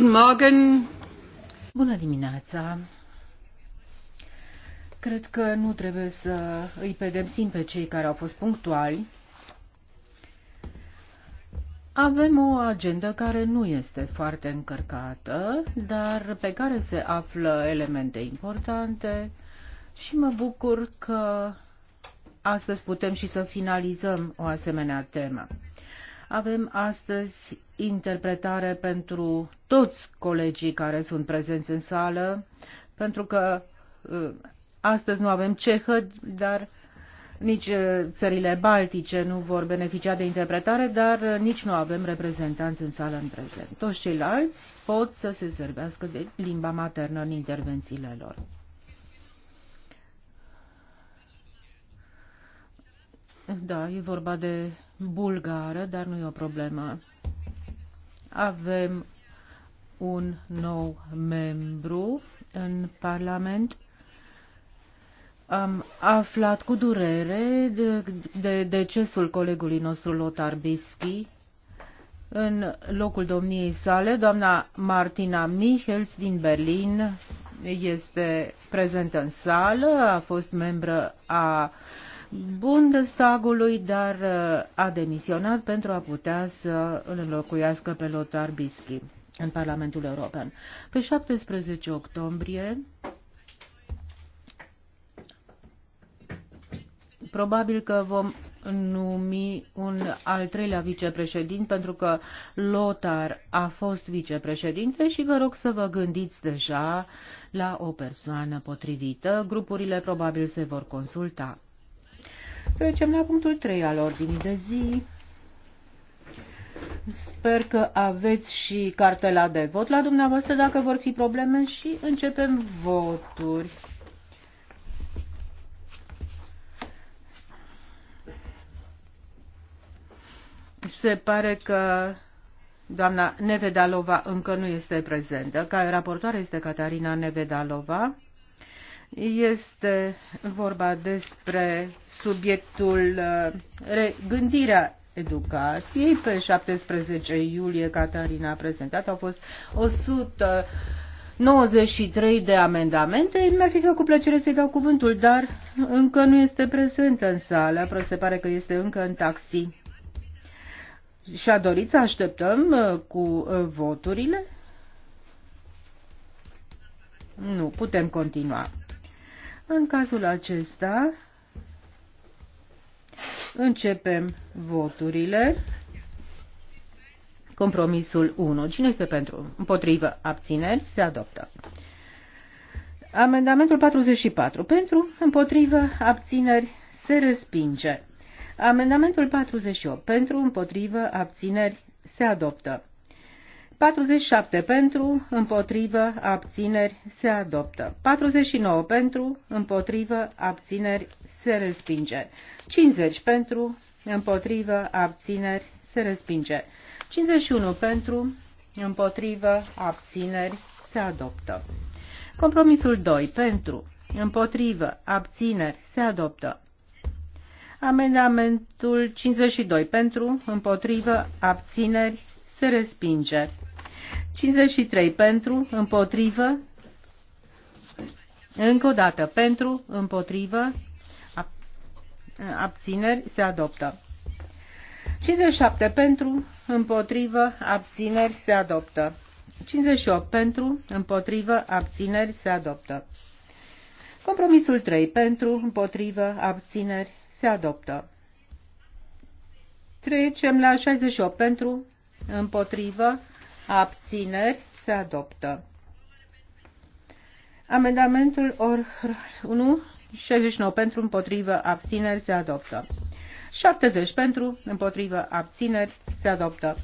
Guten Morgen. Bună dimineața. Cred că nu trebuie să îi pedepsim pe cei care au fost punctuali. Avem o agendă care nu este foarte încărcată, dar pe care se află elemente importante și mă bucur că astăzi putem și să finalizăm o asemenea temă. Avem astăzi interpretare pentru toți colegii care sunt prezenți în sală, pentru că uh, astăzi nu avem cehă, dar nici uh, țările baltice nu vor beneficia de interpretare, dar uh, nici nu avem reprezentanți în sală în prezent. Toți ceilalți pot să se servească de limba maternă în intervențiile lor. Da, e vorba de bulgară, dar nu e o problemă. Avem un nou membru în Parlament. Am aflat cu durere de, de decesul colegului nostru Lothar Bischi. În locul domniei sale, doamna Martina Michels din Berlin este prezentă în sală, a fost membră a uh, Bundestagului, dar uh, a demisionat pentru a putea să îl înlocuiască pe Lothar Bischi în Parlamentul European. Pe 17 octombrie, probabil că vom numi un al treilea vicepreședinte, pentru că Lothar a fost vicepreședinte și vă rog să vă gândiți deja la o persoană potrivită. Grupurile probabil se vor consulta. Trecem la punctul 3 al ordinii de zi. Sper că aveți și cartela de vot la dumneavoastră dacă vor fi probleme și începem voturi. Se pare că doamna Nevedalova încă nu este prezentă. Ca raportoare este Catarina Nevedalova. Este vorba despre subiectul uh, regândirea educației. Pe 17 iulie Catarina a prezentat, au fost 100 93 de amendamente. Mi-ar fi făcut cu plăcere să-i dau cuvântul, dar încă nu este prezentă în sală. Se pare că este încă în taxi. Și-a dorit să așteptăm uh, cu uh, voturile? Nu, putem continua. În cazul acesta începem voturile. Compromisul 1. Cine este pentru? Împotrivă. Abțineri. Se adoptă. Amendamentul 44. Pentru, împotrivă, abțineri, se respinge. Amendamentul 48. Pentru, împotrivă, abțineri, se adoptă. 47 pentru, împotrivă, abțineri, se adoptă. 49 pentru, împotrivă, abțineri, se respinge. 50 pentru, împotrivă, abțineri, se respinge. 51 pentru, împotrivă, abțineri, se adoptă. Compromisul 2 pentru, împotrivă, abțineri, se adoptă. Amendamentul 52 pentru, împotrivă, abțineri, se respinge. 53 pentru, împotrivă, încă o dată, pentru, împotrivă, abțineri, se adoptă. 57 pentru, împotrivă, abțineri, se adoptă. 58 pentru, împotrivă, abțineri, se adoptă. Compromisul 3 pentru, împotrivă, abțineri, se adoptă. Trecem la 68 pentru, împotrivă, abțineri, se adoptă. Amendamentul or 1, 69 pentru, împotrivă, abțineri, se adoptă. 70 pentru, împotrivă, abțineri, se adoptă.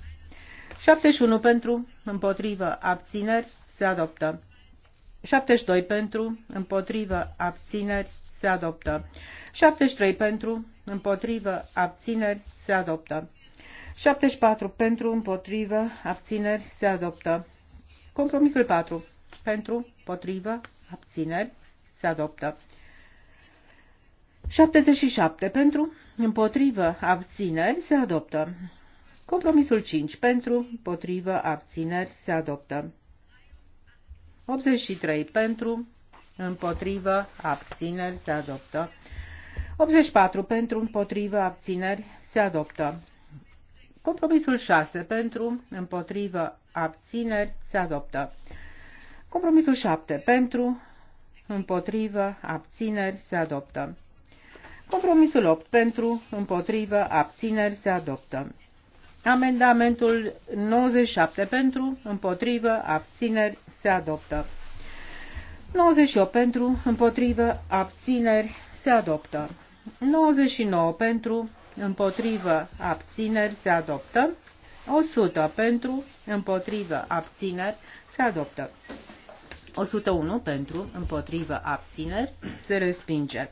71 pentru, împotrivă, abțineri, se adoptă. 72 pentru, împotrivă, abțineri, se adoptă. 73 pentru, împotrivă, abțineri, se adoptă. 74 pentru, împotrivă, abțineri, se adoptă. Compromisul 4 pentru, împotrivă, abțineri, se adoptă. 77 pentru, împotrivă, abțineri, se adoptă. Compromisul 5 pentru, împotrivă, abțineri, se adoptă. 83 pentru, împotrivă, abțineri, se adoptă. 84 pentru, împotrivă, abțineri, se adoptă. Compromisul 6 pentru, împotrivă, abțineri se adoptă. Compromisul 7 pentru, împotrivă, abțineri se adoptă. Compromisul 8 pentru, împotrivă, abțineri se adoptă. Amendamentul 97 pentru, împotrivă, abțineri se adoptă. 98 pentru, împotrivă, abțineri se adoptă. 99 pentru, împotrivă, abțineri, se adoptă. 100 pentru, împotrivă, abțineri, se adoptă. 101 pentru, împotrivă, abțineri, se respinge.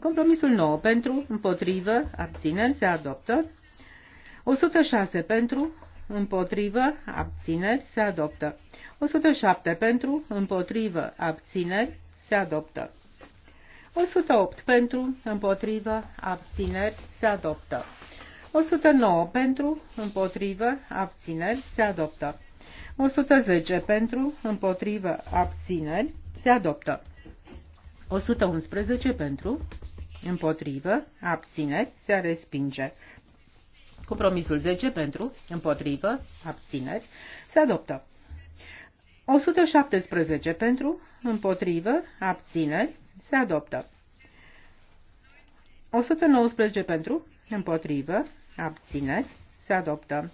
Compromisul 9 pentru, împotrivă, abțineri, se adoptă. 106 pentru, împotrivă, abțineri, se adoptă. 107 pentru, împotrivă, abțineri, se adoptă. 108 pentru, împotrivă, abțineri, se adoptă. 109 pentru, împotrivă, abțineri, se adoptă. 110 pentru, împotrivă, abțineri, se adoptă. 111 pentru, împotrivă, abțineri, se respinge. Compromisul 10 pentru, împotrivă, abțineri, se adoptă. 117 pentru, împotrivă, abțineri, se adoptă. 119 pentru, împotrivă, abțineri, se adoptă.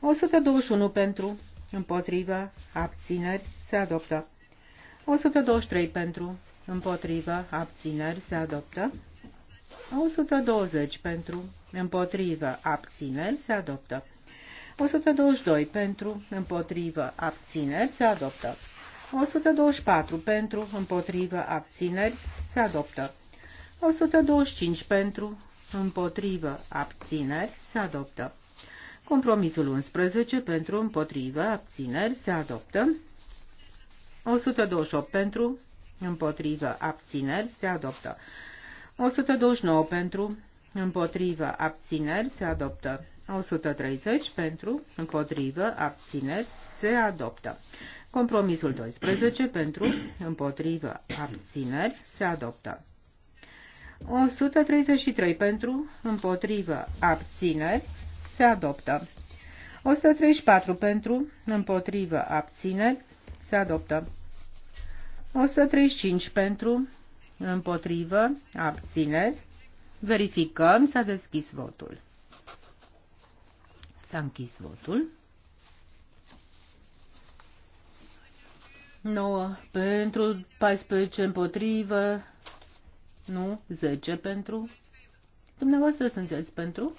121 pentru, împotrivă, abțineri, se adoptă. 123 pentru, împotrivă, abțineri, se adoptă. 120 pentru, împotrivă, abțineri, se adoptă. 122 pentru, împotrivă, abțineri, se adoptă. 124 pentru, împotrivă, abțineri, se adoptă. 125 pentru, împotrivă, abțineri, se adoptă. Compromisul 11 pentru, împotrivă, abțineri, se adoptă. 128 pentru, împotrivă, abțineri, se adoptă. 129 pentru, împotrivă, abțineri, se adoptă. 130 pentru, împotrivă, abțineri, se adoptă. Compromisul 12 pentru, împotrivă, abțineri, se adoptă. 133 pentru, împotrivă, abțineri, se adoptă. 134 pentru, împotrivă, abțineri, se adoptă. 135 pentru, împotrivă, abțineri, verificăm, s-a deschis votul. S-a închis votul. 9 pentru, 14 împotrivă, nu, 10 pentru. Dumneavoastră sunteți pentru?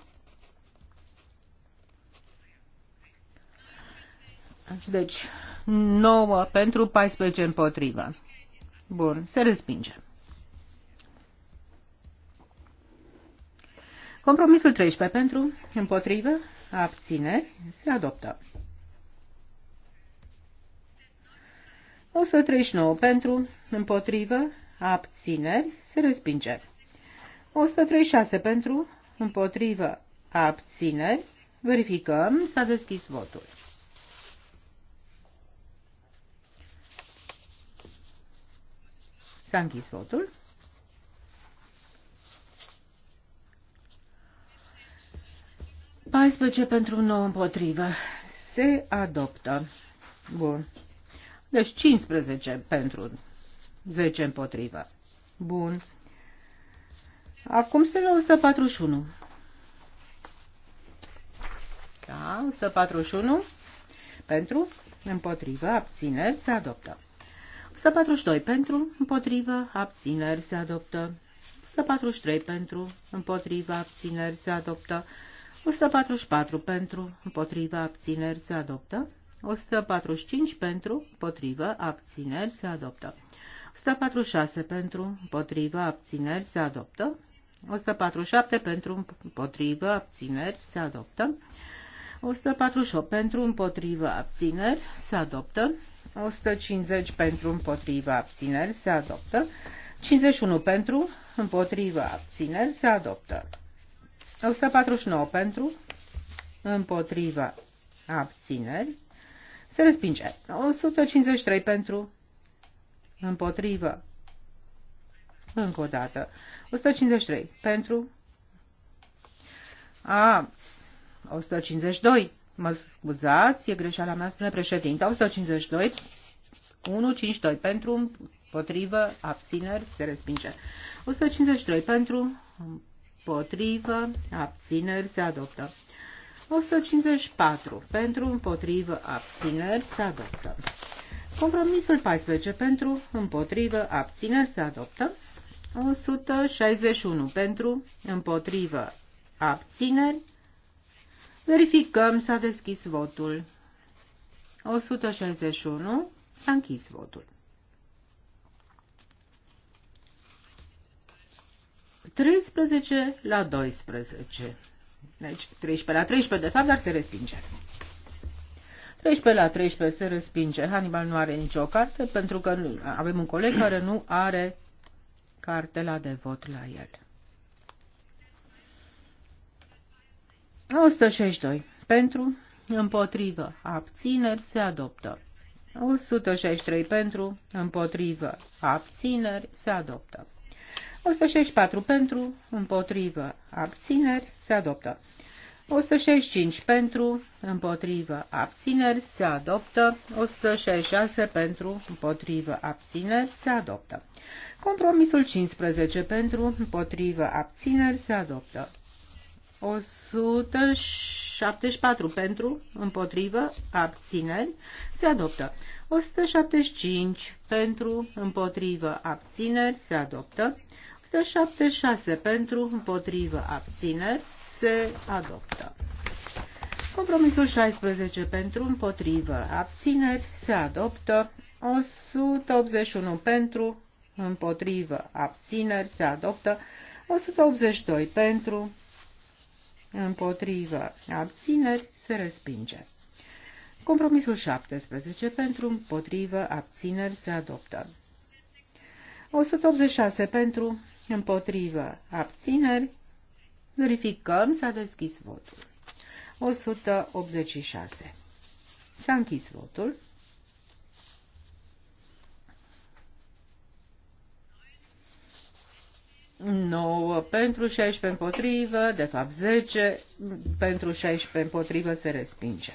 Deci, 9 pentru, 14 împotrivă. Bun, se respinge. Compromisul 13 pentru, împotrivă, abține, se adoptă. 139 pentru, împotrivă, abțineri, se respinge. 136 pentru, împotrivă, abțineri, verificăm, s-a deschis votul. S-a închis votul. Paisprezece pentru nouă împotrivă. Se adoptă. Bun. Deci 15 pentru, 10 împotriva. Bun. Acum suntem la 141. Da, 141 pentru, împotrivă, abțineri, se adoptă. 142 pentru, împotrivă, abțineri, se adoptă. 143 pentru, împotrivă, abțineri, se adoptă. 144 pentru, împotrivă, abțineri, se adoptă. 145 pentru, potrivă, abțineri, se adoptă. 146 pentru, potrivă, abțineri, se adoptă. 147 pentru, potrivă, abțineri, se adoptă. 148 pentru, împotrivă, abțineri, se adoptă. 150 pentru, împotrivă, abțineri, se adoptă. 51 pentru, împotrivă, abțineri, se adoptă. 149 pentru, împotrivă, abțineri, se respinge. 153 pentru. Împotrivă. Încă o dată. 153 pentru. A, 152. Mă scuzați, e greșeala mea, spune președinte. 152, 152 pentru, Împotrivă. abțineri, se respinge. 153 pentru, Împotrivă. abțineri, se adoptă. 154 pentru, împotrivă, abțineri se adoptă. Compromisul 14 pentru, împotrivă, abțineri se adoptă. 161 pentru, împotrivă, abțineri. Verificăm, s-a deschis votul. 161, s-a închis votul. 13 la 12. Deci 13 la 13 de fapt, dar se respinge. 13 la 13 se respinge. Hannibal nu are nicio carte pentru că avem un coleg care nu are cartela de vot la el. 162. Pentru, împotrivă, abțineri se adoptă. 163 pentru, împotrivă, abțineri se adoptă. 164 pentru, împotrivă, abțineri, se adoptă. 165 pentru, împotrivă, abțineri, se adoptă. 166 pentru, împotrivă, abțineri, se adoptă. Compromisul 15 pentru, împotrivă, abțineri, se adoptă. 174 pentru, împotrivă, abțineri, se adoptă. 175 pentru, împotrivă, abțineri, se adoptă. 76 pentru, împotrivă, abțineri, se adoptă. Compromisul 16 pentru, împotrivă, abțineri, se adoptă. 181 pentru, împotrivă, abțineri, se adoptă. 182 pentru, împotrivă, abțineri, se respinge. Compromisul 17 pentru, împotrivă, abțineri, se adoptă. 186 pentru, împotrivă, abțineri, verificăm, s-a deschis votul. 186. S-a închis votul. nouă pentru 16 împotrivă, de fapt 10 pentru 16 împotrivă se respinge.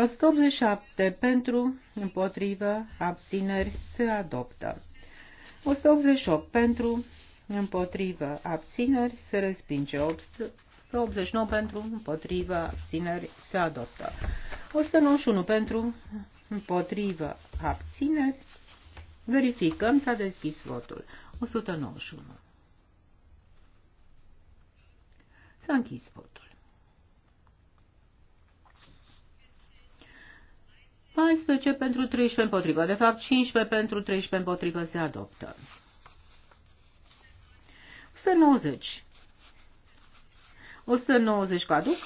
187 pentru, împotrivă, abțineri, se adoptă. 188 pentru, împotrivă, abțineri, se respinge. 189 pentru, împotrivă, abțineri, se adoptă. 191 pentru, împotrivă, abțineri, verificăm, s-a deschis votul. 191. S-a închis votul. 14 pentru 13 împotrivă. De fapt, 15 pentru 13 împotrivă se adoptă. 190. 190 caduc.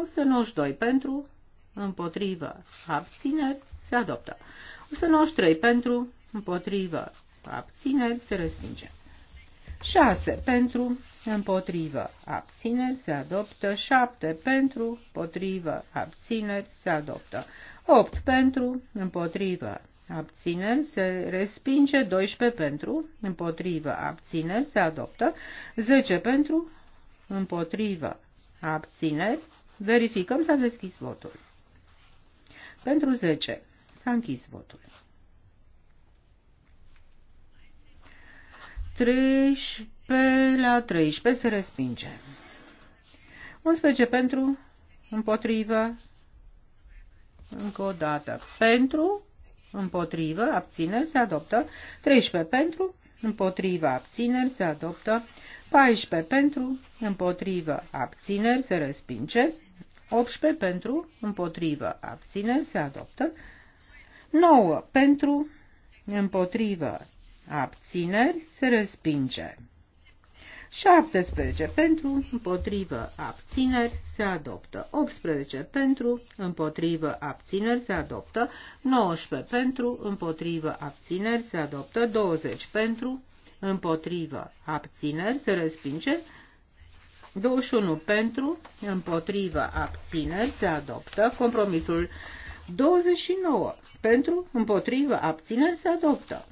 192 pentru împotrivă abțineri se adoptă. 193 pentru împotrivă abțineri se respinge. 6 pentru, împotrivă, abțineri, se adoptă. 7 pentru, împotrivă abțineri, se adoptă. 8 pentru, împotrivă, abțineri, se respinge, 12 pentru, împotrivă, abțineri, se adoptă, 10 pentru, împotrivă, abțineri, verificăm, s-a deschis votul. Pentru 10 s-a închis votul. 13 la 13 se respinge. 11 pentru, împotrivă, încă o dată. Pentru, împotrivă, abțineri, se adoptă. 13 pentru, împotrivă, abțineri, se adoptă. 14 pentru, împotrivă, abțineri, se respinge. 18 pentru, împotrivă, abțineri, se adoptă. 9 pentru, împotrivă, abțineri, se respinge. 17 pentru, împotrivă, abțineri, se adoptă. 18 pentru, împotrivă, abțineri, se adoptă. 19 pentru, împotrivă, abțineri, se adoptă. 20 pentru, împotrivă, abțineri, se respinge. 21 pentru, împotrivă, abțineri, se adoptă. Compromisul 29 pentru, împotrivă, abțineri, se adoptă.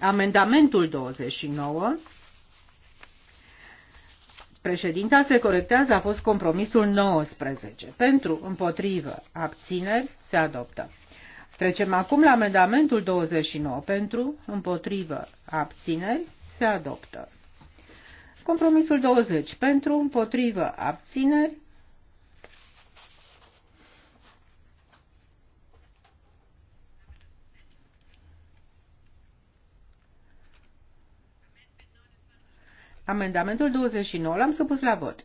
Amendamentul 29. Președinta se corectează a fost compromisul 19. Pentru, împotrivă, abțineri, se adoptă. Trecem acum la amendamentul 29. Pentru, împotrivă, abțineri, se adoptă. Compromisul 20. Pentru, împotrivă, abțineri, Amendamentul 29 l-am supus la vot.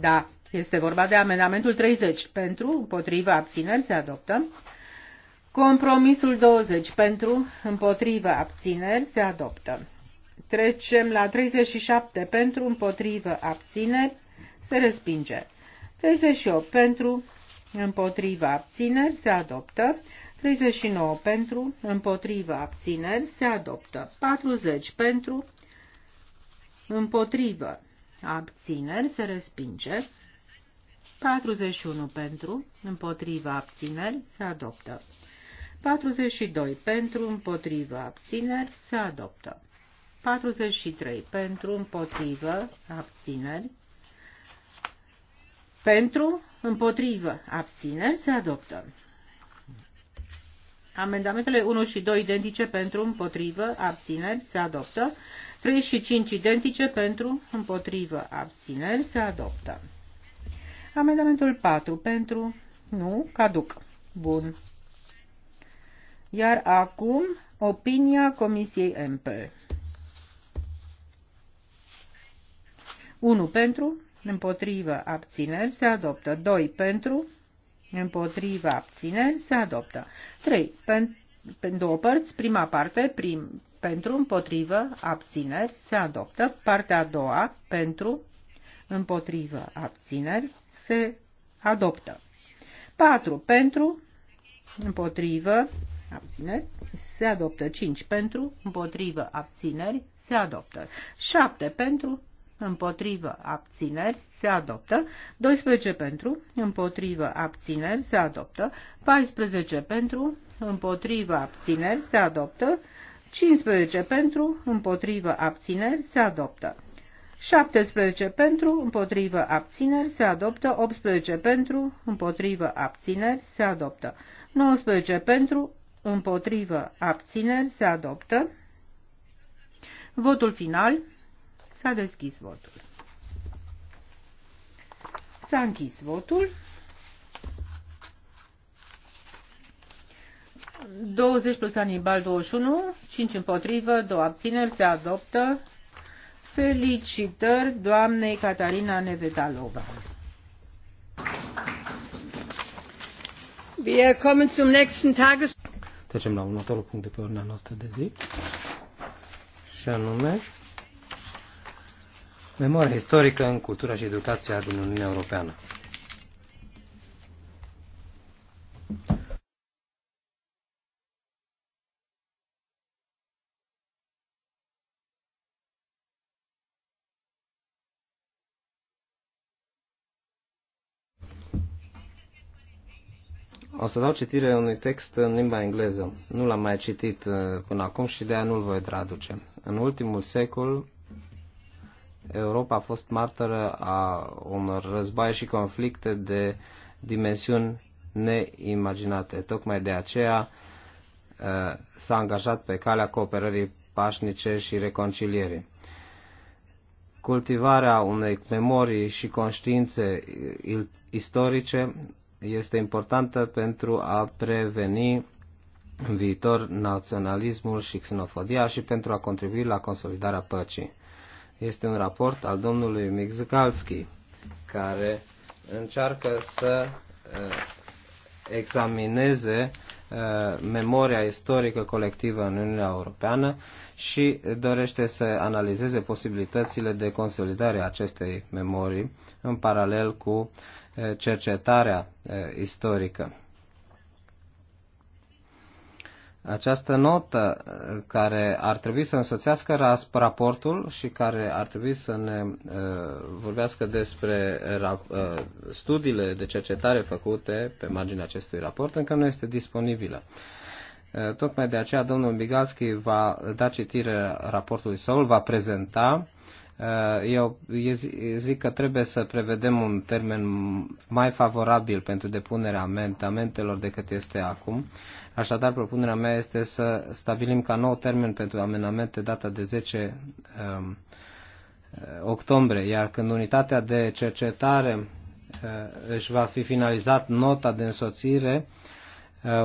Da, este vorba de amendamentul 30. Pentru, împotriva, abțineri, se adoptă. Compromisul 20. Pentru, împotriva, abțineri, se adoptă. Trecem la 37. Pentru, împotriva, abțineri, se respinge. 38. Pentru, împotriva, abțineri, se adoptă. 39 pentru, împotriva abțineri, se adoptă. 40 pentru, împotrivă, abțineri, se respinge. 41 pentru, împotrivă, abțineri, se adoptă. 42 pentru, împotrivă, abțineri, se adoptă. 43 pentru, împotrivă, abțineri. Pentru, împotrivă, abțineri, se adoptă. Amendamentele 1 și 2 identice pentru, împotrivă, abțineri, se adoptă. 3 și 5 identice pentru, împotrivă, abțineri, se adoptă. Amendamentul 4 pentru, nu, caduc. Bun. Iar acum, opinia Comisiei Empel. 1 pentru, împotrivă, abțineri, se adoptă. 2 pentru, împotriva abțineri se adoptă. 3. pentru pe două părți, prima parte, prim, pentru, împotrivă, abțineri, se adoptă. Partea a doua, pentru, împotrivă, abțineri, se adoptă. 4. Pentru, împotrivă, abțineri, se adoptă. 5. Pentru, împotrivă, abțineri, se adoptă. 7. Pentru, împotrivă, abțineri, se adoptă. 12. Pentru, împotrivă, abțineri, se adoptă. 14. Pentru, împotrivă, abțineri, se adoptă. 15 pentru, împotrivă, abțineri, se adoptă. 17 pentru, împotrivă, abțineri, se adoptă. 18 pentru, împotrivă, abțineri, se adoptă. 19 pentru, împotrivă, abțineri, se adoptă. Votul final. S-a deschis votul. S-a închis votul. 20 plus Anibal 21, 5 împotrivă, 2 abțineri, se adoptă. Felicitări doamnei Catarina Nevetalova. Wir kommen zum nächsten Tages Trecem la următorul punct de pe ordinea noastră de zi și anume memoria istorică în cultura și educația din Uniunea Europeană. O să dau citire unui text în limba engleză. Nu l-am mai citit uh, până acum și de aia nu-l voi traduce. În ultimul secol, Europa a fost martără a unor războaie și conflicte de dimensiuni neimaginate. Tocmai de aceea uh, s-a angajat pe calea cooperării pașnice și reconcilierii. Cultivarea unei memorii și conștiințe istorice este importantă pentru a preveni în viitor naționalismul și xenofobia și pentru a contribui la consolidarea păcii. Este un raport al domnului Mixgalski, care încearcă să eh, examineze eh, memoria istorică colectivă în Uniunea Europeană și dorește să analizeze posibilitățile de consolidare a acestei memorii în paralel cu Eh, cercetarea eh, istorică. Această notă eh, care ar trebui să însoțească raportul și care ar trebui să ne vorbească despre studiile de cercetare făcute pe marginea acestui raport încă nu este disponibilă. Tocmai de aceea domnul Bigalski va da citire raportului său, va prezenta Uh, eu zic că trebuie să prevedem un termen mai favorabil pentru depunerea amendamentelor decât este acum. Așadar, propunerea mea este să stabilim ca nou termen pentru amendamente data de 10 um, uh, octombrie, iar când unitatea de cercetare uh, își va fi finalizat nota de însoțire,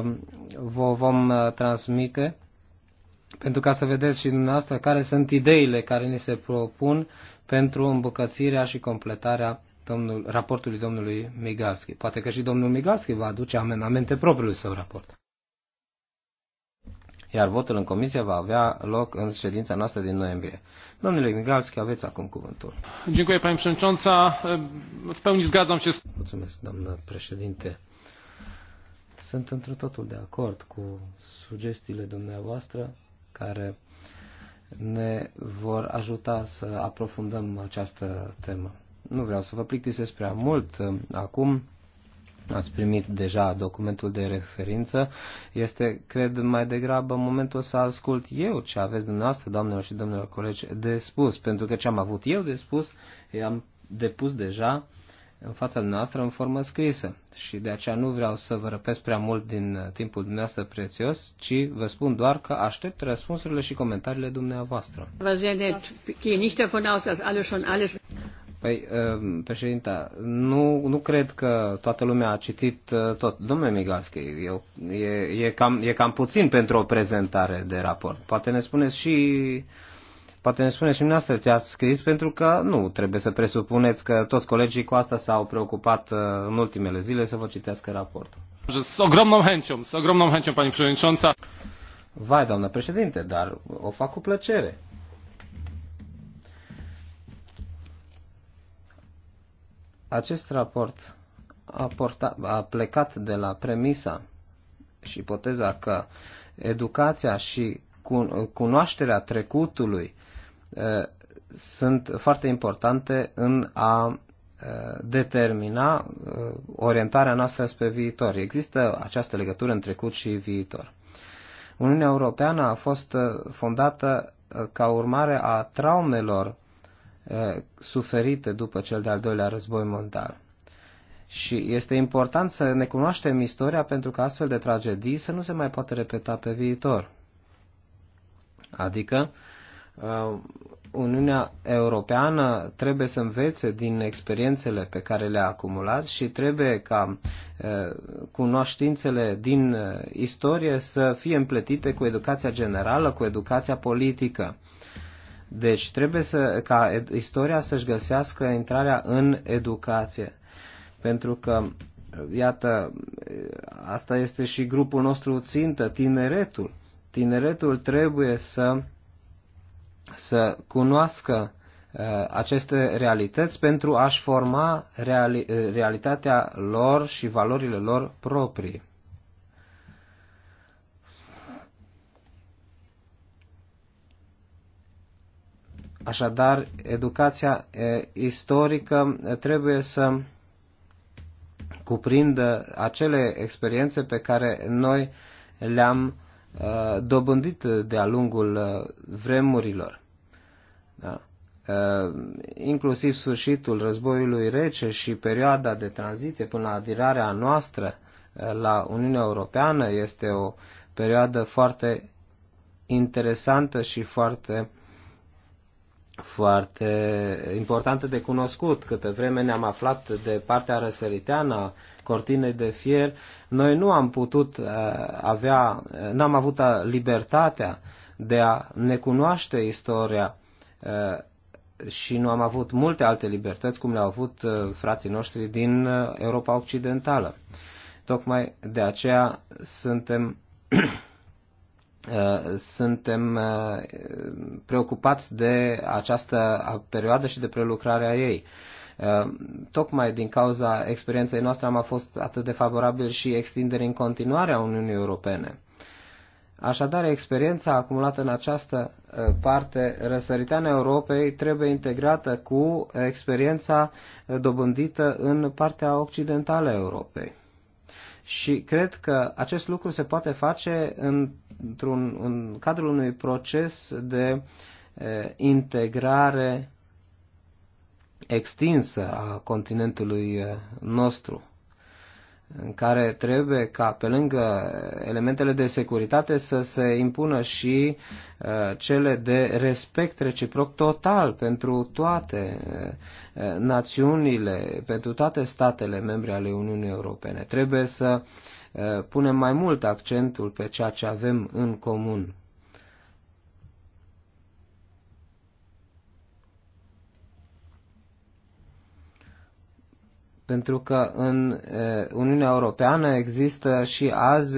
um, vă vom transmite pentru ca să vedeți și dumneavoastră care sunt ideile care ni se propun pentru îmbucățirea și completarea domnul, raportului domnului Migalski. Poate că și domnul Migalski va aduce amenamente propriului său raport. Iar votul în comisie va avea loc în ședința noastră din noiembrie. Domnule Migalski, aveți acum cuvântul. Dziękuję, pani przewodnicząca. W pełni zgadzam się. Mulțumesc, doamnă președinte. Sunt într totul de acord cu sugestiile dumneavoastră care ne vor ajuta să aprofundăm această temă. Nu vreau să vă plictisesc prea mult uh, acum. Ați primit deja documentul de referință. Este, cred, mai degrabă momentul să ascult eu ce aveți dumneavoastră, doamnelor și domnilor colegi, de spus. Pentru că ce am avut eu de spus, am depus deja uh, în fața noastră în formă scrisă și de aceea nu vreau să vă răpesc prea mult din uh, timpul dumneavoastră prețios, ci vă spun doar că aștept răspunsurile și comentariile dumneavoastră. Vă Păi, uh, președinta, nu, nu cred că toată lumea a citit uh, tot. Domnule Migalski, eu, e, e, cam, e cam puțin pentru o prezentare de raport. Poate ne spuneți și Poate ne spuneți și dumneavoastră ce ați scris, pentru că nu trebuie să presupuneți că toți colegii cu asta s-au preocupat uh, în ultimele zile să vă citească raportul. Vai, doamnă președinte, dar o fac cu plăcere. Acest raport a, portat, a plecat de la premisa și ipoteza că educația și cunoașterea trecutului Uh, sunt foarte importante în a uh, determina uh, orientarea noastră spre viitor. Există această legătură între trecut și viitor. Uniunea Europeană a fost fondată ca urmare a traumelor suferite după cel de-al doilea război mondial. Și este important să ne cunoaștem istoria pentru că astfel de tragedii să nu se mai poată repeta pe viitor. Adică Uh, Uniunea Europeană trebuie să învețe din experiențele pe care le-a acumulat și trebuie ca uh, cunoștințele din uh, istorie să fie împletite cu educația generală, cu educația politică. Deci trebuie să, ca istoria să-și găsească intrarea în educație. Pentru că, iată, asta este și grupul nostru țintă, tineretul. Tineretul trebuie să să cunoască uh, aceste realități pentru a-și forma reali uh, realitatea lor și valorile lor proprii. Așadar, educația uh, istorică trebuie să cuprindă acele experiențe pe care noi le-am dobândit de-a lungul vremurilor. Da? Ă, inclusiv sfârșitul războiului rece și perioada de tranziție până la adirarea noastră ă, la Uniunea Europeană este o perioadă foarte interesantă și foarte foarte importantă de cunoscut. Câte vreme ne-am aflat de partea răsăriteană a cortinei de fier, noi nu am putut ă, avea, n-am avut libertatea de a ne cunoaște istoria Uh, și nu am avut multe alte libertăți cum le-au avut uh, frații noștri din uh, Europa Occidentală. Tocmai de aceea suntem, suntem preocupați de această perioadă și de prelucrarea ei. Tocmai din cauza experienței noastre am a fost atât de favorabil și extinderii în continuare a Uniunii Europene Așadar, experiența acumulată în această ă, parte răsăriteană Europei trebuie integrată cu experiența ă, dobândită în partea occidentală a Europei. Și cred că acest lucru se poate face într-un în cadrul unui proces de ă, integrare extinsă a continentului nostru în care trebuie ca pe lângă elementele de securitate să se impună și uh, cele de respect reciproc total pentru toate uh, uh națiunile, pentru toate statele membre ale Uniunii Europene. Trebuie să uh, punem mai mult accentul pe ceea ce avem în comun pentru că în Uniunea Europeană există și azi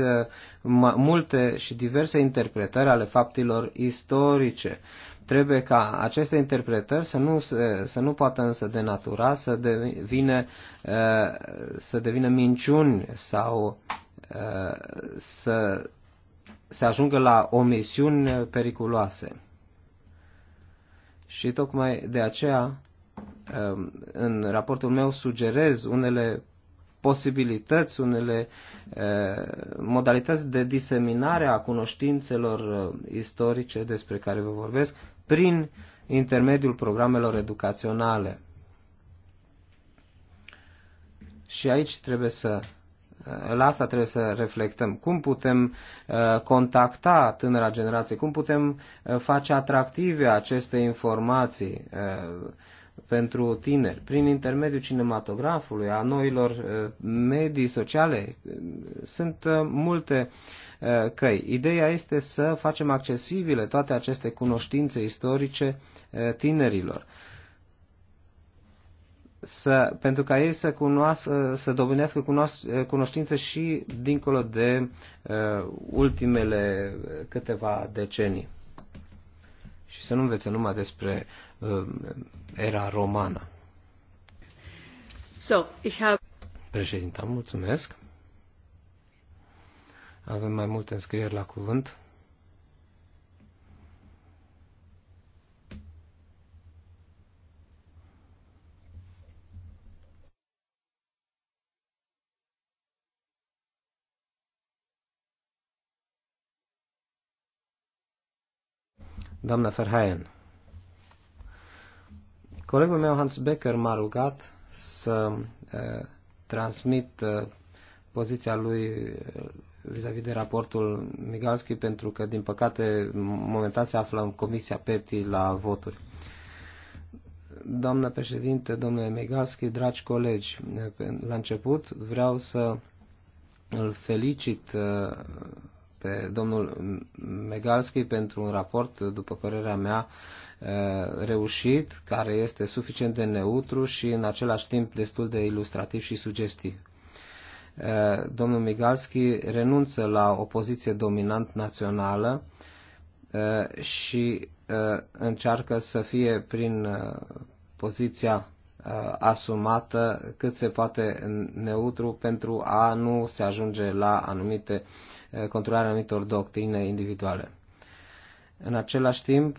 multe și diverse interpretări ale faptelor istorice. Trebuie ca aceste interpretări să nu, să nu poată însă denatura, să devină, să devină minciuni sau să se ajungă la omisiuni periculoase. Și tocmai de aceea Um, în raportul meu sugerez unele posibilități, unele uh, modalități de diseminare a cunoștințelor uh, istorice despre care vă vorbesc prin intermediul programelor educaționale. Și aici trebuie să uh, la asta trebuie să reflectăm. Cum putem contacta tânăra generație? Cum putem face atractive aceste informații? pentru tineri, prin intermediul cinematografului, a noilor uh, medii sociale, uh, sunt uh, multe căi. Ideea este să facem accesibile toate aceste cunoștințe istorice tinerilor. Să, pentru ca ei să, cunoască, să dobânească cunoștințe și dincolo de uh, ultimele câteva decenii și să nu învețe numai despre uh, era romană. So, ich habe... Președinta, mulțumesc. Avem mai multe înscrieri la cuvânt. Doamna Ferhaen. Colegul meu Hans Becker m-a rugat să transmit poziția lui vis-a-vis -vis de raportul Migalski, pentru că, din păcate, momentan se află în Comisia PETI la voturi. Doamnă președinte, domnule Migalski, dragi colegi, la început vreau să îl felicit pe domnul Megalski pentru un raport, după părerea mea, reușit, care este suficient de neutru și în același timp destul de ilustrativ și sugestiv. Domnul Migalski renunță la o poziție dominant națională și încearcă să fie prin poziția Uh, asumată cât se poate neutru pentru a nu se ajunge la anumite uh, controlare anumitor doctrine individuale. În același timp,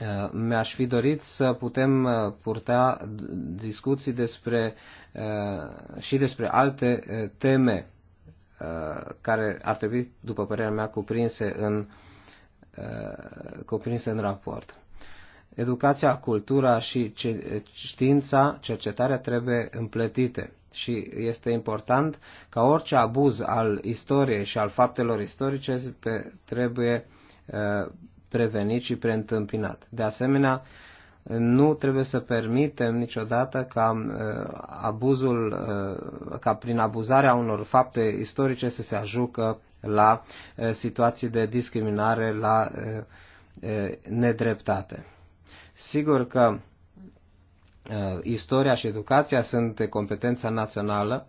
uh, mi-aș fi dorit să putem purta discuții despre, și despre alte teme care ar trebui, după părerea mea, cuprinse în, cuprinse în raport. Educația, cultura și știința, cercetarea trebuie împletite și este important ca orice abuz al istoriei și al faptelor istorice trebuie uh, prevenit și preîntâmpinat. De asemenea, nu trebuie să permitem niciodată ca uh, abuzul, uh, ca prin abuzarea unor fapte istorice să se ajucă la situații de discriminare, la nedreptate. Sigur că uh, istoria și educația sunt competența națională,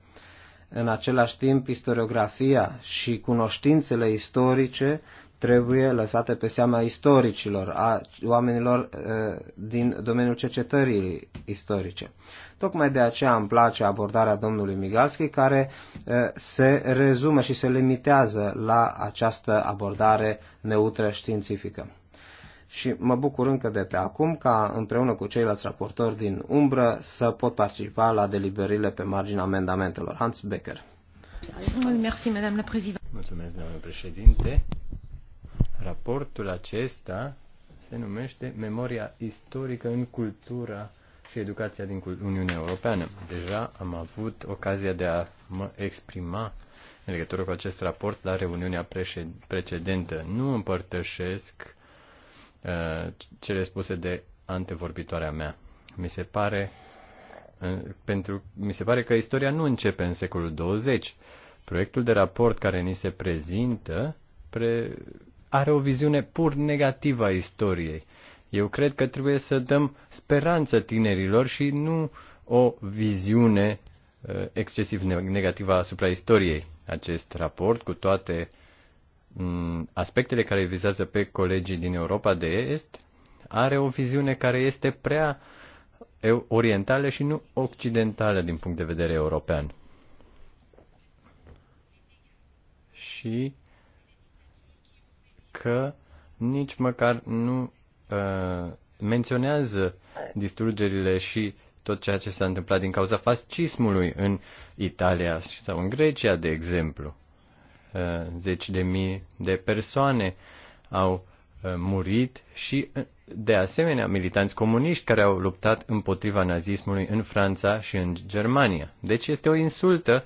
în același timp istoriografia și cunoștințele istorice trebuie lăsate pe seama istoricilor, a oamenilor uh, din domeniul cercetării istorice. Tocmai de aceea îmi place abordarea domnului Migalski, care uh, se rezumă și se limitează la această abordare neutră științifică și mă bucur încă de pe acum ca împreună cu ceilalți raportori din umbră să pot participa la deliberile pe marginea amendamentelor. Hans Becker. Mulțumesc, domnule președinte. Raportul acesta se numește Memoria istorică în cultura și educația din Uniunea Europeană. Deja am avut ocazia de a mă exprima în legătură cu acest raport la reuniunea precedentă. Nu împărtășesc Uh, cele spuse de antevorbitoarea mea. Mi se pare uh, pentru mi se pare că istoria nu începe în secolul 20. Proiectul de raport care ni se prezintă pre, are o viziune pur negativă a istoriei. Eu cred că trebuie să dăm speranță tinerilor și nu o viziune uh, excesiv negativă asupra istoriei. Acest raport, cu toate aspectele care vizează pe colegii din Europa de Est, are o viziune care este prea orientală și nu occidentală din punct de vedere european. Și că nici măcar nu uh, menționează distrugerile și tot ceea ce s-a întâmplat din cauza fascismului în Italia sau în Grecia, de exemplu. Uh, zeci de mii de persoane au uh, murit și, uh, de asemenea, militanți comuniști care au luptat împotriva nazismului în Franța și în Germania. Deci este o insultă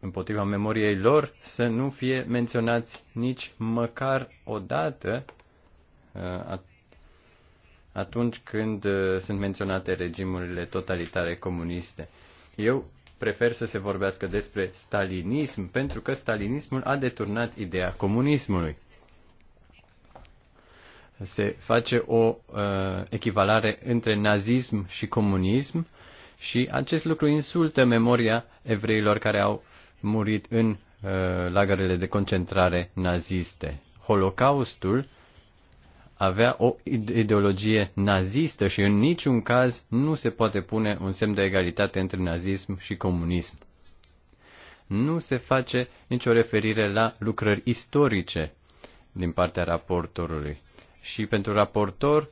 împotriva memoriei lor să nu fie menționați nici măcar o dată atunci când sunt menționate regimurile totalitare comuniste. Eu prefer să se vorbească despre stalinism, pentru că stalinismul a deturnat ideea comunismului. Se face o uh, echivalare între nazism și comunism și acest lucru insultă memoria evreilor care au murit în uh, lagărele de concentrare naziste. Holocaustul avea o ideologie nazistă și în niciun caz nu se poate pune un semn de egalitate între nazism și comunism. Nu se face nicio referire la lucrări istorice din partea raportorului. Și pentru raportor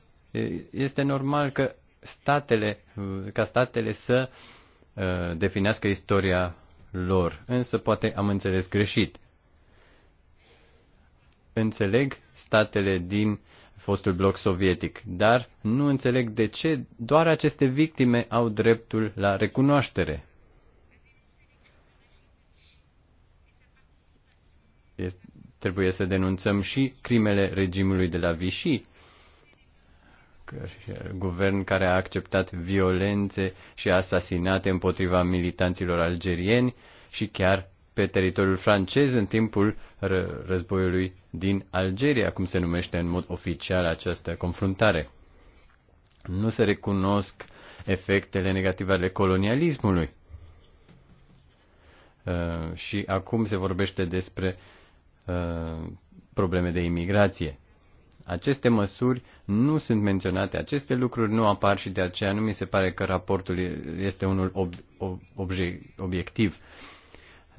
este normal că statele, ca statele să definească istoria lor, însă poate am înțeles greșit înțeleg statele din fostul bloc sovietic, dar nu înțeleg de ce doar aceste victime au dreptul la recunoaștere. Este, trebuie să denunțăm și crimele regimului de la Vichy, guvern care a acceptat violențe și asasinate împotriva militanților algerieni și chiar pe teritoriul francez în timpul războiului din Algeria, cum se numește în mod oficial această confruntare. Nu se recunosc efectele negative ale colonialismului. Uh, și acum se vorbește despre uh, probleme de imigrație. Aceste măsuri nu sunt menționate, aceste lucruri nu apar și de aceea nu mi se pare că raportul este unul ob- ob- obiectiv. Uh,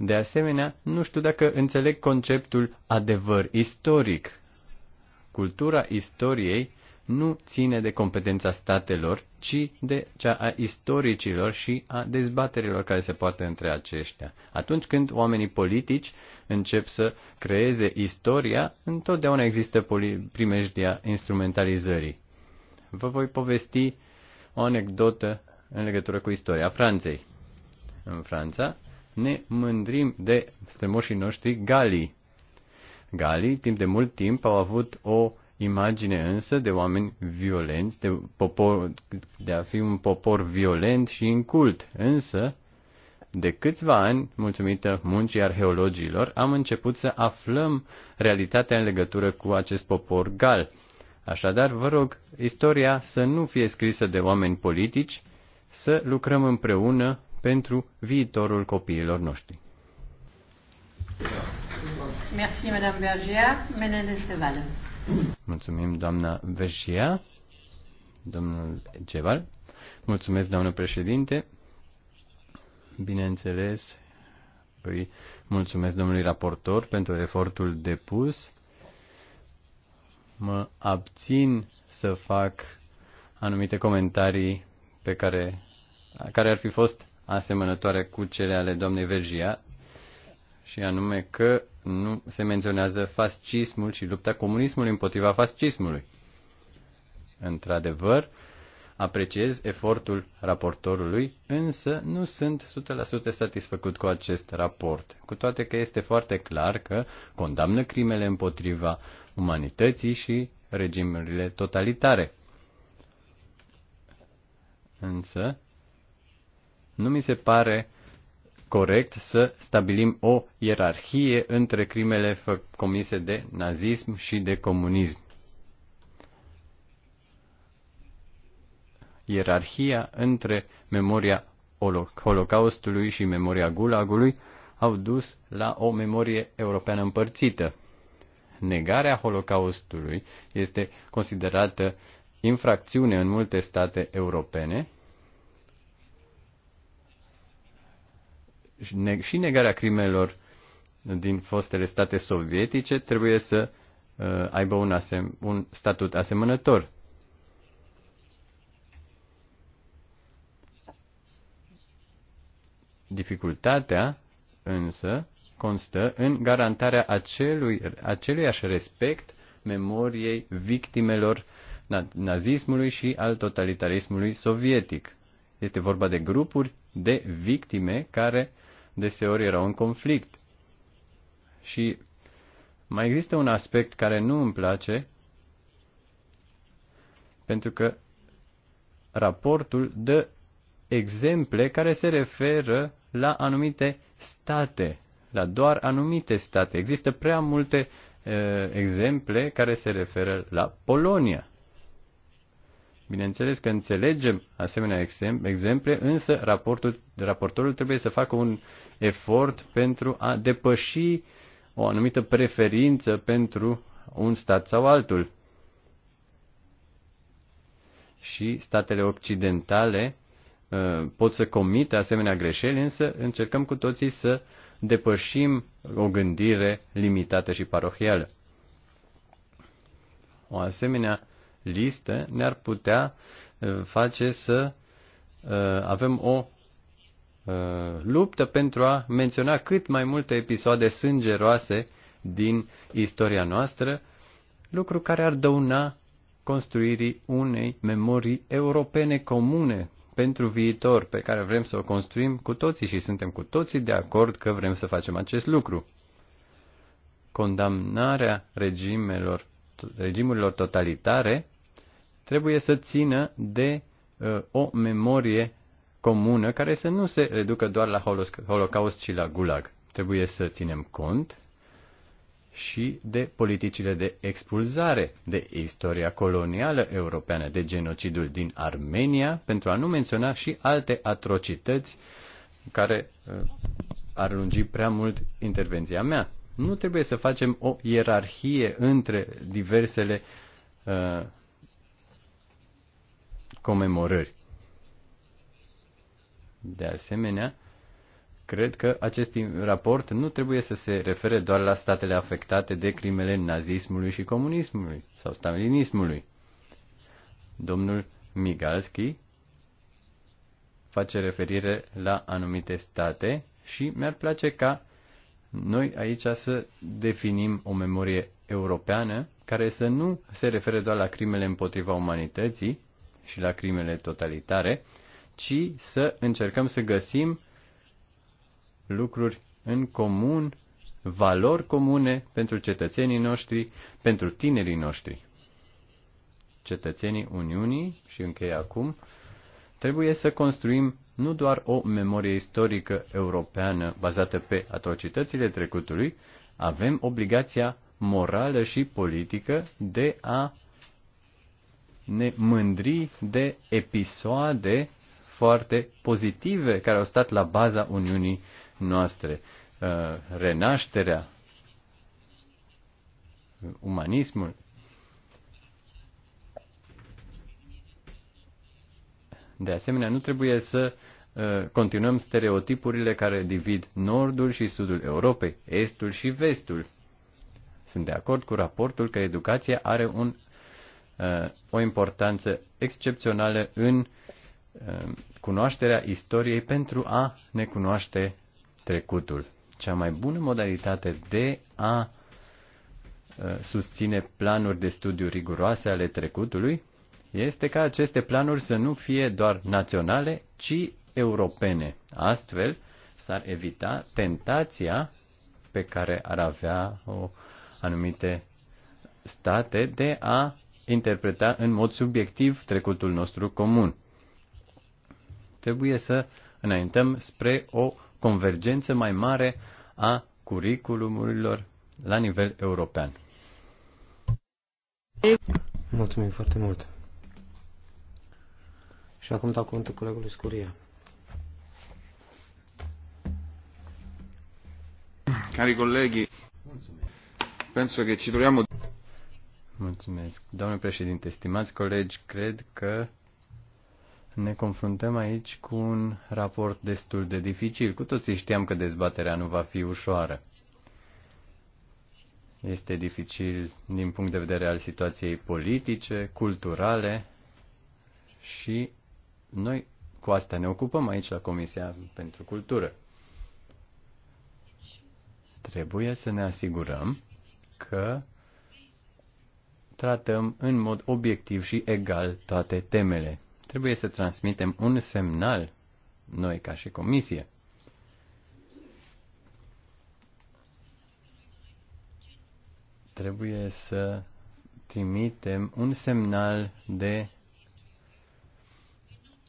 de asemenea, nu știu dacă înțeleg conceptul adevăr istoric. Cultura istoriei nu ține de competența statelor, ci de cea a istoricilor și a dezbaterilor care se poartă între aceștia. Atunci când oamenii politici încep să creeze istoria, întotdeauna există primejdia instrumentalizării. Vă voi povesti o anecdotă în legătură cu istoria Franței. În Franța ne mândrim de strămoșii noștri galii. Galii, timp de mult timp, au avut o imagine însă de oameni violenți, de, popor, de a fi un popor violent și incult. Însă, de câțiva ani, mulțumită muncii arheologilor, am început să aflăm realitatea în legătură cu acest popor gal. Așadar, vă rog, istoria să nu fie scrisă de oameni politici, să lucrăm împreună pentru viitorul copiilor noștri. Merci, Madame Bergia. Menendez Ceval. Mulțumim, doamna Vergia. Domnul Ceval. Mulțumesc, doamnă președinte. Bineînțeles, îi mulțumesc domnului raportor pentru efortul depus. Mă abțin să fac anumite comentarii pe care, care ar fi fost asemănătoare cu cele ale doamnei Vergia, și anume că nu se menționează fascismul și lupta comunismului împotriva fascismului. Într-adevăr, apreciez efortul raportorului, însă nu sunt 100% satisfăcut cu acest raport, cu toate că este foarte clar că condamnă crimele împotriva umanității și regimurile totalitare. Însă, nu mi se pare corect să stabilim o ierarhie între crimele comise de nazism și de comunism. Ierarhia între memoria Holocaustului și memoria Gulagului au dus la o memorie europeană împărțită. Negarea Holocaustului este considerată infracțiune în multe state europene și negarea crimelor din fostele state sovietice trebuie să uh, aibă un, asem, un statut asemănător. Dificultatea, însă, constă în garantarea acelui, aceluiași respect memoriei victimelor nazismului și al totalitarismului sovietic. Este vorba de grupuri de victime care uh, deseori erau în conflict. Și mai există un aspect care nu îmi place, pentru că raportul dă exemple care se referă la anumite state, la doar anumite state. Există prea multe uh, exemple care se referă la Polonia. Bineînțeles că înțelegem asemenea exemple, însă raportul, raportorul trebuie să facă un efort pentru a depăși o anumită preferință pentru un stat sau altul. Și statele occidentale uh, pot să comită asemenea greșeli, însă încercăm cu toții să depășim o gândire limitată și parohială. O asemenea liste ne-ar putea uh, face să uh, avem o uh, luptă pentru a menționa cât mai multe episoade sângeroase din istoria noastră, lucru care ar dăuna construirii unei memorii europene comune pentru viitor pe care vrem să o construim cu toții și suntem cu toții de acord că vrem să facem acest lucru. Condamnarea regimelor, regimurilor totalitare trebuie să țină de uh, o memorie comună care să nu se reducă doar la Holocaust și la Gulag. Trebuie să ținem cont și de politicile de expulzare, de istoria colonială europeană, de genocidul din Armenia, pentru a nu menționa și alte atrocități care uh, ar lungi prea mult intervenția mea. Nu trebuie să facem o ierarhie între diversele uh, comemorări. De asemenea, cred că acest raport nu trebuie să se refere doar la statele afectate de crimele nazismului și comunismului sau stalinismului. Domnul Migalski face referire la anumite state și mi-ar place ca noi aici să definim o memorie europeană care să nu se refere doar la crimele împotriva umanității, și la crimele totalitare, ci să încercăm să găsim lucruri în comun, valori comune pentru cetățenii noștri, pentru tinerii noștri. Cetățenii Uniunii, și încheie acum, trebuie să construim nu doar o memorie istorică europeană bazată pe atrocitățile trecutului, avem obligația morală și politică de a ne mândri de episoade foarte pozitive care au stat la baza Uniunii noastre. Uh, renașterea, umanismul. De asemenea, nu trebuie să uh, continuăm stereotipurile care divid nordul și sudul Europei, estul și vestul. Sunt de acord cu raportul că educația are un Uh, o importanță excepțională în uh, cunoașterea istoriei pentru a ne cunoaște trecutul. Cea mai bună modalitate de a uh, susține planuri de studiu riguroase ale trecutului este ca aceste planuri să nu fie doar naționale, ci europene. Astfel, s-ar evita tentația pe care ar avea o anumite state de a interpreta în mod subiectiv trecutul nostru comun. Trebuie să înaintăm spre o convergență mai mare a curiculumurilor la nivel european. Mulțumim foarte mult. Și acum dau cuvântul colegului Scuria. Cari colleghi, penso che ci troviamo Mulțumesc. Doamne președinte, stimați colegi, cred că ne confruntăm aici cu un raport destul de dificil. Cu toții știam că dezbaterea nu va fi ușoară. Este dificil din punct de vedere al situației politice, culturale și noi cu asta ne ocupăm aici la Comisia pentru Cultură. Trebuie să ne asigurăm că tratăm în mod obiectiv și egal toate temele. Trebuie să transmitem un semnal, noi ca și comisie. Trebuie să trimitem un semnal de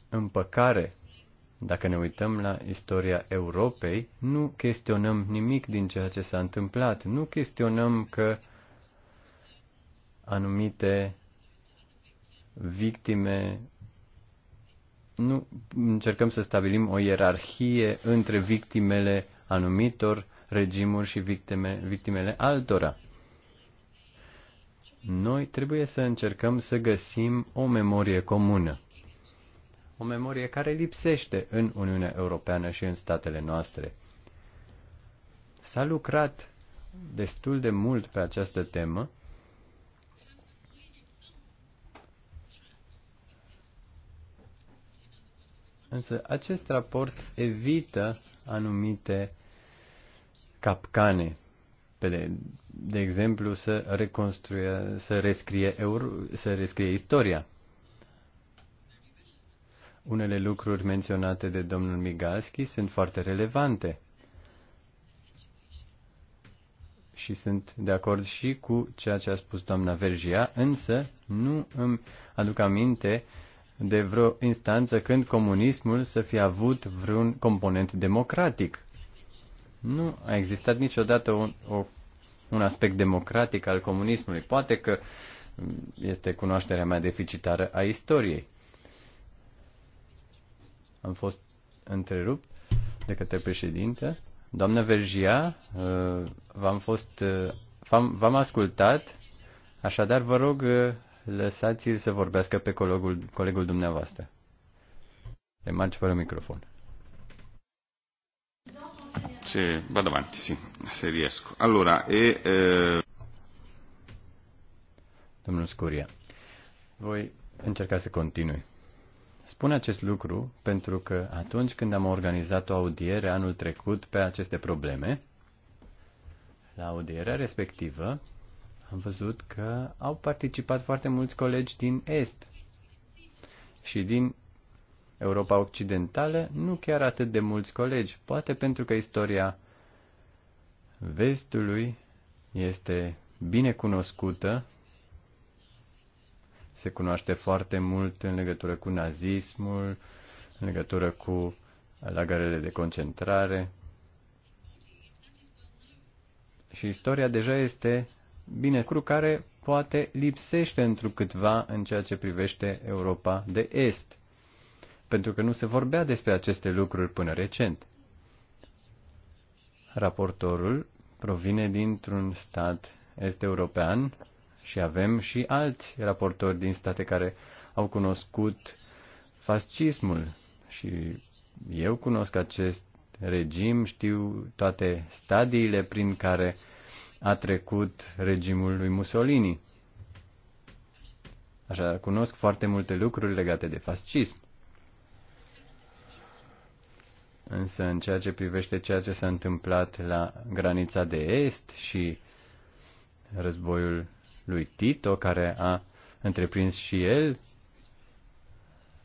împăcare. Dacă ne uităm la istoria Europei, nu chestionăm nimic din ceea ce s-a întâmplat, nu chestionăm că anumite victime. Nu încercăm să stabilim o ierarhie între victimele anumitor regimuri și victime, victimele altora. Noi trebuie să încercăm să găsim o memorie comună. O memorie care lipsește în Uniunea Europeană și în statele noastre. S-a lucrat destul de mult pe această temă Însă acest raport evită anumite capcane. De, de exemplu, să reconstruie, să rescrie, euro, să rescrie istoria. Unele lucruri menționate de domnul Migalski sunt foarte relevante și sunt de acord și cu ceea ce a spus doamna Vergia, însă nu îmi aduc aminte uh, de vreo instanță când comunismul să fi avut vreun component democratic. Nu a existat niciodată un, o, un aspect democratic al comunismului. Poate că este cunoașterea mea deficitară a istoriei. Am fost întrerupt de către președinte. Doamnă Vergia, uh, v-am fost, uh, v-am, ascultat, așadar vă rog uh, lăsați-l să vorbească pe colegul, colegul dumneavoastră. E marci fără microfon. Da, se, Va davanti, sì, se riesco. Allora, e... Eh... Domnul Scuria, voi încerca să continui. Spun acest lucru pentru că atunci când am organizat o audiere anul trecut pe aceste probleme, la audierea respectivă, am văzut că au participat foarte mulți colegi din Est și din Europa Occidentală, nu chiar atât de mulți colegi, poate pentru că istoria vestului este bine cunoscută, se cunoaște foarte mult în legătură cu nazismul, în legătură cu lagarele de concentrare. Și istoria deja este bine, lucru care poate lipsește într câtva în ceea ce privește Europa de Est, pentru că nu se vorbea despre aceste lucruri până recent. Raportorul provine dintr-un stat est-european și avem și alți raportori din state care au cunoscut fascismul și eu cunosc acest regim, știu toate stadiile prin care uh, a trecut regimul lui Mussolini. Așadar, cunosc foarte multe lucruri legate de fascism. Însă, în ceea ce privește ceea ce s-a întâmplat la granița de est și războiul lui Tito, care a întreprins și el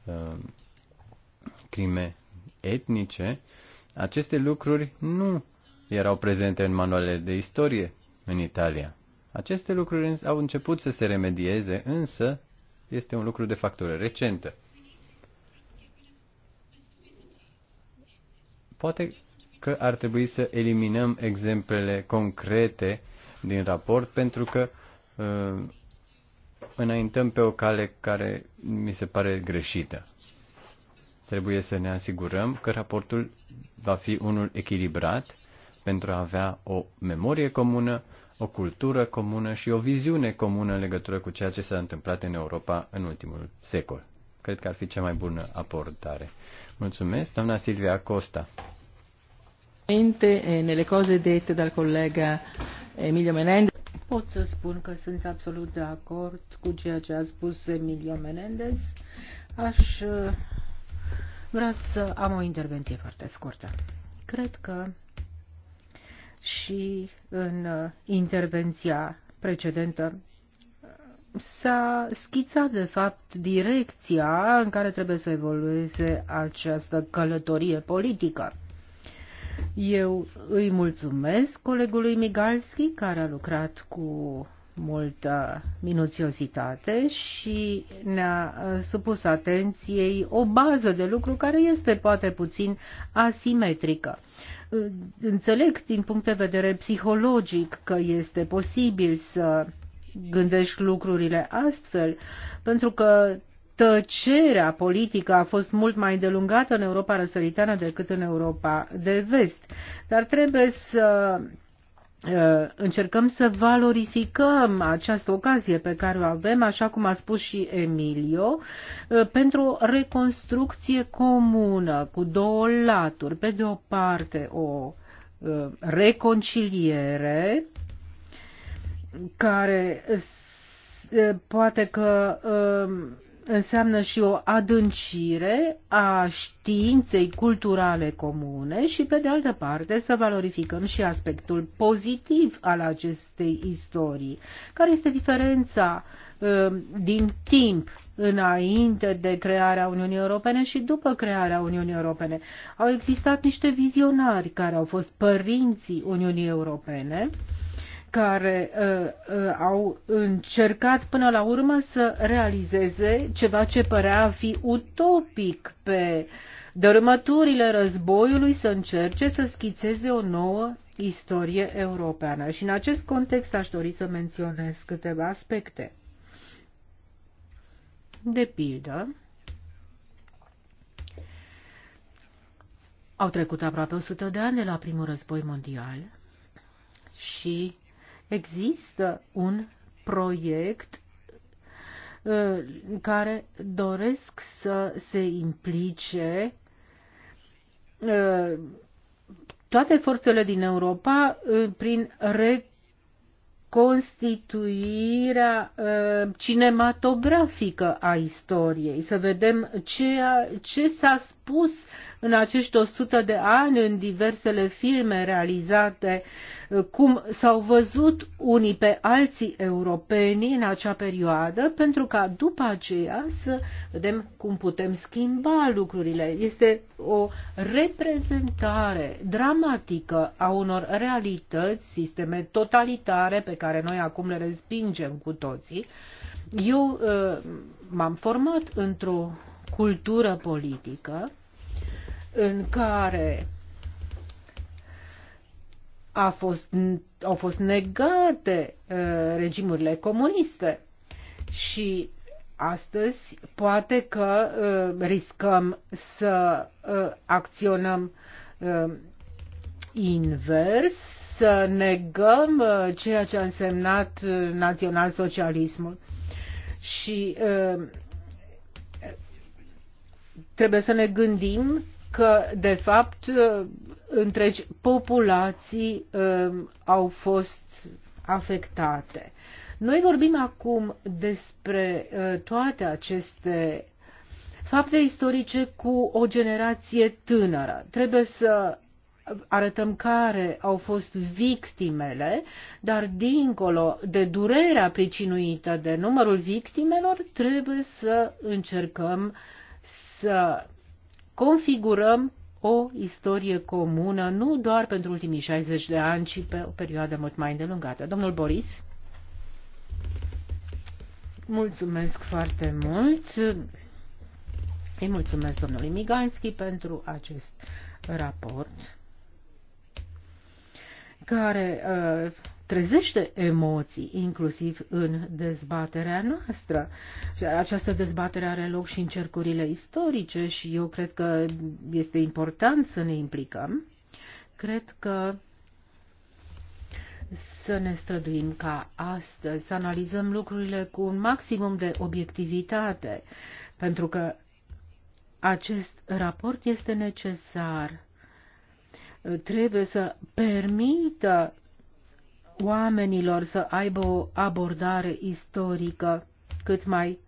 uh, crime etnice, aceste lucruri nu erau prezente în manualele de istorie în Italia. Aceste lucruri au început să se remedieze, însă este un lucru de factură recentă. Poate că ar trebui să eliminăm exemplele concrete din raport pentru că uh, înaintăm pe o cale care mi se pare greșită. Trebuie să ne asigurăm că raportul va fi unul echilibrat pentru a avea o memorie comună, o cultură comună și o viziune comună în legătură cu ceea ce s-a întâmplat în Europa în ultimul secol. Cred că ar fi cea mai bună aportare. Mulțumesc, doamna Silvia Costa. Eh, Nele cose dette dal collega Emilio Menendez. Pot să spun că sunt absolut de acord cu ceea ce a spus Emilio Menendez. Aș eh, vrea să am o intervenție foarte scurtă. Cred că și în uh, intervenția precedentă s-a schițat, de fapt, direcția în care trebuie să evolueze această călătorie politică. Eu îi mulțumesc colegului Migalski, care a lucrat cu multă minuțiozitate și ne-a uh, supus atenției o bază de lucru care este poate puțin asimetrică. Înțeleg din punct de vedere psihologic că este posibil să gândești lucrurile astfel, pentru că tăcerea politică a fost mult mai delungată în Europa răsăritană decât în Europa de vest. Dar trebuie să Uh, încercăm să valorificăm această ocazie pe care o avem, așa cum a spus și Emilio, uh, pentru o reconstrucție comună cu două laturi. Pe de o parte o uh, reconciliere care poate că înseamnă și o adâncire a științei culturale comune și, pe de altă parte, să valorificăm și aspectul pozitiv al acestei istorii. Care este diferența ă, din timp înainte de crearea Uniunii Europene și după crearea Uniunii Europene? Au existat niște vizionari care au fost părinții Uniunii Europene, care uh, uh, au încercat până la urmă să realizeze ceva ce părea a fi utopic pe dărâmăturile războiului, să încerce să schițeze o nouă istorie europeană. Și în acest context aș dori să menționez câteva aspecte. De pildă, au trecut aproape 100 de ani de la primul război mondial și Există un proiect uh, care doresc să se implice uh, toate forțele din Europa uh, prin reconstituirea cinematografică a istoriei, să vedem ce, ce s-a spus în acești 100 de ani în diversele filme realizate, uh, cum s-au văzut unii pe alții europeni în acea perioadă, pentru ca după aceea să vedem cum putem schimba lucrurile. Este o reprezentare dramatică a unor realități, sisteme totalitare pe care noi acum le respingem cu toții. Eu uh, m-am format într-o cultură politică în care a fost, au fost negate uh, regimurile comuniste și astăzi poate că uh, riscăm să uh, acționăm uh, invers, să negăm uh, ceea ce a însemnat uh, național-socialismul. Și uh, trebuie să ne gândim că, de fapt, întregi populații um, au fost afectate. Noi vorbim acum despre uh, toate aceste fapte istorice cu o generație tânără. Trebuie să arătăm care au fost victimele, dar dincolo de durerea pricinuită de numărul victimelor, trebuie să încercăm să configurăm o istorie comună, nu doar pentru ultimii 60 de ani, ci pe o perioadă mult mai îndelungată. Domnul Boris? Mulțumesc foarte mult. Îi mulțumesc domnului Miganski pentru acest raport care uh, trezește emoții, inclusiv în dezbaterea noastră. Această dezbatere are loc și în cercurile istorice și eu cred că este important să ne implicăm. Cred că să ne străduim ca astăzi, să analizăm lucrurile cu un maximum de obiectivitate, pentru că acest raport este necesar trebuie să permită oamenilor să aibă o abordare istorică cât mai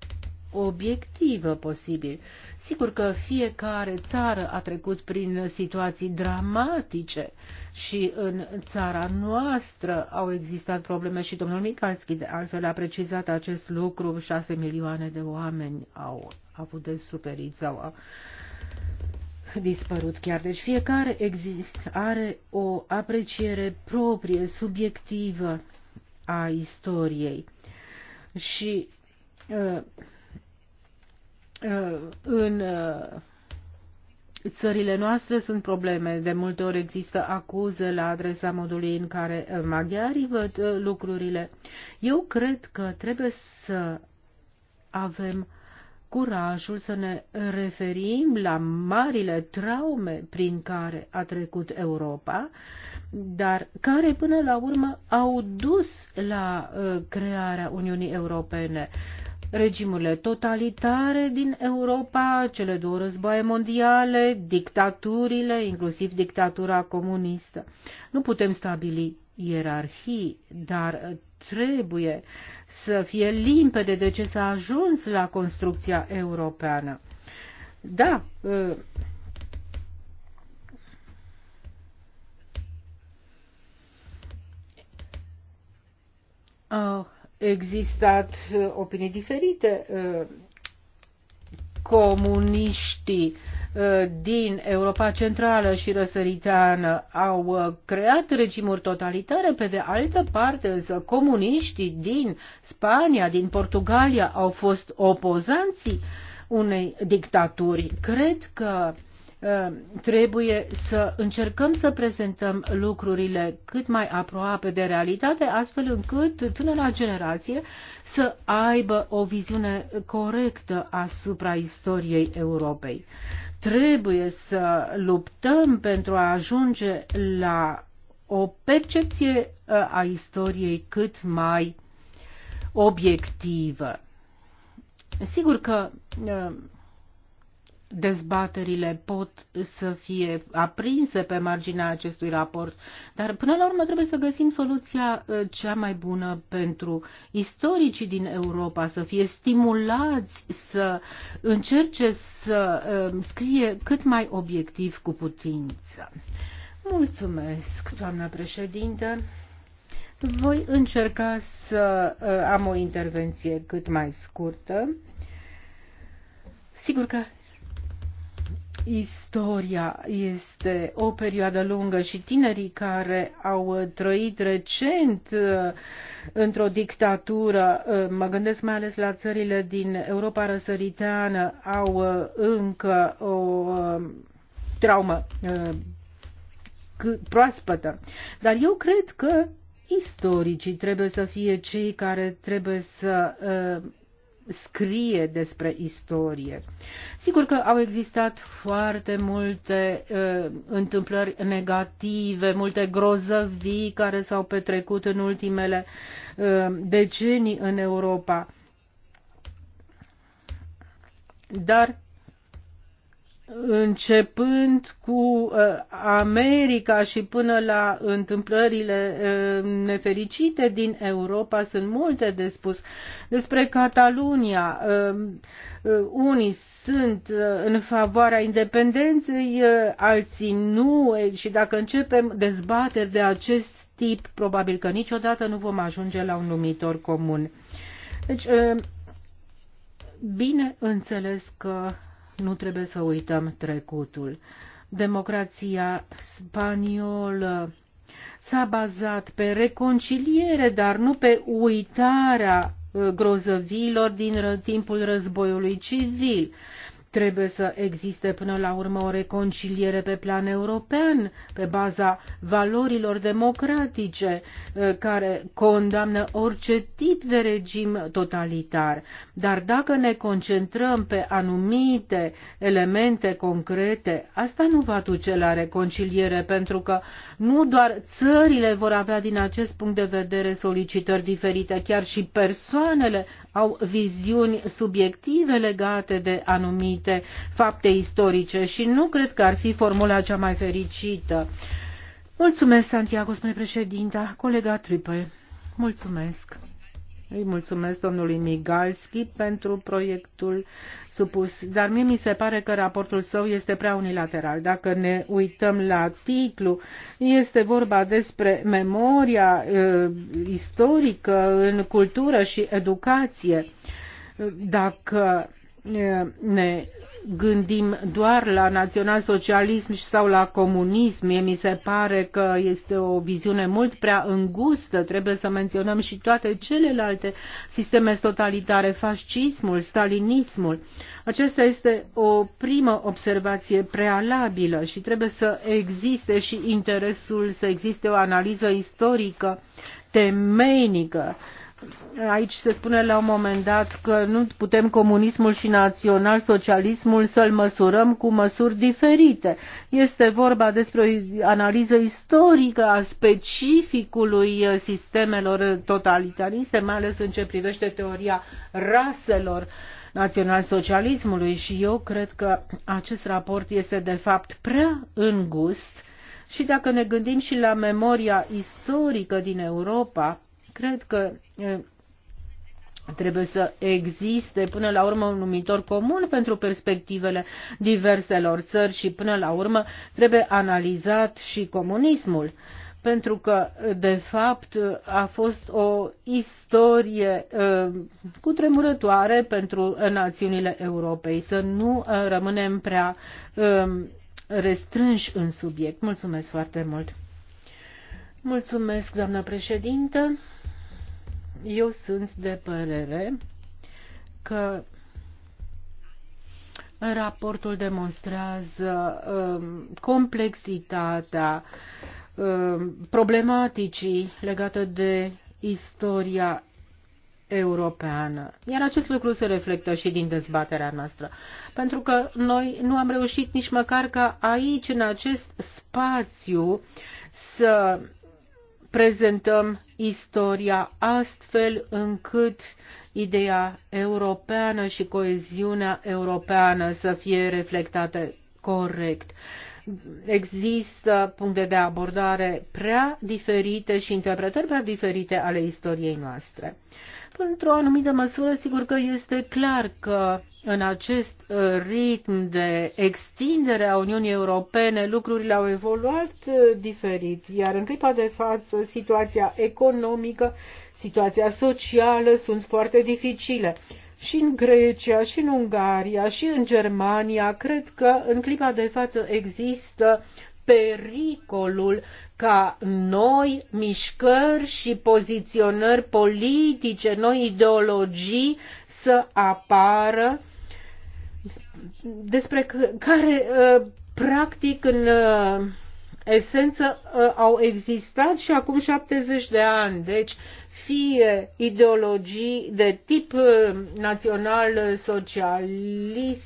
obiectivă posibil. Sigur că fiecare țară a trecut prin situații dramatice și în țara noastră au existat probleme și domnul Micalski de altfel a precizat acest lucru, șase milioane de oameni au avut de suferit sau au dispărut chiar. Deci fiecare exist, are o apreciere proprie, subiectivă a istoriei. Și uh, uh, în uh, țările noastre sunt probleme. De multe ori există acuze la adresa modului în care uh, maghiarii văd uh, lucrurile. Eu cred că trebuie să avem curajul să ne referim la marile traume prin care a trecut Europa, dar care până la urmă au dus la uh, crearea Uniunii Europene. Regimurile totalitare din Europa, cele două războaie mondiale, dictaturile, inclusiv dictatura comunistă. Nu putem stabili ierarhii, dar trebuie să fie limpede de ce s-a ajuns la construcția europeană. Da, uh, au existat uh, opinii diferite. Uh, comuniștii Uh, din Europa Centrală și Răsăriteană au uh, creat regimuri totalitare, pe de altă parte însă comuniștii din Spania, din Portugalia au fost opozanții unei dictaturi. Cred că uh, trebuie să încercăm să prezentăm lucrurile cât mai aproape de realitate, astfel încât tânăra generație să aibă o viziune corectă asupra istoriei Europei. Trebuie să luptăm pentru a ajunge la o percepție uh, a istoriei cât mai obiectivă. Sigur că uh, dezbaterile pot să fie aprinse pe marginea acestui raport, dar până la urmă trebuie să găsim soluția uh, cea mai bună pentru istoricii din Europa, să fie stimulați să încerce să uh, scrie cât mai obiectiv cu putință. Mulțumesc, doamna președinte. Voi încerca să uh, am o intervenție cât mai scurtă. Sigur că Istoria este o perioadă lungă și tinerii care au trăit recent uh, într-o dictatură, uh, mă gândesc mai ales la țările din Europa răsăriteană, au uh, încă o traumă proaspătă. Dar eu cred că istoricii trebuie să fie cei care trebuie să scrie despre istorie. Sigur că au existat foarte multe uh, întâmplări negative, multe grozăvii care s-au petrecut în ultimele uh, decenii în Europa. Dar începând cu uh, America și până la întâmplările uh, nefericite din Europa, sunt multe de spus. Despre Catalunia, um, uh, unii sunt în favoarea independenței, alții nu și dacă începem dezbateri de acest tip, probabil că niciodată nu vom ajunge la un numitor comun. Deci, bine înțeles că nu trebuie să uităm trecutul. Democrația spaniolă s-a bazat pe reconciliere, dar nu pe uitarea uh, grozăvilor din timpul războiului civil. Trebuie să existe până la urmă o reconciliere pe plan european, pe baza valorilor democratice eh, care condamnă orice tip de regim totalitar. Dar dacă ne concentrăm pe anumite elemente concrete, asta nu va duce la reconciliere, pentru că nu doar țările vor avea din acest punct de vedere solicitări diferite, chiar și persoanele au viziuni subiective legate de anumite anumite fapte istorice și nu cred că ar fi formula cea mai fericită. Mulțumesc, Santiago, spune președinta, colega tripe. Mulțumesc. Îi mulțumesc domnului Migalski pentru proiectul supus, dar mie mi se pare că raportul său este prea unilateral. Dacă ne uităm la titlu, este vorba despre memoria e, ă, istorică în cultură și educație. Dacă ne gândim doar la național-socialism sau la comunism. Mie mi se pare că este o viziune mult prea îngustă. Trebuie să menționăm și toate celelalte sisteme totalitare, fascismul, stalinismul. Aceasta este o primă observație prealabilă și trebuie să existe și interesul, să existe o analiză istorică temeinică aici se spune la un moment dat că nu putem comunismul și național-socialismul să-l măsurăm cu măsuri diferite. Este vorba despre o analiză istorică a specificului sistemelor totalitariste, mai ales în ce privește teoria raselor național-socialismului și eu cred că acest raport este de fapt prea îngust și dacă ne gândim și la memoria istorică din Europa, Cred că trebuie să existe până la urmă un numitor comun pentru perspectivele diverselor țări și până la urmă trebuie analizat și comunismul pentru că, de fapt, a fost o istorie uh, cutremurătoare pentru națiunile Europei. Să nu uh, rămânem prea uh, restrânși în subiect. Mulțumesc foarte mult! Mulțumesc, doamnă președintă! Eu sunt de părere că raportul demonstrează uh, complexitatea uh, problematicii legate de istoria europeană. Iar acest lucru se reflectă și din dezbaterea noastră. Pentru că noi nu am reușit nici măcar ca aici, în acest spațiu, să prezentăm istoria astfel încât ideea europeană și coeziunea europeană să fie reflectate corect. Există puncte de abordare prea diferite și interpretări prea diferite ale istoriei noastre. Într-o anumită măsură, sigur că este clar că în acest uh, ritm de extindere a Uniunii Europene lucrurile au evoluat uh, diferit, iar în clipa de față situația economică, situația socială sunt foarte dificile. Și în Grecia, și în Ungaria, și în Germania, cred că în clipa de față există pericolul ca noi mișcări și poziționări politice, noi ideologii să apară despre care uh, practic în uh, esență uh, au existat și acum 70 de ani. Deci fie ideologii de tip național-socialist,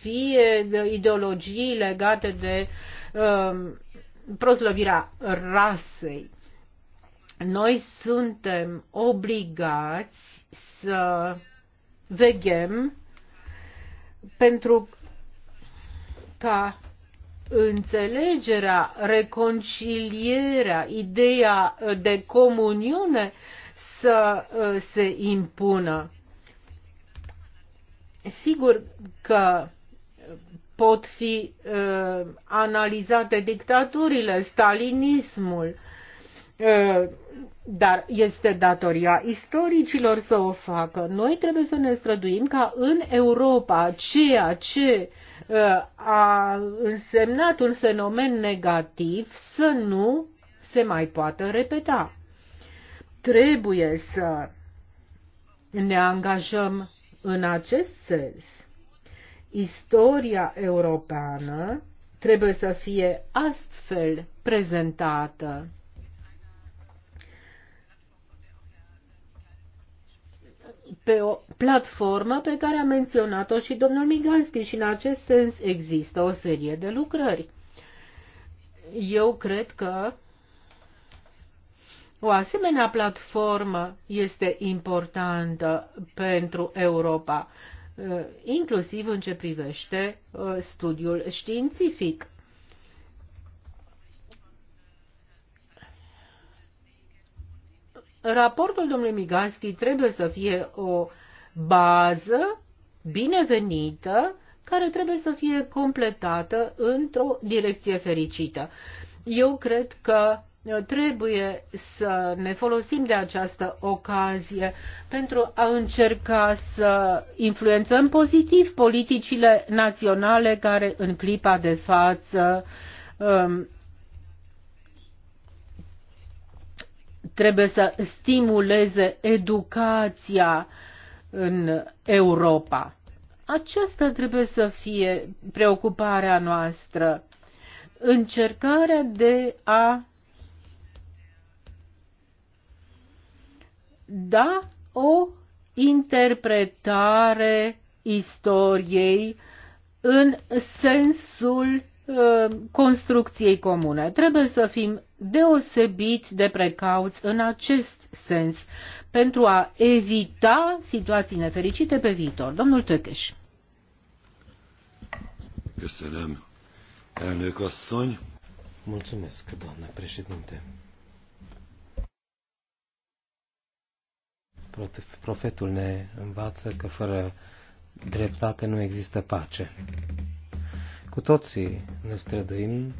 fie ideologii legate de Um, proslăvirea rasei. Noi suntem obligați să veghem pentru ca înțelegerea, reconcilierea, ideea de comuniune să uh, se impună. Sigur că pot fi uh, analizate dictaturile, stalinismul, uh, dar este datoria istoricilor să o facă. Noi trebuie să ne străduim ca în Europa ceea ce uh, a însemnat un fenomen negativ să nu se mai poată repeta. Trebuie să ne angajăm în acest sens istoria europeană trebuie să fie astfel prezentată. pe o platformă pe care a menționat-o și domnul Migalski și în acest sens există o serie de lucrări. Eu cred că o asemenea platformă este importantă pentru Europa Uh, inclusiv în ce privește uh, studiul științific. Raportul domnului Migalski trebuie să fie o bază binevenită care trebuie să fie completată într-o direcție fericită. Eu cred că trebuie să ne folosim de această ocazie pentru a încerca să influențăm pozitiv politicile naționale care în clipa de față um, trebuie să stimuleze educația în Europa. Aceasta trebuie să fie preocuparea noastră, încercarea de a da o interpretare istoriei în sensul ă, construcției comune. Trebuie să fim deosebit de precauți în acest sens pentru a evita situații nefericite pe viitor. Domnul Tăcheș. Căsălăm, elnök asszony. Mulțumesc, doamnă președinte. Profetul ne învață că fără dreptate nu există pace. Cu toții ne străduim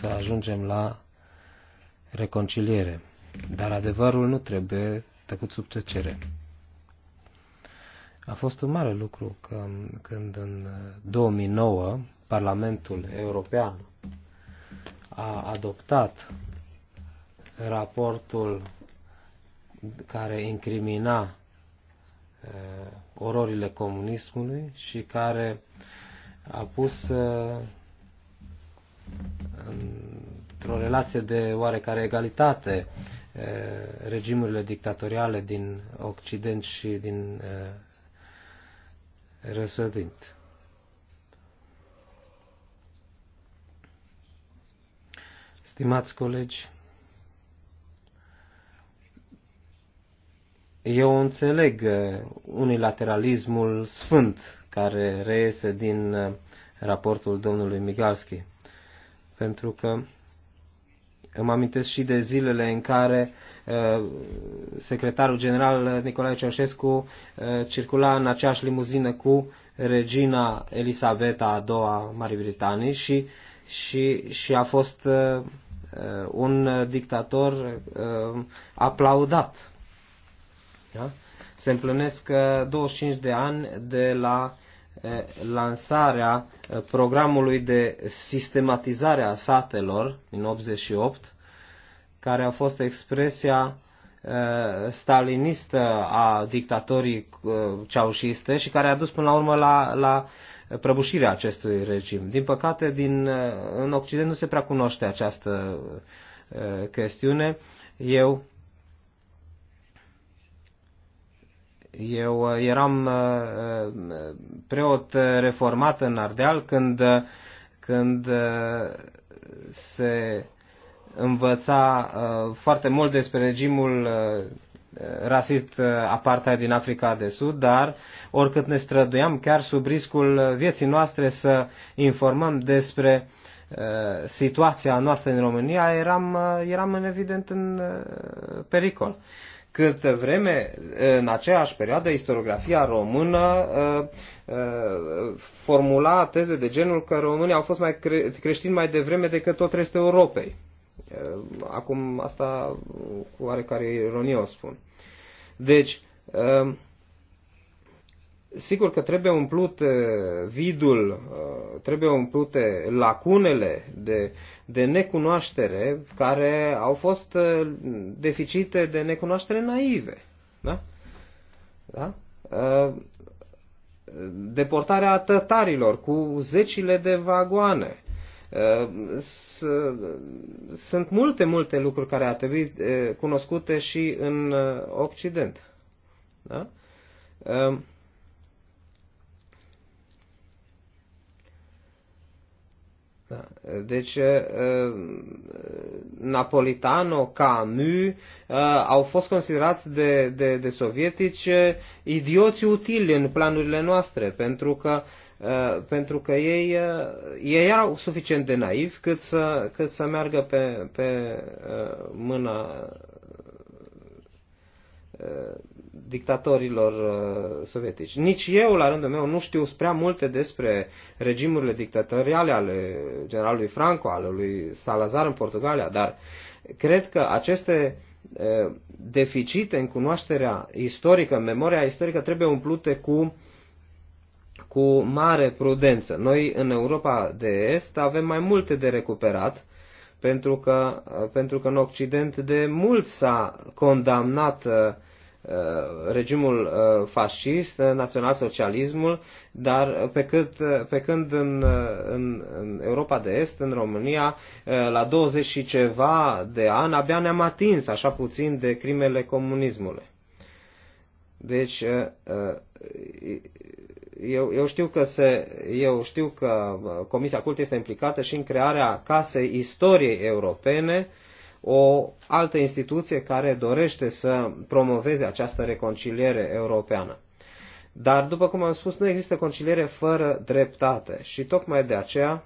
să ajungem la reconciliere, dar adevărul nu trebuie tăcut sub tăcere. A fost un mare lucru că, când în 2009 Parlamentul European a adoptat raportul care incrimina uh, ororile comunismului și care a pus uh, într-o relație de oarecare egalitate uh, regimurile dictatoriale din Occident și din uh, Răsădint. Stimați colegi, Eu înțeleg uh, unilateralismul sfânt care reiese din uh, raportul domnului Migalski, pentru că îmi amintesc și de zilele în care uh, secretarul general Nicolae Ceaușescu circula în aceeași limuzină cu regina Elisabeta a doua Marii Britanii și, și, și a fost un dictator aplaudat da? Se împlinesc 25 uh, de ani de la uh, lansarea uh, programului de sistematizare a satelor din 88, care a fost expresia stalinistă a dictatorii ceaușiste și care a dus până la urmă la, la prăbușirea acestui regim. Din păcate, din, în Occident nu se prea cunoaște această chestiune. Eu Eu uh, eram uh, uh, preot reformat în Ardeal când, când se învăța foarte mult despre regimul rasist apartheid din Africa de Sud, dar oricât ne străduiam chiar sub riscul vieții noastre să informăm despre situația noastră în România, eram, eram în evident în pericol câtă vreme în aceeași perioadă istoriografia română uh, uh, formula teze de genul că românii au fost mai cre- creștini mai devreme decât tot restul Europei. Uh, acum asta cu oarecare ironie o spun. Deci, Sigur că trebuie umplut uh, vidul, uh, trebuie umplute lacunele de, de necunoaștere care au fost uh, deficite de necunoaștere naive. Da? Da? Deportarea tătarilor cu zecile de vagoane. Sunt multe, multe lucruri care ar trebui cunoscute și în Occident. Da? Da. Deci, Napolitano, Camus au fost considerați de, de, de sovietici idioți utili în planurile noastre, pentru că, pentru că ei, ei erau suficient de naivi cât să, cât să meargă pe, pe mâna dictatorilor uh, sovietici. Nici eu, la rândul meu, nu știu prea multe despre regimurile dictatoriale ale generalului Franco, ale lui Salazar în Portugalia, dar cred că aceste uh, deficite în cunoașterea istorică, în memoria istorică, trebuie umplute cu, cu mare prudență. Noi, în Europa de Est, avem mai multe de recuperat, pentru că, uh, pentru că în Occident de mult s-a condamnat uh, Uh, regimul uh, fascist, uh, național-socialismul, dar pe, cât, pe când în, în, în Europa de Est, în România, la 20 și ceva de ani, abia ne-am atins așa puțin de crimele comunismului. Deci, eu, eu, știu că se, eu știu că Comisia Cult este implicată și în crearea casei istoriei europene, o altă instituție care dorește să promoveze această reconciliere europeană. Dar, după cum am spus, nu există conciliere fără dreptate și tocmai de aceea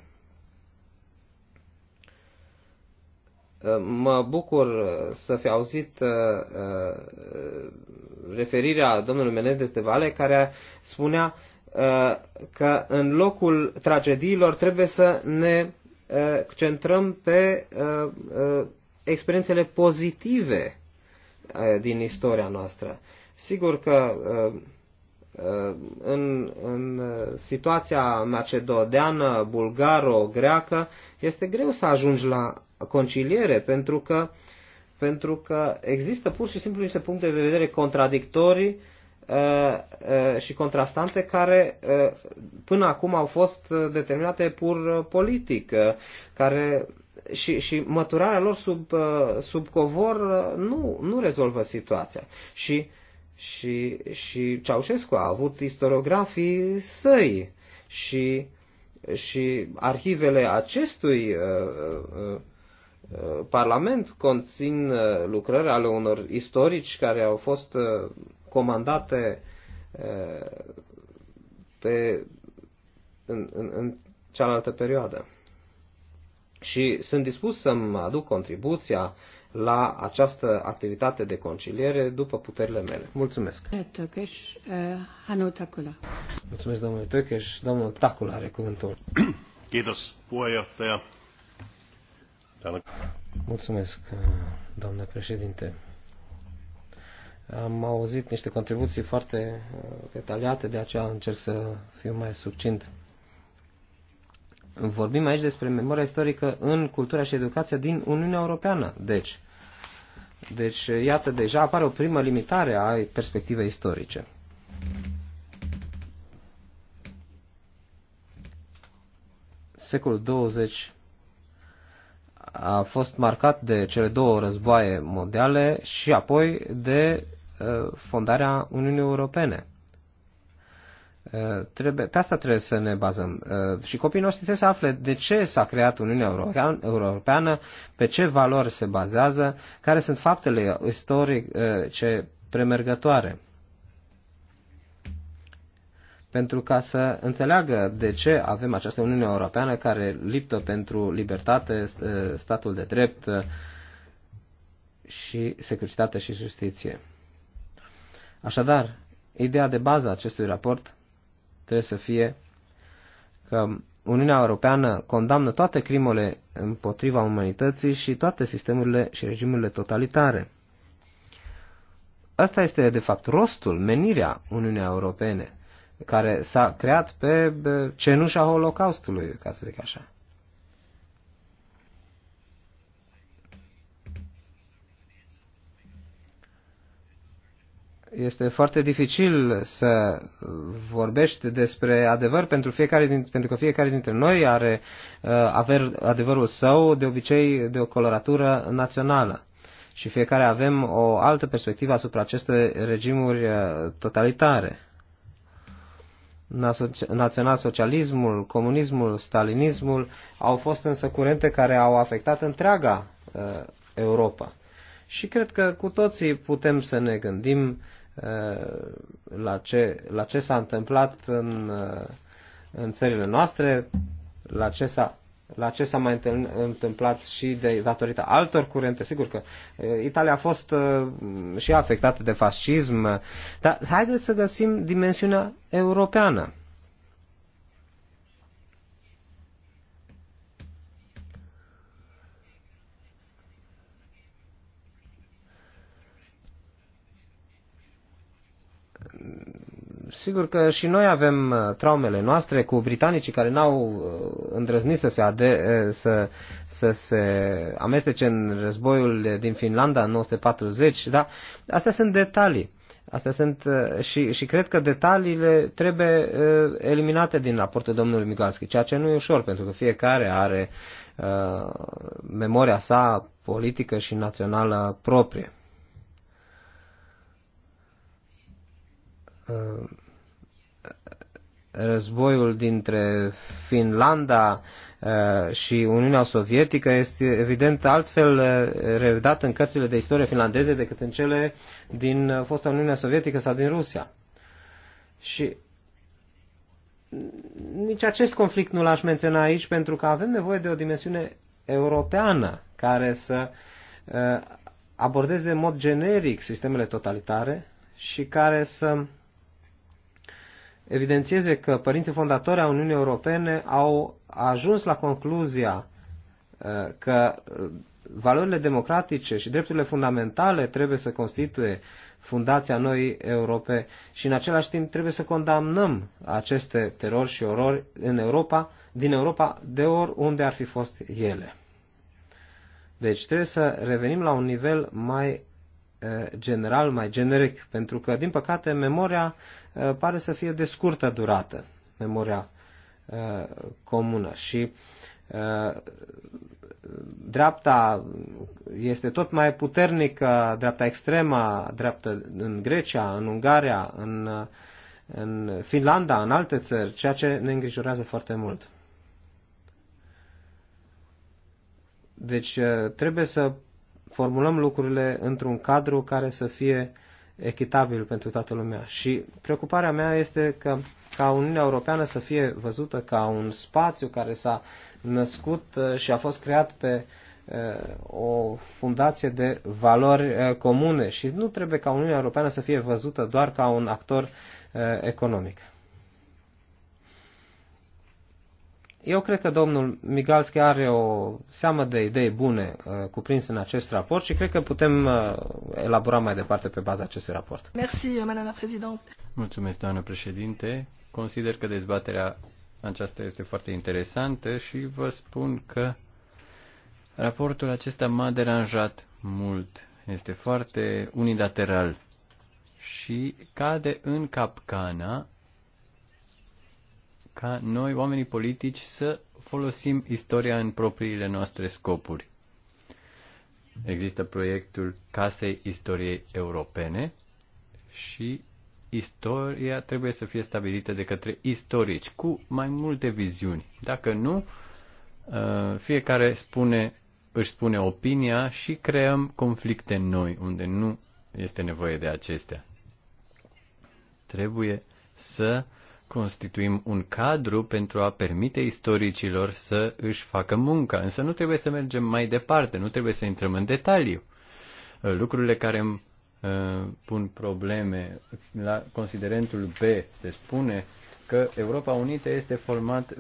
mă bucur să fi auzit uh, uh, referirea domnului Menendez de Vale care spunea uh, că în locul tragediilor trebuie să ne centrăm pe experiențele pozitive eh, din istoria noastră. Sigur că eh, eh, în, în situația macedodeană, bulgaro, greacă, este greu să ajungi la conciliere pentru că, pentru că există pur și simplu niște puncte de vedere contradictorii și contrastante care până acum au fost determinate pur politic, care și, și măturarea lor sub, uh, sub covor uh, nu, nu rezolvă situația. Și, și, și Ceaușescu a avut istoriografii săi și, și arhivele acestui uh, uh, uh parlament conțin lucrări ale unor istorici care au fost uh, comandate pe, în, în, în cealaltă perioadă și sunt dispus să-mi aduc contribuția la această activitate de conciliere după puterile mele. Mulțumesc. Eh, eh, Mulțumesc, domnule Tăcăș. Domnul Tacula are cuvântul. Mulțumesc, eh, doamnă președinte. Am auzit niște contribuții foarte detaliate, de aceea încerc să fiu mai succint vorbim aici despre memoria istorică în cultura și educația din Uniunea Europeană. Deci, deci iată, deja apare o primă limitare a perspectivei istorice. Secolul 20 a fost marcat de cele două războaie mondiale și apoi de uh, fondarea Uniunii Europene. Eh, trebuie, pe asta trebuie să ne bazăm. Eh, și copiii noștri trebuie să afle de ce s-a creat Uniunea Europeană, pe ce valori se bazează, care sunt faptele istorice eh, premergătoare pentru ca să înțeleagă de ce avem această Uniune Europeană care liptă pentru libertate, statul de drept și securitate și justiție. Așadar, ideea de bază a acestui raport trebuie să fie că Uniunea Europeană condamnă toate crimele împotriva umanității și toate sistemurile și regimurile totalitare. Asta este, de fapt, rostul, menirea Uniunii Europene, care s-a creat pe cenușa Holocaustului, ca să zic așa. este foarte dificil să vorbești despre adevăr pentru, fiecare din, pentru că fiecare dintre noi are uh, aver, adevărul său de obicei de o coloratură națională și fiecare avem o altă perspectivă asupra acestei regimuri uh, totalitare. Național-socialismul, comunismul, stalinismul au fost însă curente care au afectat întreaga uh, Europa. Și cred că cu toții putem să ne gândim Uh, la ce, la ce s-a întâmplat în, uh, în țările noastre, la ce s-a la ce s-a mai întâmplat și de datorită altor curente. Sigur că uh, Italia a fost și afectată de fascism, dar haideți să găsim dimensiunea europeană sigur că și noi avem uh, traumele noastre cu britanicii care n-au uh, îndrăznit să se, ade- uh, să, să se amestece în războiul din Finlanda în 1940, dar astea sunt detalii. Astea sunt și, și cred că detaliile trebuie eliminate din raportul domnului Migalski, ceea ce nu e ușor, pentru că fiecare are uh, memoria sa politică și națională proprie. Uh, războiul dintre Finlanda uh, și Uniunea Sovietică este evident altfel uh, redat în cărțile de istorie finlandeze decât în cele din uh, fosta Uniunea Sovietică sau din Rusia. Și nici acest conflict nu l-aș menționa aici pentru că avem nevoie de o dimensiune europeană care să abordeze în mod generic sistemele totalitare și care să evidențieze că părinții fondatori a Uniunii Europene au ajuns la concluzia uh, că uh, valorile democratice și drepturile fundamentale trebuie să constituie fundația noii Europe și în același timp trebuie să condamnăm aceste terori și orori în Europa, din Europa de oriunde ar fi fost ele. Deci trebuie să revenim la un nivel mai general, mai generic, pentru că, din păcate, memoria pare să fie de scurtă durată, memoria comună. Și dreapta este tot mai puternică, dreapta extremă, dreapta în Grecia, în Ungaria, în, în Finlanda, în alte țări, ceea ce ne îngrijorează foarte mult. Deci trebuie să formulăm lucrurile într-un cadru care să fie echitabil pentru toată lumea. Și preocuparea mea este că ca Uniunea Europeană să fie văzută ca un spațiu care s-a născut uh, și a fost creat pe uh, o fundație de valori uh, comune și nu trebuie ca Uniunea Europeană să fie văzută doar ca un actor economic. Eu cred că domnul Migalski are o seamă de idei bune uh, cuprinse în acest raport și cred că putem uh, elabora mai departe pe baza acestui raport. Merci, euh, președinte. Mulțumesc, doamnă președinte. Consider că dezbaterea aceasta este foarte interesantă și vă spun că raportul acesta m-a deranjat mult. Este foarte unilateral și cade în capcana ca noi, oamenii politici, să folosim istoria în propriile noastre scopuri. Există proiectul Casei Istoriei Europene și istoria trebuie să fie stabilită de către istorici cu mai multe viziuni. Dacă nu, uh, fiecare spune, își spune opinia și creăm conflicte noi unde nu este nevoie de acestea. Trebuie să uh, constituim un cadru pentru a permite istoricilor să își facă munca, însă nu trebuie să mergem mai departe, nu trebuie să intrăm în detaliu. Uh, lucrurile care îmi uh, pun probleme, la considerentul B se spune că Europa Unită este format,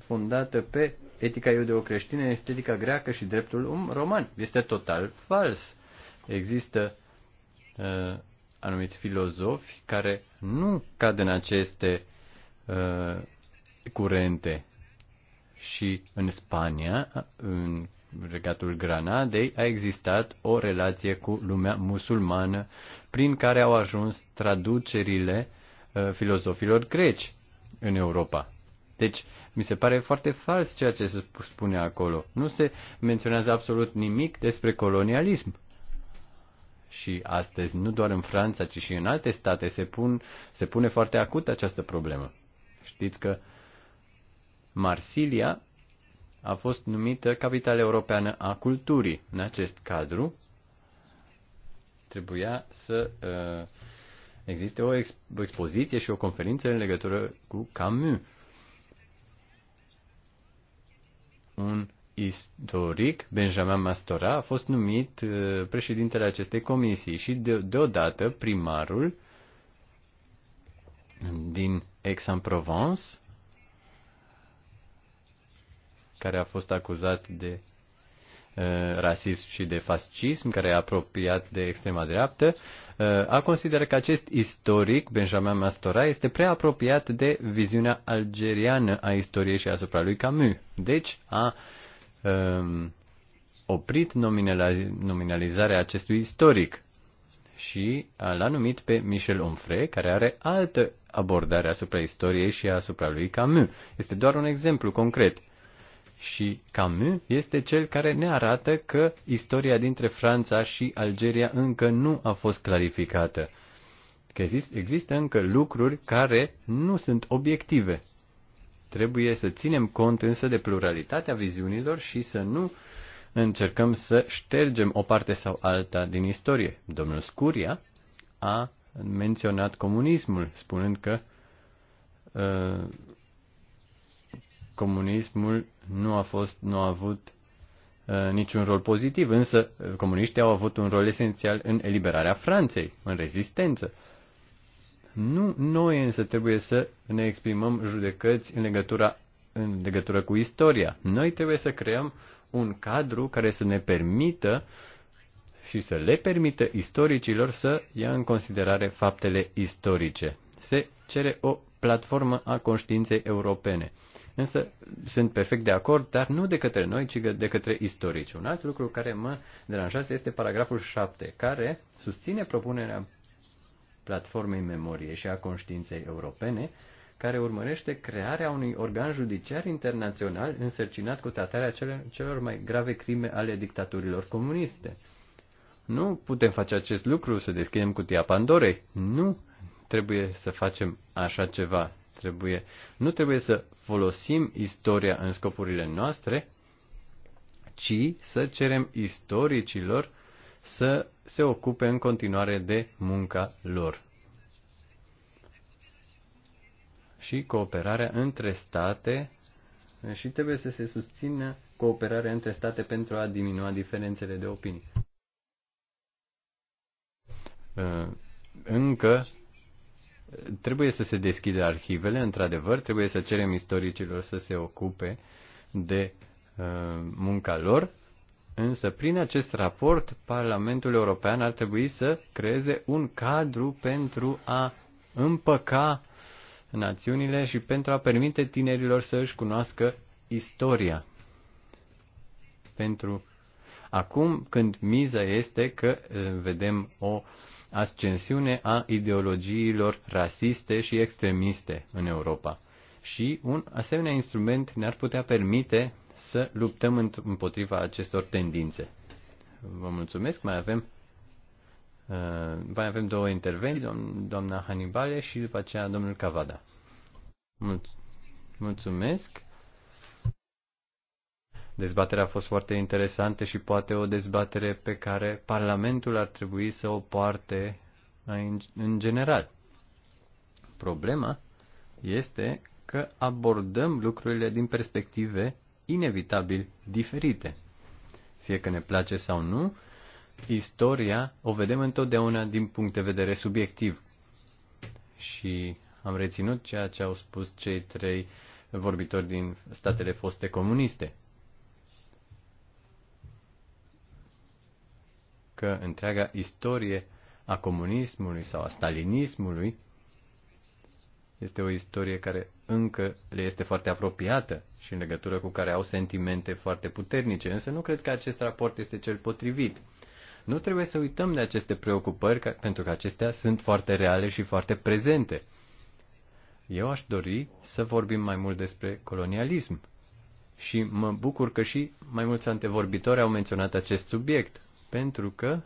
fondată pe etica iudeo-creștină, estetica greacă și dreptul um, roman. Este total fals. Există uh, anumiți filozofi care nu cad în aceste Uh, curente. Și în Spania, în regatul Granadei, a existat o relație cu lumea musulmană prin care au ajuns traducerile uh, filozofilor greci în Europa. Deci, mi se pare foarte fals ceea ce se spune acolo. Nu se menționează absolut nimic despre colonialism. Și astăzi, nu doar în Franța, ci și în alte state, se, pun, se pune foarte acut această problemă. Știți că Marsilia a fost numită Capitala Europeană a Culturii. În acest cadru trebuia să uh, existe o, ex- o expoziție și o conferință în legătură cu Camus. Un istoric, Benjamin Mastora, a fost numit uh, președintele acestei comisii și de, deodată primarul uh, din Aix-en-Provence, care a fost acuzat de uh, rasism și de fascism, care e apropiat de extrema dreaptă, uh, a considerat că acest istoric, Benjamin Mastora, este prea apropiat de viziunea algeriană a istoriei și asupra lui Camus. Deci a um, oprit nominalizarea acestui istoric și l-a numit pe Michel Onfray, care are altă abordare asupra istoriei și asupra lui Camus. Este doar un exemplu concret. Și Camus este cel care ne arată că istoria dintre Franța și Algeria încă nu a fost clarificată. Că există, există încă lucruri care nu sunt obiective. Trebuie să ținem cont însă de pluralitatea viziunilor și să nu uh, încercăm să ștergem o parte sau alta din istorie. Domnul Scuria a menționat comunismul, spunând că uh, comunismul nu a fost, nu a avut uh, niciun rol pozitiv, însă uh, comuniștii au avut un rol esențial în eliberarea Franței, în rezistență. Nu noi însă trebuie să ne exprimăm judecăți în legătura în legătură cu istoria. Noi trebuie să creăm un cadru care să ne permită și să le permită istoricilor să ia în considerare faptele istorice. Se cere o platformă a conștiinței europene. Însă sunt perfect de acord, dar nu de către noi, ci de către istorici. Un alt lucru care mă deranjează este paragraful 7, care susține propunerea platformei memoriei și a conștiinței europene, care urmărește crearea unui organ judiciar internațional însărcinat cu tratarea celor mai grave crime ale dictaturilor comuniste. Nu putem face acest lucru, să deschidem cutia Pandorei. Nu trebuie să facem așa ceva. Trebuie, nu trebuie să folosim istoria în scopurile noastre, ci să cerem istoricilor să se ocupe în continuare de munca lor. și cooperarea între state și trebuie să se susțină cooperarea între state pentru a diminua diferențele de opinii. Uh, încă trebuie să se deschidă arhivele, într-adevăr, trebuie să cerem istoricilor să se ocupe de uh, munca lor, însă prin acest raport Parlamentul European ar trebui să creeze un cadru pentru a împăca națiunile și pentru a permite tinerilor să își cunoască istoria. Pentru acum, când miza este că uh, vedem o ascensiune a ideologiilor rasiste și extremiste în Europa. Și un asemenea instrument ne-ar putea permite să luptăm împotriva acestor tendințe. Vă mulțumesc, mai avem Uh, mai avem două intervenții, doamna Hanibale și după aceea domnul Cavada. Mulțumesc. Dezbaterea a fost foarte interesantă și poate o dezbatere pe care Parlamentul ar trebui să o poarte în general. Problema este că abordăm lucrurile din perspective inevitabil diferite. Fie că ne place sau nu, istoria o vedem întotdeauna din punct de vedere subiectiv. Și am reținut ceea ce au spus cei trei vorbitori din statele foste comuniste. Că întreaga istorie a comunismului sau a stalinismului este o istorie care încă le este foarte apropiată și în legătură cu care au sentimente foarte puternice, însă nu cred că acest raport este cel potrivit. Nu trebuie să uităm de aceste preocupări, pentru că acestea sunt foarte reale și foarte prezente. Eu aș dori să vorbim mai mult despre colonialism. Și mă bucur că și mai mulți antevorbitori au menționat acest subiect, pentru că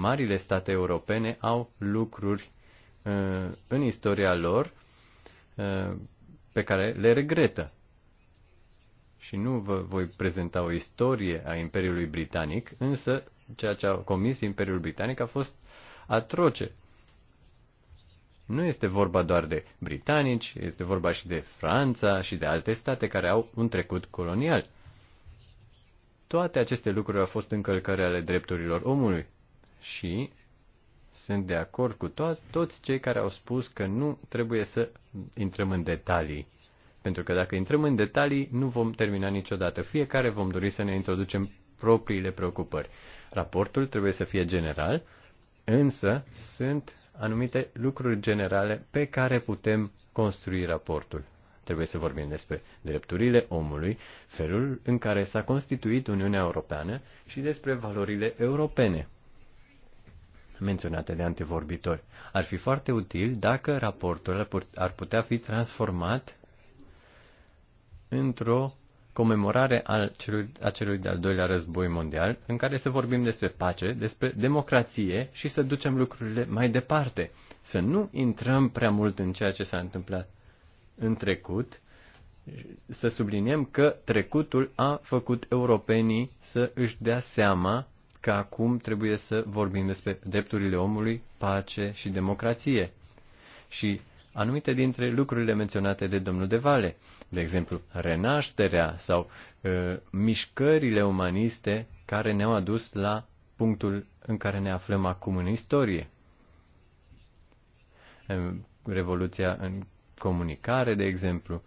marile state europene au lucruri uh, în istoria lor uh, pe care le regretă și nu vă voi prezenta o istorie a Imperiului Britanic, însă ceea ce a comis Imperiul Britanic a fost atroce. Nu este vorba doar de britanici, este vorba și de Franța și de alte state care au un trecut colonial. Toate aceste lucruri au fost încălcări ale drepturilor omului și sunt de acord cu to- toți cei care au spus că nu trebuie să intrăm în detalii pentru că dacă intrăm în detalii, nu vom termina niciodată. Fiecare vom dori să ne introducem propriile preocupări. Raportul trebuie să fie general, însă sunt anumite lucruri generale pe care putem construi raportul. Trebuie să vorbim despre drepturile omului, felul în care s-a constituit Uniunea Europeană și despre valorile europene menționate de antevorbitori. Ar fi foarte util dacă raportul ar putea fi transformat într-o comemorare al celui, a celui de-al doilea război mondial, în care să vorbim despre pace, despre democrație și să ducem lucrurile mai departe. Să nu intrăm prea mult în ceea ce s-a întâmplat în trecut, să subliniem că trecutul a făcut europenii să își dea seama că acum trebuie să vorbim despre drepturile omului, pace și democrație. Și anumite dintre lucrurile menționate de domnul De Vale, de exemplu, renașterea sau uh, mișcările umaniste care ne-au adus la punctul în care ne aflăm acum în istorie. Uh, revoluția în comunicare, de exemplu.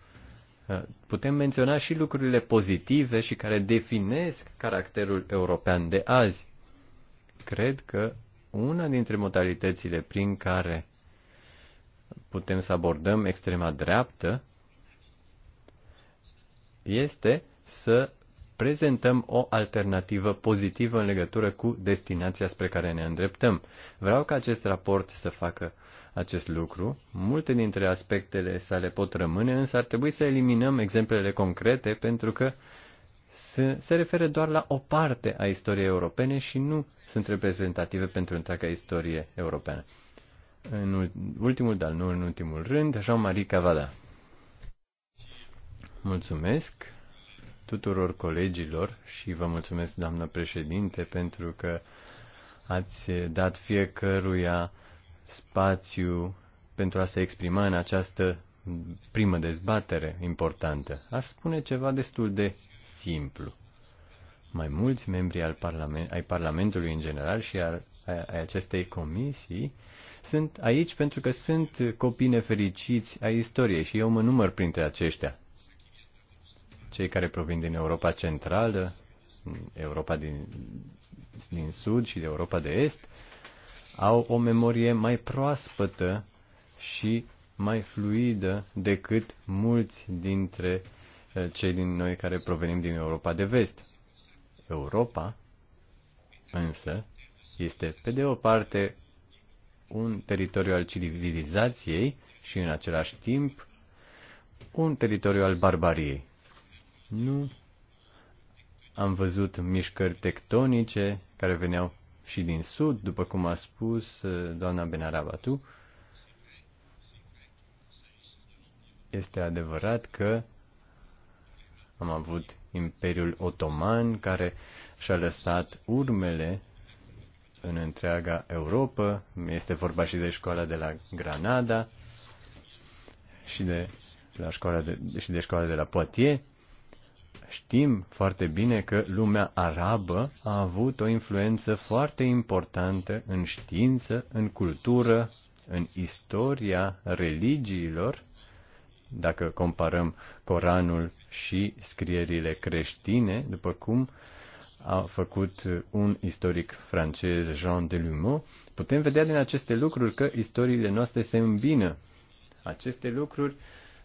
Uh, putem menționa și lucrurile pozitive și care definesc caracterul european de azi. Cred că una dintre modalitățile prin care putem să abordăm extrema dreaptă este să prezentăm o alternativă pozitivă în legătură cu destinația spre care ne îndreptăm. Vreau ca acest raport să facă acest lucru. Multe dintre aspectele sale pot rămâne, însă ar trebui să eliminăm exemplele concrete pentru că se, se referă doar la o parte a istoriei europene și nu sunt reprezentative pentru întreaga istorie europeană în ultimul, dar nu în ultimul rând, Jean-Marie Cavada. Mulțumesc tuturor colegilor și vă mulțumesc, doamnă președinte, pentru că ați dat fiecăruia spațiu pentru a se exprima în această primă dezbatere importantă. Aș spune ceva destul de simplu. Mai mulți membri al parlament, ai Parlamentului în general și al ai acestei comisii sunt aici pentru că sunt copii nefericiți ai istoriei și eu mă număr printre aceștia. Cei care provin din Europa Centrală, Europa din, din Sud și de Europa de Est, au o memorie mai proaspătă și mai fluidă decât mulți dintre eh, cei din noi care provenim din Europa de Vest. Europa, însă, este pe de o parte un teritoriu al civilizației și în același timp un teritoriu al barbariei. Nu am văzut mișcări tectonice care veneau și din sud, după cum a spus uh, doamna Benarabatu. Este adevărat că am avut Imperiul Otoman care și-a lăsat urmele în întreaga Europa. Este vorba și de școala de la Granada și de, la școala de, și de școala de la Poitiers. Știm foarte bine că lumea arabă a avut o influență foarte importantă în știință, în cultură, în istoria religiilor, dacă comparăm Coranul și scrierile creștine, după cum uh, a făcut un istoric francez, Jean Delumeau, putem vedea din aceste lucruri că istoriile noastre se îmbină. Aceste lucruri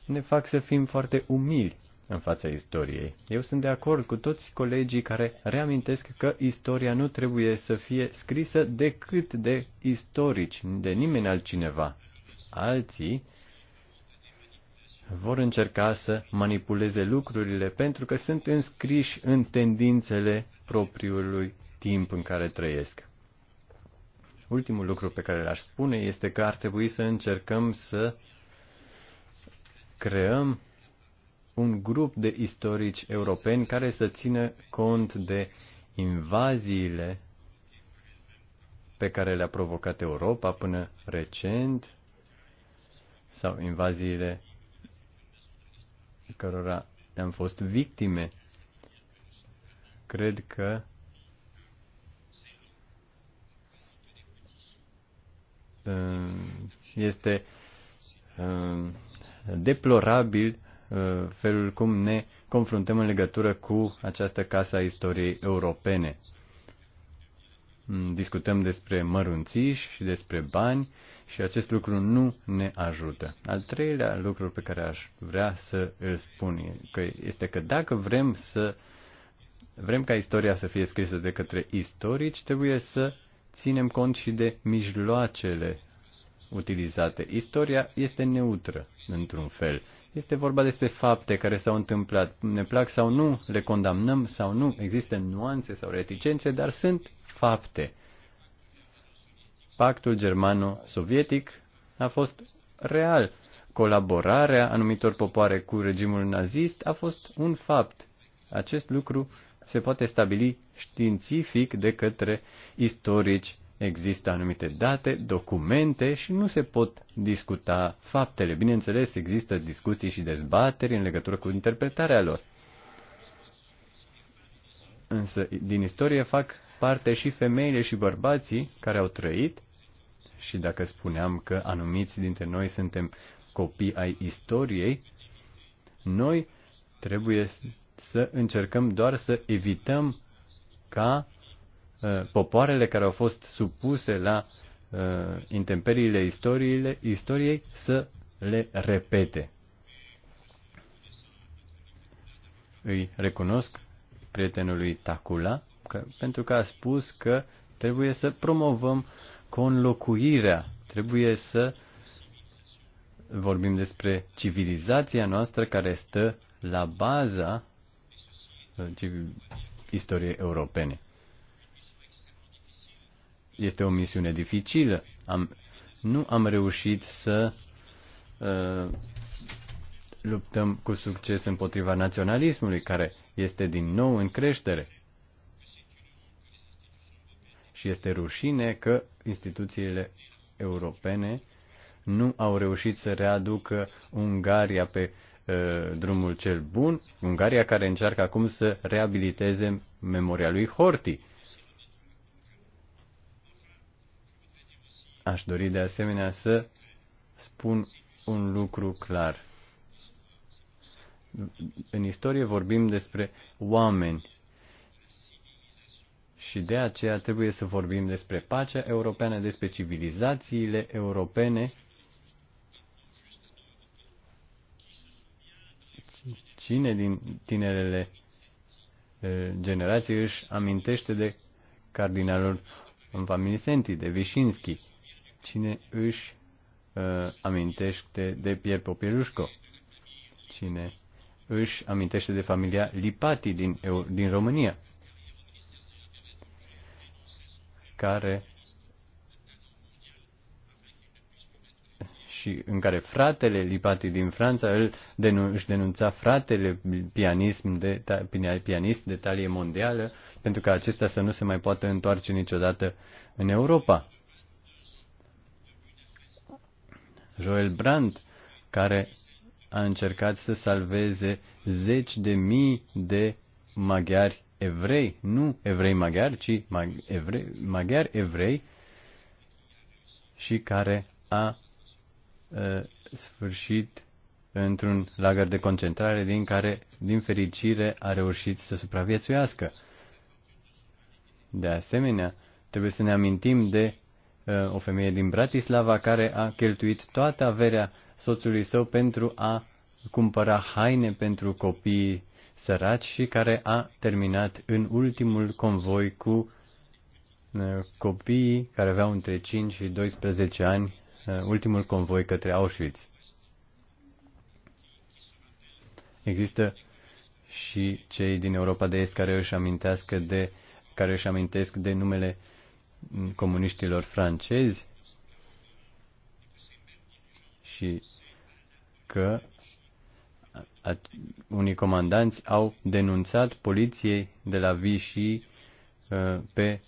ne fac să fim foarte umili în fața istoriei. Eu sunt de acord cu toți colegii care reamintesc că istoria nu trebuie să fie scrisă decât de istorici, de nimeni altcineva. Alții vor încerca să manipuleze lucrurile pentru că sunt înscriși în tendințele propriului timp în care trăiesc. Ultimul lucru pe care l-aș spune este că ar trebui să încercăm să creăm un grup de istorici europeni care să țină cont de invaziile pe care le-a provocat Europa până recent sau invaziile cărora am fost victime. Cred că uh, este uh, deplorabil uh, felul cum ne confruntăm în legătură cu această casă a istoriei europene. Mm, discutăm despre mărunțiși și despre bani și acest lucru nu ne ajută. Al treilea lucru pe care aș vrea să îl spun că este că dacă vrem să vrem ca istoria să fie scrisă de către istorici, trebuie să ținem cont și de mijloacele utilizate. Istoria este neutră, într-un fel. Este vorba despre fapte care s-au întâmplat. Ne plac sau nu, le condamnăm sau nu, există nuanțe sau reticențe, dar sunt fapte. Pactul germano-sovietic a fost real. Colaborarea anumitor popoare cu regimul nazist a fost un fapt. Acest lucru se poate stabili științific de către istorici există anumite date, documente și nu se pot discuta faptele. Bineînțeles, există discuții și dezbateri în legătură cu interpretarea lor. Însă, din istorie fac parte și femeile și bărbații care au trăit și dacă spuneam că anumiți dintre noi suntem copii ai istoriei, noi trebuie să încercăm doar să evităm ca Uh, popoarele care au fost supuse la uh, intemperiile istoriei să le repete. Îi recunosc prietenului Tacula că, pentru că a spus că trebuie să promovăm conlocuirea, trebuie să vorbim despre civilizația noastră care stă la baza uh, istoriei europene este o misiune dificilă. Am, nu am reușit să uh, luptăm cu succes împotriva naționalismului, care este din nou în creștere. Și este rușine că instituțiile europene nu au reușit să readucă Ungaria pe uh, drumul cel bun, Ungaria care încearcă acum să reabiliteze memoria lui Horthy Aș dori de asemenea să spun un lucru clar. În istorie vorbim despre oameni și de aceea trebuie să vorbim despre pacea europeană, despre civilizațiile europene, cine din tinerele generații își amintește de cardinalul Vanmilisenti, de Vișinski, Cine își uh, amintește de Pier Popirușco, Cine își amintește de familia Lipati din, din România? Care și în care fratele Lipati din Franța îl denu- își denunța fratele pianism de ta- pianist de talie mondială pentru că acesta să nu se mai poată întoarce niciodată în Europa. Joel Brandt, care a încercat să salveze zeci de mii de maghiari evrei, nu evrei maghiari, ci mag- evrei, maghiari evrei, și care a uh, sfârșit într-un lagăr de concentrare din care, din fericire, a reușit să supraviețuiască. De asemenea, trebuie să ne amintim de Uh, o femeie din Bratislava care a cheltuit toată averea soțului său pentru a cumpăra haine pentru copiii săraci și care a terminat în ultimul convoi cu uh, copiii care aveau între 5 și 12 ani uh, ultimul convoi către Auschwitz. Există și cei din Europa de Est care își amintească de care își amintesc de numele uh, comuniștilor francezi și că unii comandanți au denunțat poliției de la Vichy uh, pe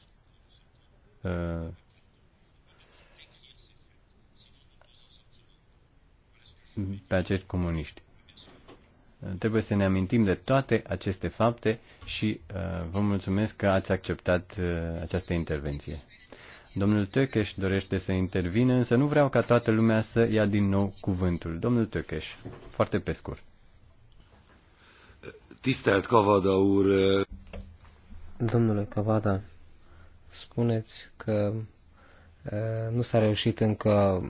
uh, pe acești comuniști. Trebuie să ne amintim de toate aceste fapte și uh, vă mulțumesc că ați acceptat uh, această intervenție. Domnul Tökeș dorește să intervină, însă nu vreau ca toată lumea să ia din nou cuvântul. Domnul Tökeș, foarte pe scurt. Tistelt Cavada ur... Uh, Domnule Cavada, spuneți că nu s-a reușit încă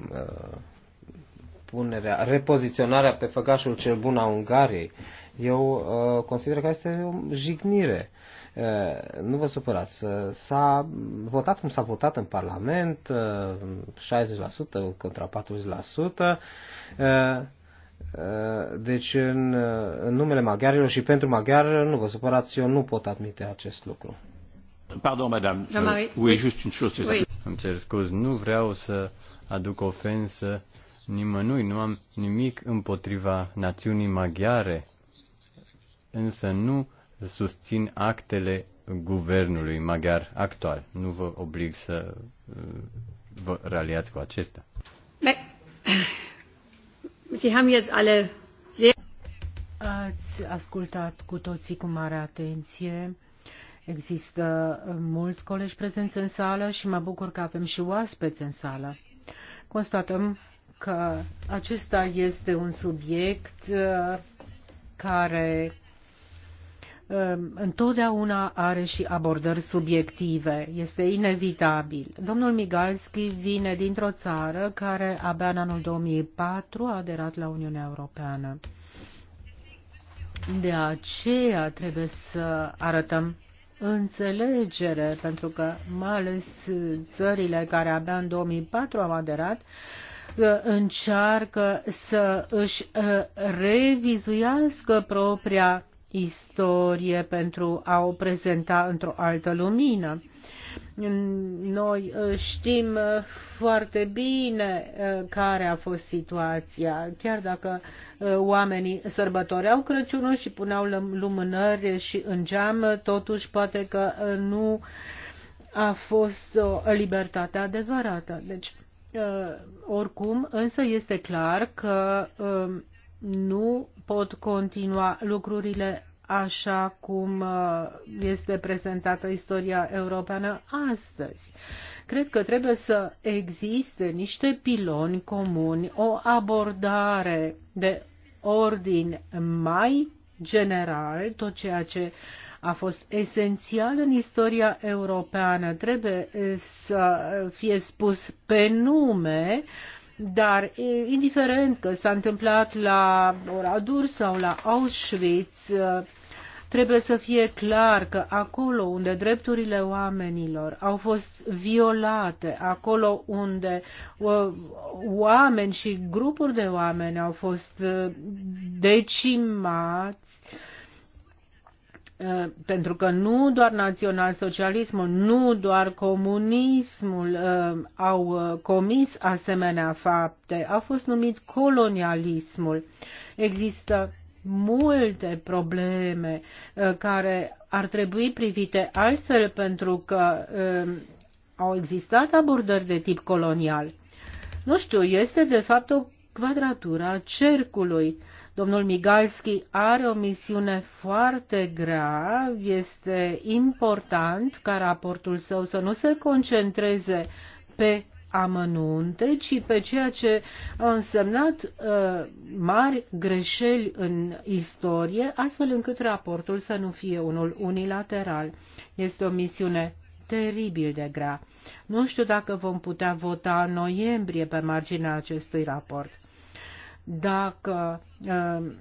punerea, repoziționarea pe făgașul cel bun a Ungariei, eu uh, consider că este o jignire. Uh, nu vă supărați, uh, s-a votat cum s-a votat în Parlament, uh, 60% contra 40%. Uh, uh, deci, în, uh, în numele maghiarilor și pentru maghiar, nu vă supărați, eu nu pot admite acest lucru. Pardon, madame. Uh, oui, oui, juste une chose. Oui. Îmi cer scuz, nu vreau să aduc ofensă nimănui, nu am nimic împotriva națiunii maghiare, însă nu susțin actele guvernului maghiar actual. Nu vă oblig să uh, vă raliați cu acestea. Sie haben jetzt alle sehr Ați ascultat cu toții cu mare atenție. Există uh, mulți colegi prezenți în sală și mă bucur că avem și oaspeți în sală. Constatăm că acesta este un subiect uh, care um, întotdeauna are și abordări subiective. Este inevitabil. Domnul Migalski vine dintr-o țară care abia în anul 2004 a aderat la Uniunea Europeană. De aceea trebuie să arătăm înțelegere, pentru că mai ales țările care abia în 2004 au aderat încearcă să își uh, revizuiască propria istorie pentru a o prezenta într-o altă lumină. Noi uh, știm uh, foarte bine care a fost situația, chiar dacă oamenii sărbătoreau Crăciunul și puneau lumânări și în geam, totuși poate că nu a fost o libertate adevărată. Deci Uh, oricum, însă este clar că um, nu pot continua lucrurile așa cum uh, este prezentată istoria europeană astăzi. Cred că trebuie să existe niște piloni comuni, o abordare de ordin mai general, tot ceea ce uh, a fost esențial în istoria europeană. Trebuie să fie spus pe nume, dar indiferent că s-a întâmplat la Oradur sau la Auschwitz, trebuie să fie clar că acolo unde drepturile oamenilor au fost violate, acolo unde oameni și grupuri de oameni au fost decimați, Uh, pentru că nu doar național-socialismul, nu doar comunismul uh, au uh, comis asemenea fapte, a fost numit colonialismul. Există multe probleme care ar trebui privite altfel pentru că au existat abordări de tip colonial. Nu știu, este de fapt o quadratura cercului Domnul Migalski are o misiune foarte grea. Este important ca raportul său să nu se concentreze pe amănunte, ci pe ceea ce a însemnat uh, mari greșeli în istorie, astfel încât raportul să nu fie unul unilateral. Este o misiune teribil de grea. Nu știu dacă vom putea vota în noiembrie pe marginea acestui raport dacă uh,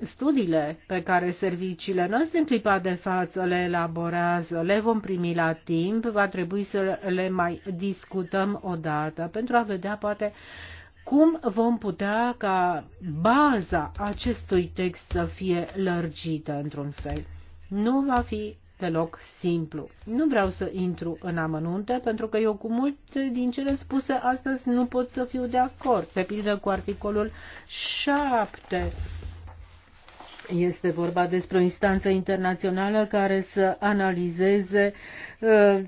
studiile pe care serviciile noastre în clipa de față le elaborează, le vom primi la timp, va trebui să le mai discutăm odată pentru a vedea poate cum vom putea ca baza acestui text să fie lărgită într-un fel. Nu va fi deloc simplu. Nu vreau să intru în amănunte, pentru că eu cu multe din cele spuse astăzi nu pot să fiu de acord. De pildă cu articolul 7. Este vorba despre o instanță internațională care să analizeze uh,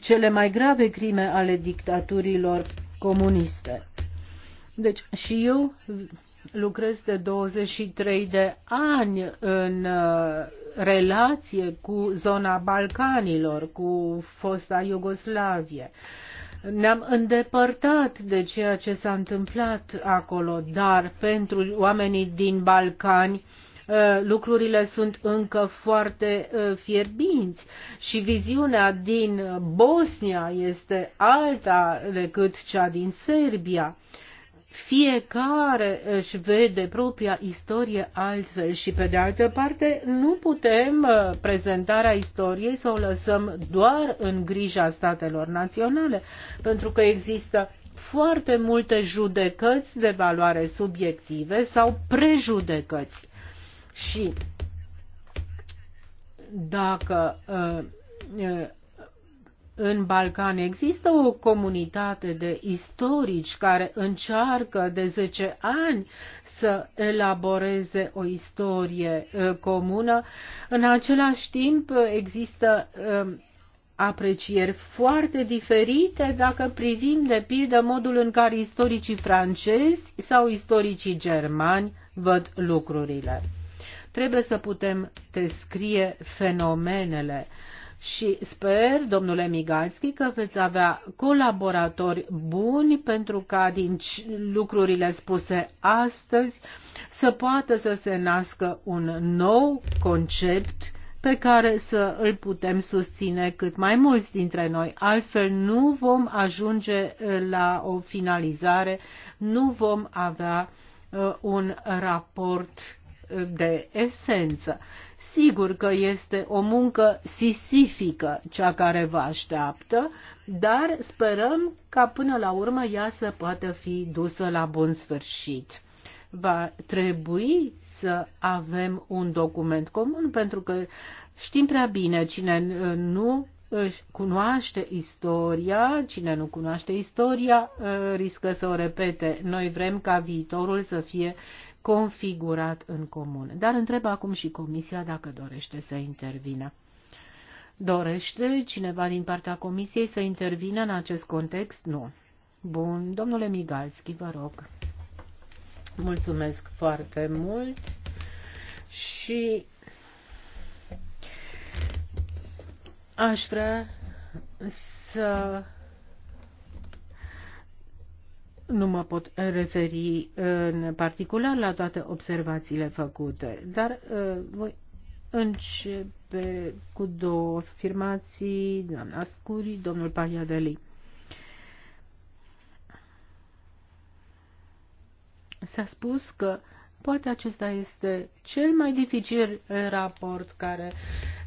cele mai grave crime ale dictaturilor comuniste. Deci și eu lucrez de 23 de ani în uh, relație cu zona Balcanilor, cu fosta Iugoslavie. Ne-am îndepărtat de ceea ce s-a întâmplat acolo, dar pentru oamenii din Balcani uh, lucrurile sunt încă foarte uh, fierbinți și viziunea din Bosnia este alta decât cea din Serbia fiecare își vede propria istorie altfel și pe de altă parte nu putem uh, prezentarea istoriei să o lăsăm doar în grija statelor naționale, pentru că există foarte multe judecăți de valoare subiective sau prejudecăți. Și dacă uh, uh, în Balcani există o comunitate de istorici care încearcă de 10 ani să elaboreze o istorie uh, comună. În același timp uh, există um, aprecieri foarte diferite dacă privim de pildă modul în care istoricii francezi sau istoricii germani văd lucrurile. Trebuie să putem descrie fenomenele uh, și sper, domnule Migalski, că veți avea colaboratori buni pentru ca din lucrurile spuse astăzi să poată să se nască un nou concept pe care să îl putem susține cât mai mulți dintre noi. Altfel nu vom ajunge uh, la o finalizare, nu vom avea uh, un raport uh, de esență. Sigur că este o muncă sisifică cea care vă așteaptă, dar sperăm ca până la urmă ea să poată fi dusă la bun sfârșit. Va trebui să avem un document comun, pentru că știm prea bine cine nu își cunoaște istoria, cine nu cunoaște istoria riscă să o repete. Noi vrem ca viitorul să fie configurat în comun. Dar întreb acum și Comisia dacă dorește să intervină. Dorește cineva din partea Comisiei să intervină în acest context? Nu. Bun, domnule Migalski, vă rog. Mulțumesc foarte mult și aș vrea să nu mă pot referi în particular la toate observațiile făcute, dar uh, voi începe cu două afirmații, doamna Scuri, domnul Pagliadeli. S-a spus că uh, Poate acesta este cel mai dificil raport care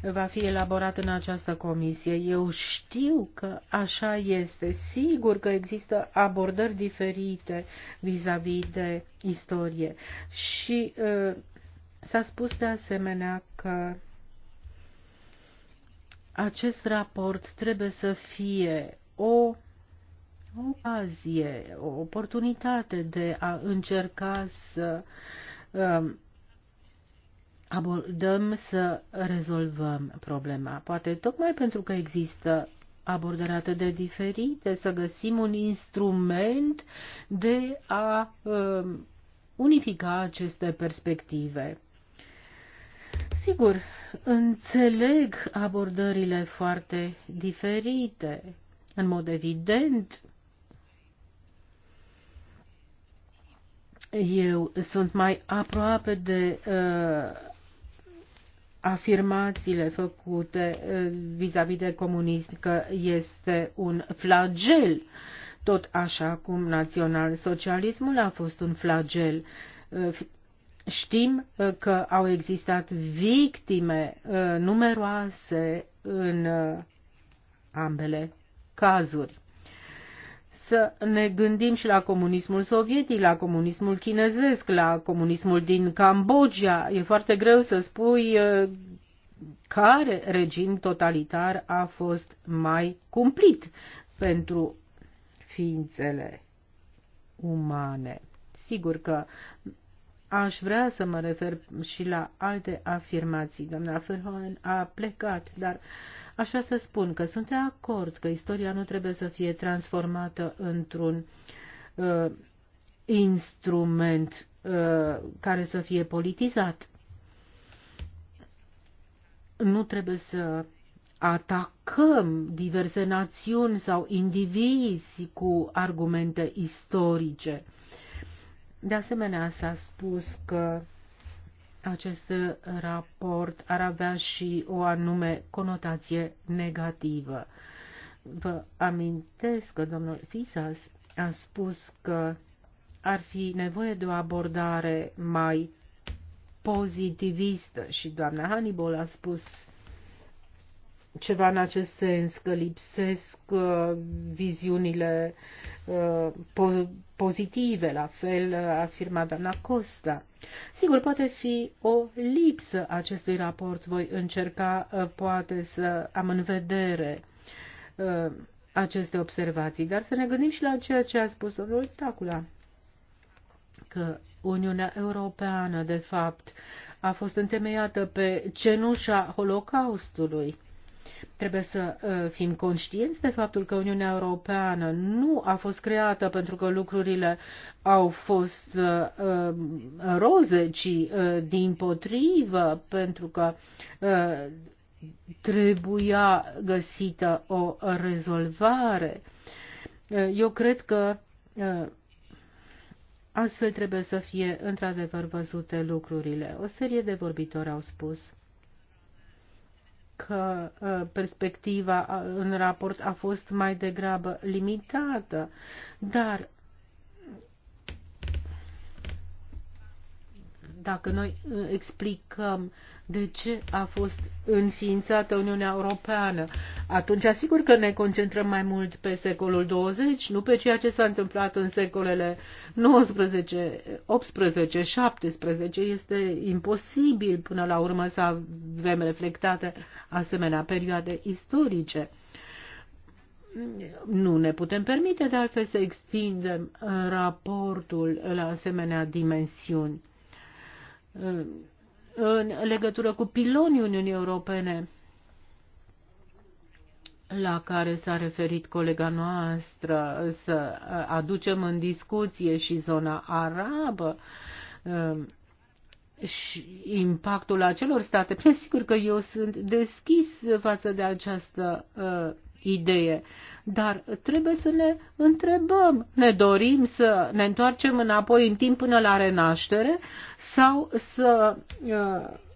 va fi elaborat în această comisie. Eu știu că așa este. Sigur că există abordări diferite vis-a-vis -vis de istorie. Și uh, s-a spus de asemenea că acest raport trebuie să fie o ocazie, o oportunitate de a încerca să uh, Um, abordăm, să rezolvăm problema. Poate tocmai pentru că există abordări atât de diferite, să găsim un instrument de a um, unifica aceste perspective. Sigur, înțeleg abordările foarte diferite. În mod evident, Eu sunt mai aproape de uh, afirmațiile făcute uh, vis-a-vis -vis de comunism că este un flagel, tot așa cum național-socialismul a fost un flagel. Uh, știm uh, că au existat victime numeroase în ambele cazuri să ne gândim și la comunismul sovietic, la comunismul chinezesc, la comunismul din Cambodgia. E foarte greu să spui uh, care regim totalitar a fost mai cumplit pentru ființele umane. Sigur că aș vrea să mă refer și la alte afirmații. Doamna Ferhoen a plecat, dar uh, Aș vrea să spun că sunt de acord că istoria nu trebuie să fie transformată într-un uh, instrument uh, care să fie politizat. Nu trebuie să atacăm diverse națiuni sau indivizi cu argumente istorice. De asemenea, s-a spus că acest raport ar avea și o anume conotație negativă. Vă amintesc că domnul Fisas a spus că ar fi nevoie de o abordare mai pozitivistă și doamna Hannibal a spus ceva în acest sens, că lipsesc uh, viziunile uh, pozitive, la fel uh, afirma doamna Costa. Sigur, poate fi o lipsă acestui raport. Voi încerca, poate, să am în vedere aceste observații, dar să ne gândim și la ceea ce a spus domnul Tacula, că Uniunea Europeană, de fapt, a fost întemeiată pe cenușa Holocaustului Trebuie să uh, fim conștienți de faptul că Uniunea Europeană nu a fost creată pentru că lucrurile au fost uh, uh, roze, ci din potrivă, pentru că trebuia găsită o rezolvare. Eu cred că astfel trebuie să fie într-adevăr văzute lucrurile. O serie de vorbitori au spus că ă, perspectiva ă, în raport a fost mai degrabă limitată, dar dacă noi ă, explicăm de ce a fost înființată Uniunea Europeană. Atunci, asigur că ne concentrăm mai mult pe secolul 20, nu pe ceea ce s-a întâmplat în secolele 19, 18, 17. Este imposibil până la urmă să avem reflectate asemenea perioade istorice. Nu ne putem permite de altfel să extindem uh, raportul la asemenea dimensiuni uh, în legătură cu pilonii Uniunii Europene la care s-a referit colega noastră, să aducem în discuție și zona arabă um, și impactul acelor state. Sigur că eu sunt deschis față de această uh, idee. Dar trebuie să ne întrebăm, ne dorim să ne întoarcem înapoi în timp până la renaștere sau să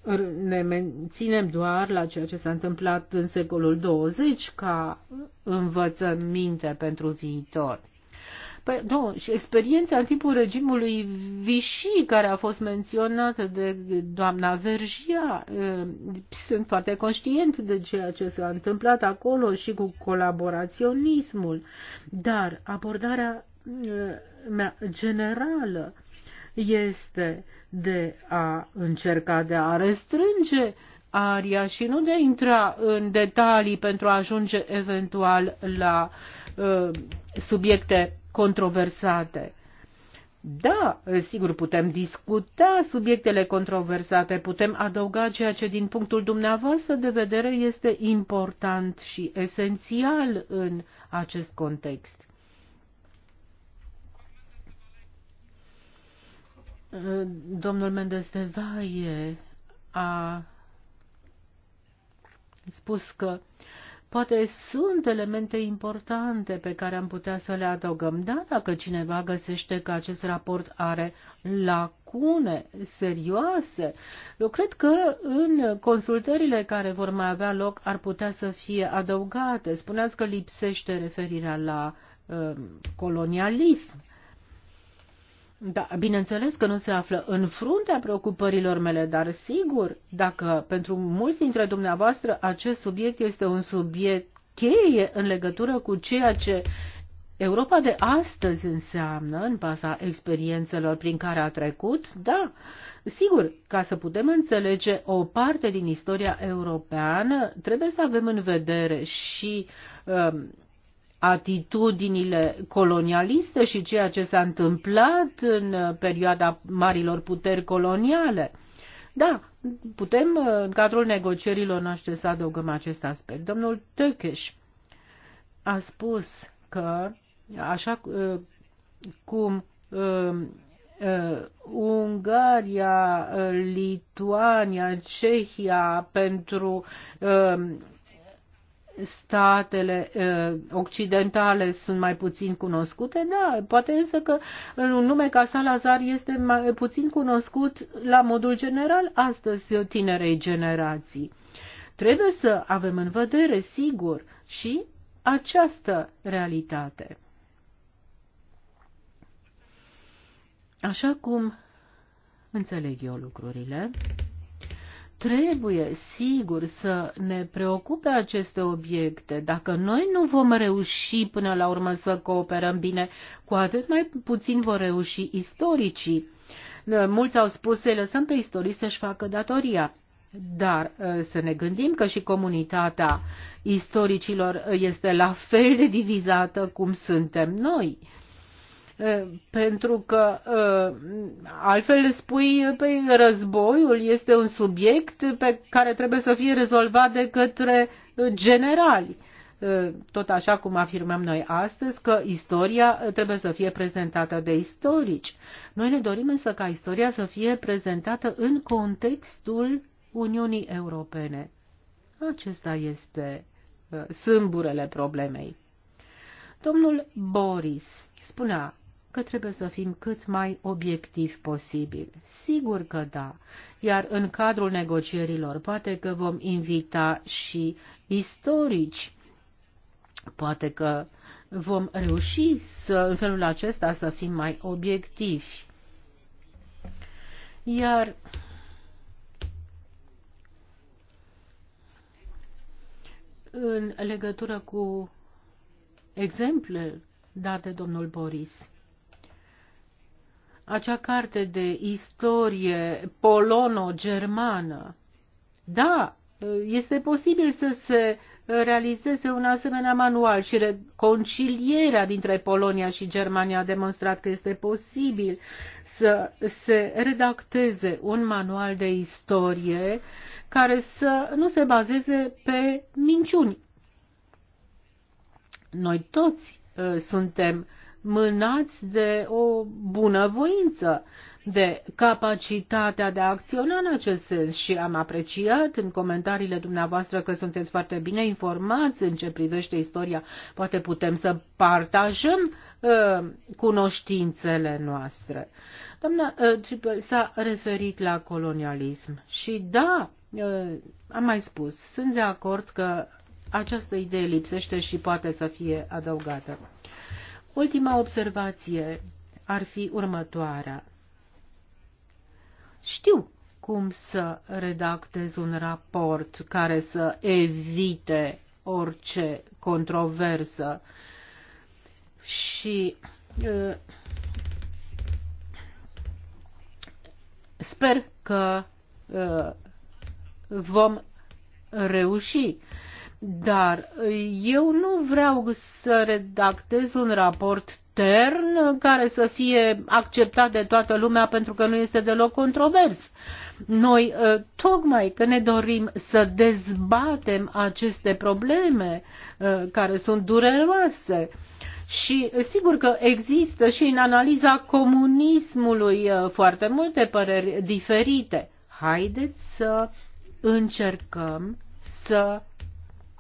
uh, ne menținem doar la ceea ce s-a întâmplat în secolul 20 ca învățăminte pentru viitor. Păi, nu, și experiența în timpul regimului Vichy, care a fost menționată de doamna Vergia, sunt foarte conștient de ceea ce s-a întâmplat acolo și cu colaboraționismul, dar abordarea mea generală este de a încerca de a restrânge aria și nu de a intra în detalii pentru a ajunge eventual la uh, subiecte controversate. Da, sigur, putem discuta subiectele controversate, putem adăuga ceea ce din punctul dumneavoastră de vedere este important și esențial în acest context. Domnul Mendes de Vaie a spus că uh, Poate sunt elemente importante pe care am putea să le adăugăm, da, dacă cineva găsește că acest raport are lacune serioase, eu cred că în consultările care vor mai avea loc ar putea să fie adăugate. Spuneați că lipsește referirea la uh, colonialism. Da, bineînțeles că nu se află în fruntea preocupărilor mele, dar sigur, dacă pentru mulți dintre dumneavoastră acest subiect este un subiect cheie în legătură cu ceea ce Europa de astăzi înseamnă, în baza experiențelor prin care a trecut, da, sigur, ca să putem înțelege o parte din istoria europeană, trebuie să avem în vedere și uh, atitudinile colonialiste și ceea ce s-a întâmplat în perioada marilor puteri coloniale. Da, putem în cadrul negocierilor noastre să adăugăm acest aspect. Domnul Tökeș a spus că așa uh, cum uh, uh Ungaria, uh, Lituania, Cehia pentru uh, statele occidentale sunt mai puțin cunoscute, da, poate însă că un nume ca Salazar este mai puțin cunoscut la modul general astăzi tinerei generații. Trebuie să avem în vedere, sigur, și această realitate. Așa cum înțeleg eu lucrurile, trebuie, sigur, să ne preocupe aceste obiecte. Dacă noi nu vom reuși până la urmă să cooperăm bine, cu atât mai puțin vor reuși istoricii. Mulți au spus să lăsăm pe istorii să-și facă datoria. Dar ă, să ne gândim că și comunitatea istoricilor este la fel de divizată cum suntem noi pentru că uh, altfel spui, pe păi, războiul este un subiect pe care trebuie să fie rezolvat de către generali. Uh, tot așa cum afirmăm noi astăzi că istoria trebuie să fie prezentată de istorici. Noi ne dorim însă ca istoria să fie prezentată în contextul Uniunii Europene. Acesta este uh, sâmburele problemei. Domnul Boris spunea că trebuie să fim cât mai obiectivi posibil. Sigur că da, iar în cadrul negocierilor poate că vom invita și istorici, poate că vom reuși să, în felul acesta să fim mai obiectivi. Iar în legătură cu exemplele date domnul Boris acea carte de istorie polono-germană. Da, este posibil să se realizeze un asemenea manual și reconcilierea dintre Polonia și Germania a demonstrat că este posibil să se redacteze un manual de istorie care să nu se bazeze pe minciuni. Noi toți uh, suntem uh, mânați de o bunăvoință, de capacitatea de a acționa în acest sens și am apreciat în comentariile dumneavoastră că sunteți foarte bine informați în ce privește istoria. Poate putem să partajăm uh, cunoștințele noastre. Doamna uh, s-a referit la colonialism și da, uh, am mai spus, sunt de acord că această idee lipsește și poate să fie adăugată. Ultima observație ar fi următoarea. Știu cum să redactez un raport care să evite orice controversă și uh, sper că uh, vom reuși. Uh, dar eu nu vreau să redactez un raport tern care să fie acceptat de toată lumea pentru că nu este deloc controvers. Noi ă, tocmai că ne dorim să dezbatem aceste probleme ă, care sunt dureroase. Și sigur că există și în analiza comunismului ă, foarte multe păreri diferite. Haideți să încercăm să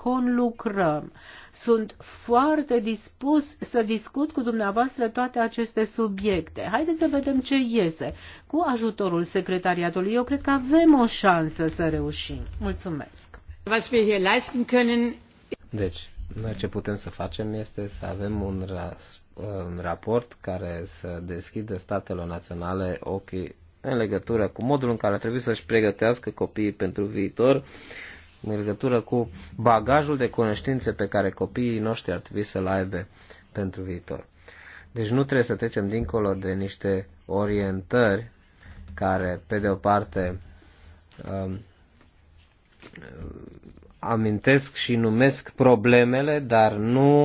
conlucrăm. Sunt foarte dispus să discut cu dumneavoastră toate aceste subiecte. Haideți să vedem ce iese. Cu ajutorul secretariatului, eu cred că avem o șansă să reușim. Mulțumesc. Was wir hier leisten können... Deci, noi ce putem să facem este să avem un, ras, un raport care să deschidă statelor naționale ochii în legătură cu modul în care trebuie să-și pregătească copiii pentru viitor în legătură cu bagajul de cunoștințe pe care copiii noștri ar trebui să-l aibă pentru viitor. Deci nu trebuie să trecem dincolo de niște orientări care, pe de o parte, um, amintesc și numesc problemele, dar nu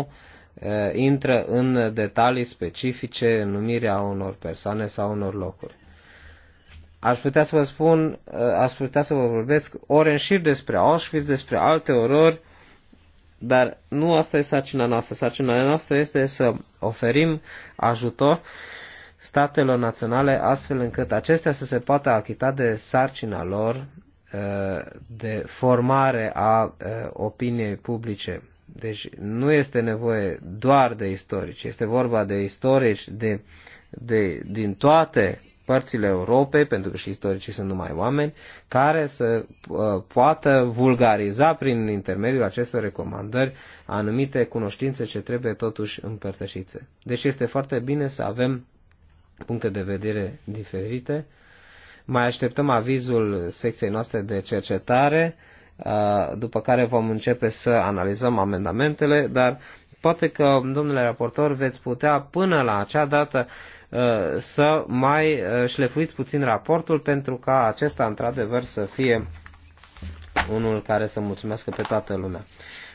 uh, intră în detalii specifice în numirea unor persoane sau unor locuri. Aș putea să vă spun, uh, aș putea să vă vorbesc ore în șir despre Auschwitz, despre alte orori, dar nu asta e sarcina noastră. Sarcina noastră este să oferim ajutor statelor naționale astfel încât acestea să se poată achita de sarcina lor uh, de formare a uh, opiniei publice. Deci nu este nevoie doar de istorici, este vorba de istorici de, de, din toate părțile Europei, pentru că și istoricii sunt numai oameni, care să uh, poată vulgariza prin intermediul acestor recomandări anumite cunoștințe ce trebuie totuși împărtășite. Deci este foarte bine să avem puncte de vedere diferite. Mai așteptăm avizul secției noastre de cercetare, uh, după care vom începe să analizăm amendamentele, dar poate că, domnule raportor, veți putea până la acea dată Uh, să mai uh, șlefuiți puțin raportul pentru ca acesta într-adevăr să fie unul care să mulțumească pe toată lumea.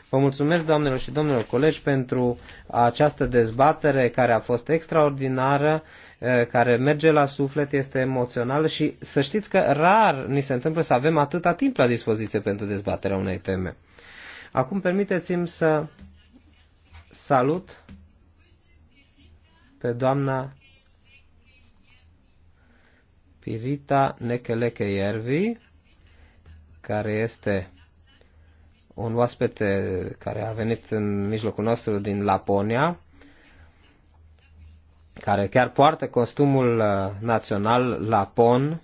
Vă mulțumesc, doamnelor și domnilor colegi, pentru această dezbatere care a fost extraordinară, uh, care merge la suflet, este emoțională și să știți că rar ni se întâmplă să avem atâta timp la dispoziție pentru dezbaterea unei teme. Acum permiteți-mi să salut pe doamna Pirita Iervi, care este un oaspete care a venit în mijlocul nostru din Laponia, care chiar poartă costumul uh, național lapon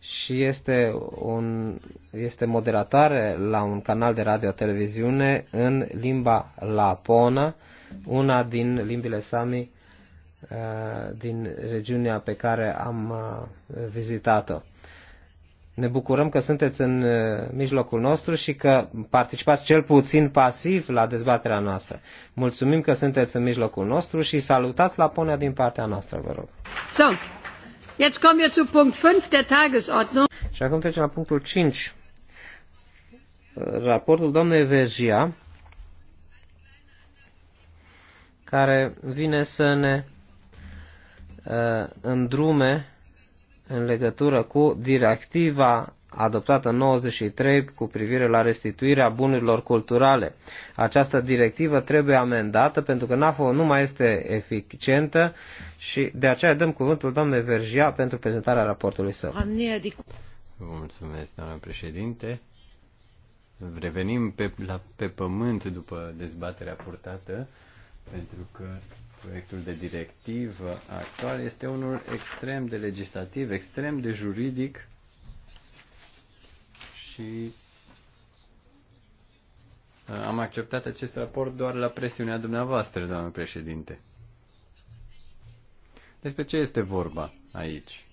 și este, un, este moderatare la un canal de radio-televiziune în limba laponă, una din limbile sami Uh, din regiunea pe care am uh, vizitat-o. Ne bucurăm că sunteți în uh, mijlocul nostru și că participați cel puțin pasiv la dezbaterea noastră. Mulțumim că sunteți în mijlocul nostru și salutați la ponea din partea noastră, vă rog. So, jetzt kommen wir zu Punkt 5 der Tagesordnung. Și acum trecem la punctul 5. Raportul domnului Vergia, care vine să ne Uh, în drume în legătură cu directiva adoptată în 93 cu privire la restituirea bunurilor culturale. Această directivă trebuie amendată pentru că NAFO nu mai este eficientă și de aceea dăm cuvântul doamnei Vergia pentru prezentarea raportului său. Vă mulțumesc, doamnă președinte. Revenim pe, la, pe pământ după dezbaterea purtată, pentru că proiectul de directivă actual este unul extrem de legislativ, extrem de juridic și uh, am acceptat acest raport doar la presiunea dumneavoastră, doamnă președinte. Despre ce este vorba aici?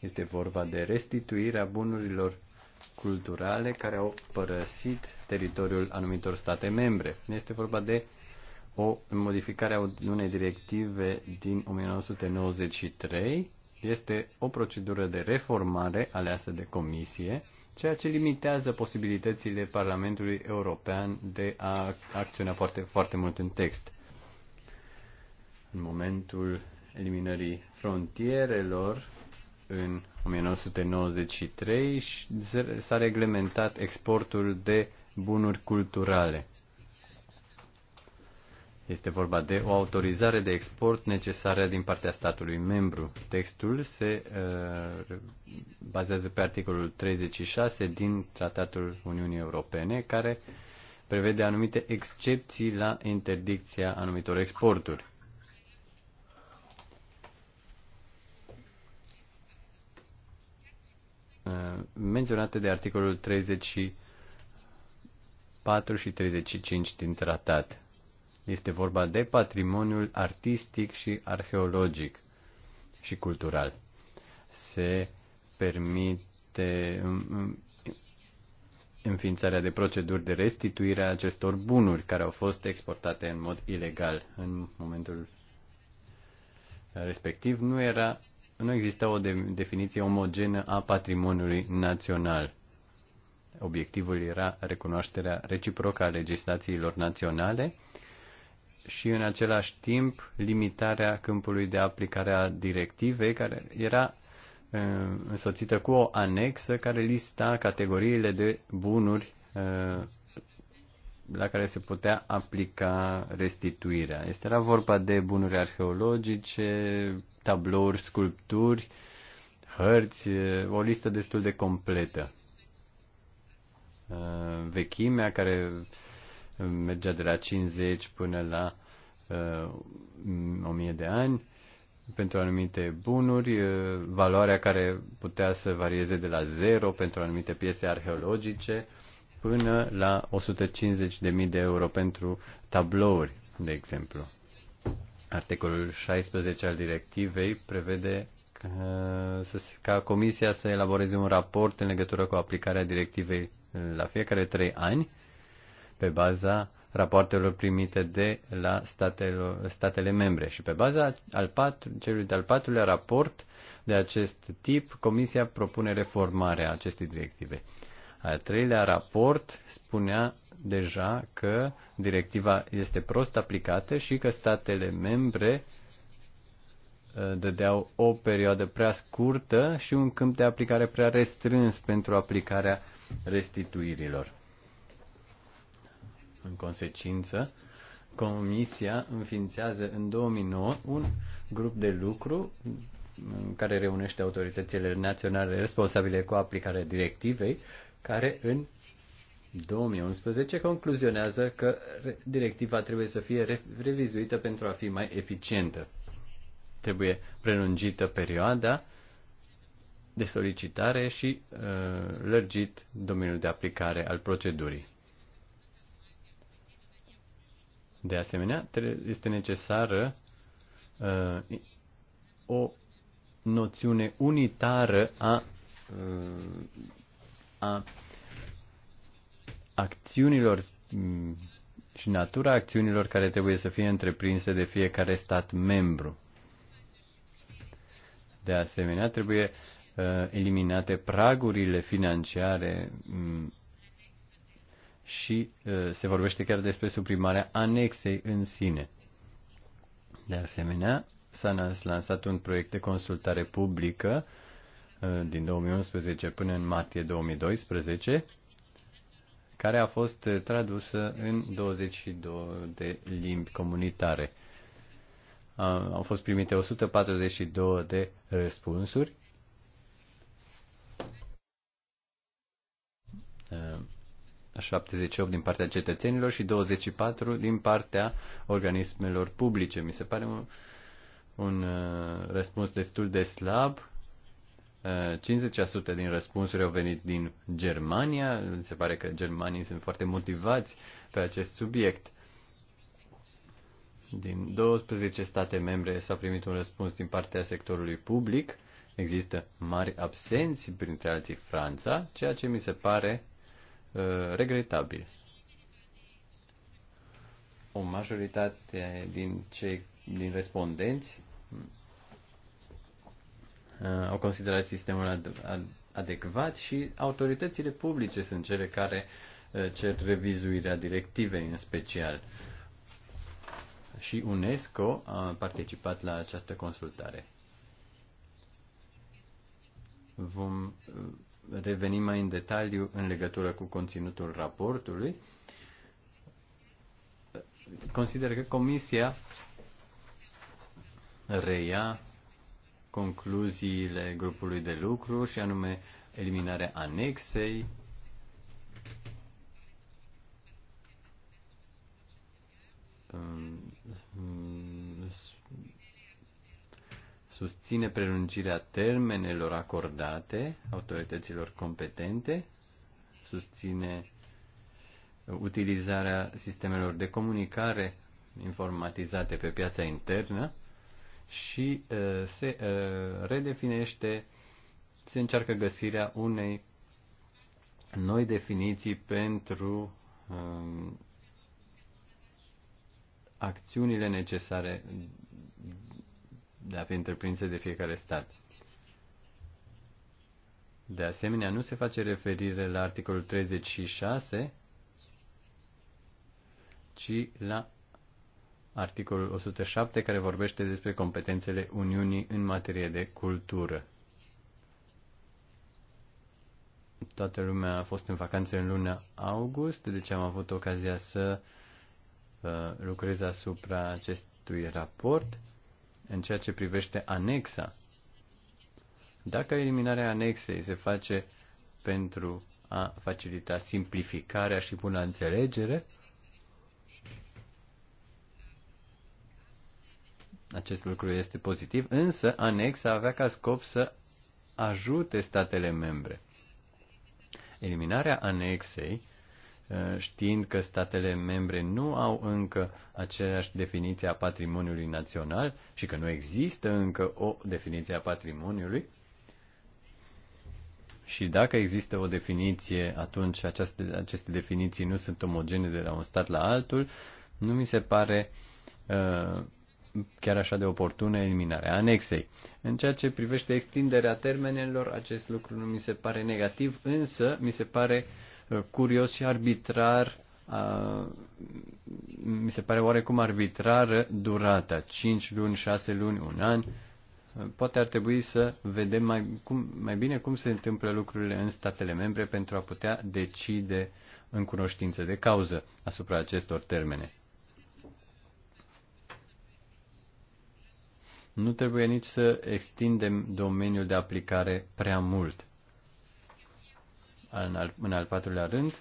Este vorba de restituirea bunurilor culturale care au părăsit teritoriul anumitor state membre. Este vorba de o modificare a unei directive din 1993 este o procedură de reformare aleasă de comisie, ceea ce limitează posibilitățile Parlamentului European de a acționa foarte, foarte mult în text. În momentul eliminării frontierelor, în 1993, s-a reglementat exportul de bunuri culturale. Este vorba de o autorizare de export necesară din partea statului membru. Textul se uh, bazează pe articolul 36 din Tratatul Uniunii Europene, care prevede anumite excepții la interdicția anumitor exporturi. Uh, menționate de articolul 34 și 35 din tratat. Este vorba de patrimoniul artistic și arheologic și cultural. Se permite um, um, înființarea de proceduri de restituire a acestor bunuri care au fost exportate în mod ilegal în momentul respectiv. Nu era nu exista o de- definiție omogenă a patrimoniului național. Obiectivul era recunoașterea reciprocă a legislațiilor naționale și în același timp limitarea câmpului de aplicare a directivei, care era uh, însoțită cu o anexă care lista categoriile de bunuri uh, la care se putea aplica restituirea. Este era vorba de bunuri arheologice, tablouri, sculpturi, hărți, uh, o listă destul de completă. Vechimea care mergea de la 50 până la uh, 1000 de ani. Pentru anumite bunuri, uh, valoarea care putea să varieze de la 0 pentru anumite piese arheologice până la 150.000 de euro pentru tablouri, de exemplu. Articolul 16 al directivei prevede ca Comisia să elaboreze un raport în legătură cu aplicarea directivei uh, la fiecare trei ani pe baza rapoartelor primite de la statele, statele membre. Și pe baza al patru, celui de-al patrulea raport de acest tip, Comisia propune reformarea acestei directive. Al treilea raport spunea deja că directiva este prost aplicată și că statele membre uh, dădeau o perioadă prea scurtă și un câmp de aplicare prea restrâns pentru aplicarea restituirilor. În consecință, Comisia înființează în 2009 un grup de lucru care reunește autoritățile naționale responsabile cu aplicarea directivei, care în 2011 concluzionează că directiva trebuie să fie revizuită pentru a fi mai eficientă. Trebuie prelungită perioada de solicitare și uh, lărgit domeniul de aplicare al procedurii. De asemenea, este necesară uh, o noțiune unitară a, uh, a acțiunilor mm, și natura acțiunilor care trebuie să fie întreprinse de fiecare stat membru. De asemenea, trebuie uh, eliminate pragurile financiare mm, și uh, se vorbește chiar despre suprimarea anexei în sine. De asemenea, s-a lansat un proiect de consultare publică uh, din 2011 până în martie 2012, care a fost uh, tradusă în 22 de limbi comunitare. Au fost primite 142 de răspunsuri. 78 din partea cetățenilor și 24 din partea organismelor publice. Mi se pare un, un uh, răspuns destul de slab. Uh, 50% din răspunsuri au venit din Germania. Mi se pare că germanii sunt foarte motivați pe acest subiect. Din 12 state membre s-a primit un răspuns din partea sectorului public. Există mari absenți, printre alții Franța, ceea ce mi se pare Uh, regretabil. O majoritate din cei din respondenți uh, au considerat sistemul adecvat și autoritățile publice sunt cele care uh, cer revizuirea directivei în special. Și UNESCO a participat la această consultare. Vom revenim mai în detaliu în legătură cu conținutul raportului. Consider că Comisia reia concluziile grupului de lucru și anume eliminarea anexei, susține prelungirea termenelor acordate autorităților competente, susține utilizarea sistemelor de comunicare informatizate pe piața internă și uh, se uh, redefinește, se încearcă găsirea unei noi definiții pentru uh, acțiunile necesare de a fi întreprinse de fiecare stat. De asemenea, nu se face referire la articolul 36, ci la articolul 107 care vorbește despre competențele Uniunii în materie de cultură. Toată lumea a fost în vacanță în luna august, deci am avut ocazia să uh, lucrez asupra acestui raport în ceea ce privește anexa. Dacă eliminarea anexei se face pentru a facilita simplificarea și bună înțelegere, acest lucru este pozitiv, însă anexa avea ca scop să ajute statele membre. Eliminarea anexei Eh, știind că statele membre nu au încă aceeași definiție a patrimoniului național și că nu există încă o definiție a patrimoniului. Și dacă există o definiție, atunci aceaste, aceste definiții nu sunt omogene de la un stat la altul, nu mi se pare eh, chiar așa de oportună eliminarea anexei. În ceea ce privește extinderea termenelor, acest lucru nu mi se pare negativ, însă mi se pare uh, curios și arbitrar, a, mi se pare oarecum arbitrară durata, 5 luni, 6 luni, un an. Poate ar trebui să vedem mai, cum, mai bine cum se întâmplă lucrurile în statele membre pentru a putea decide în cunoștință de cauză asupra acestor termene. Nu trebuie nici să extindem domeniul de aplicare prea mult. În al, în al patrulea rând,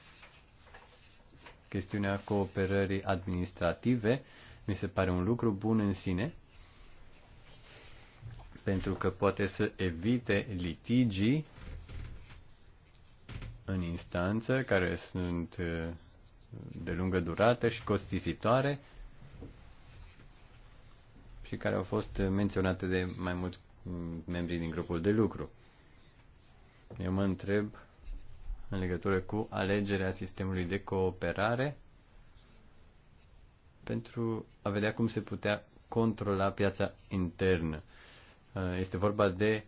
chestiunea cooperării administrative mi se pare un lucru bun în sine, pentru că poate să evite litigii în instanță care sunt uh, de lungă durată și costisitoare și care au fost menționate de mai mulți membri din grupul de lucru. Eu mă întreb în legătură cu alegerea sistemului de cooperare pentru a vedea cum se putea controla piața internă. Uh, este vorba de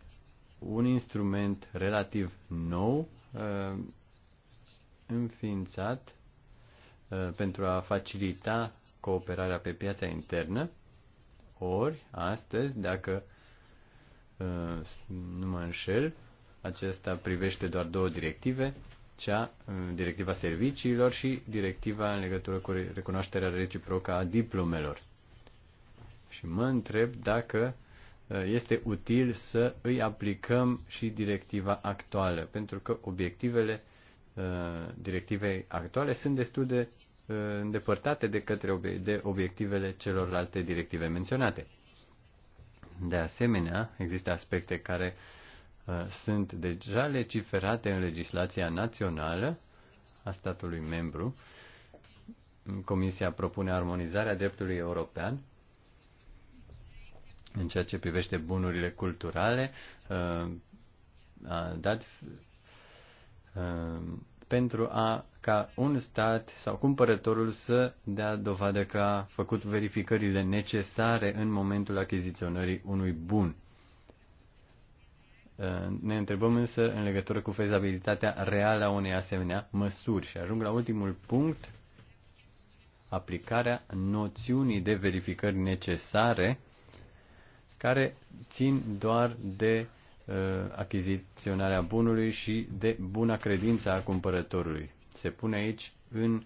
un instrument relativ nou uh, înființat uh, pentru a facilita cooperarea pe piața internă. Ori, astăzi, dacă nu mă înșel, acesta privește doar două directive, cea, uh, directiva serviciilor și directiva în legătură cu recunoașterea reciprocă a diplomelor. Și mă întreb dacă uh, este util să îi aplicăm și directiva actuală, pentru că obiectivele uh, directivei actuale sunt destul de îndepărtate de către obiectivele celorlalte directive menționate. De asemenea, există aspecte care uh, Uh, sunt deja legiferate în legislația națională a statului membru. Comisia propune armonizarea dreptului european în ceea ce privește bunurile culturale, uh, a dat uh, pentru a ca un stat sau cumpărătorul să dea dovadă că a făcut verificările necesare în momentul achiziționării unui bun. Uh, ne întrebăm însă în legătură cu fezabilitatea reală a unei asemenea măsuri și ajung la ultimul punct, aplicarea noțiunii de verificări necesare care țin doar de uh, achiziționarea bunului și de buna credință a cumpărătorului. Se pune aici în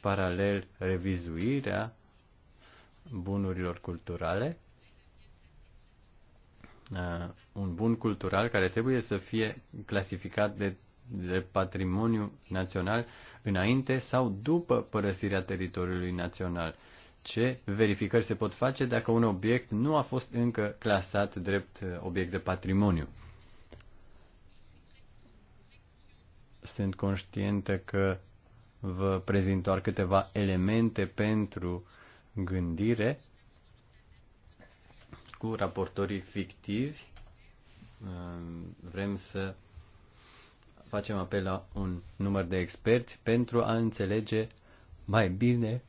paralel revizuirea bunurilor culturale uh, un bun cultural care trebuie să fie clasificat de, de patrimoniu național înainte sau după părăsirea teritoriului național. Ce verificări se pot face dacă un obiect nu a fost încă clasat drept uh, obiect de patrimoniu? Sunt conștientă că vă prezint doar câteva elemente pentru gândire cu raportorii fictivi Uh, vrem să facem apel la un număr de experți pentru a înțelege mai bine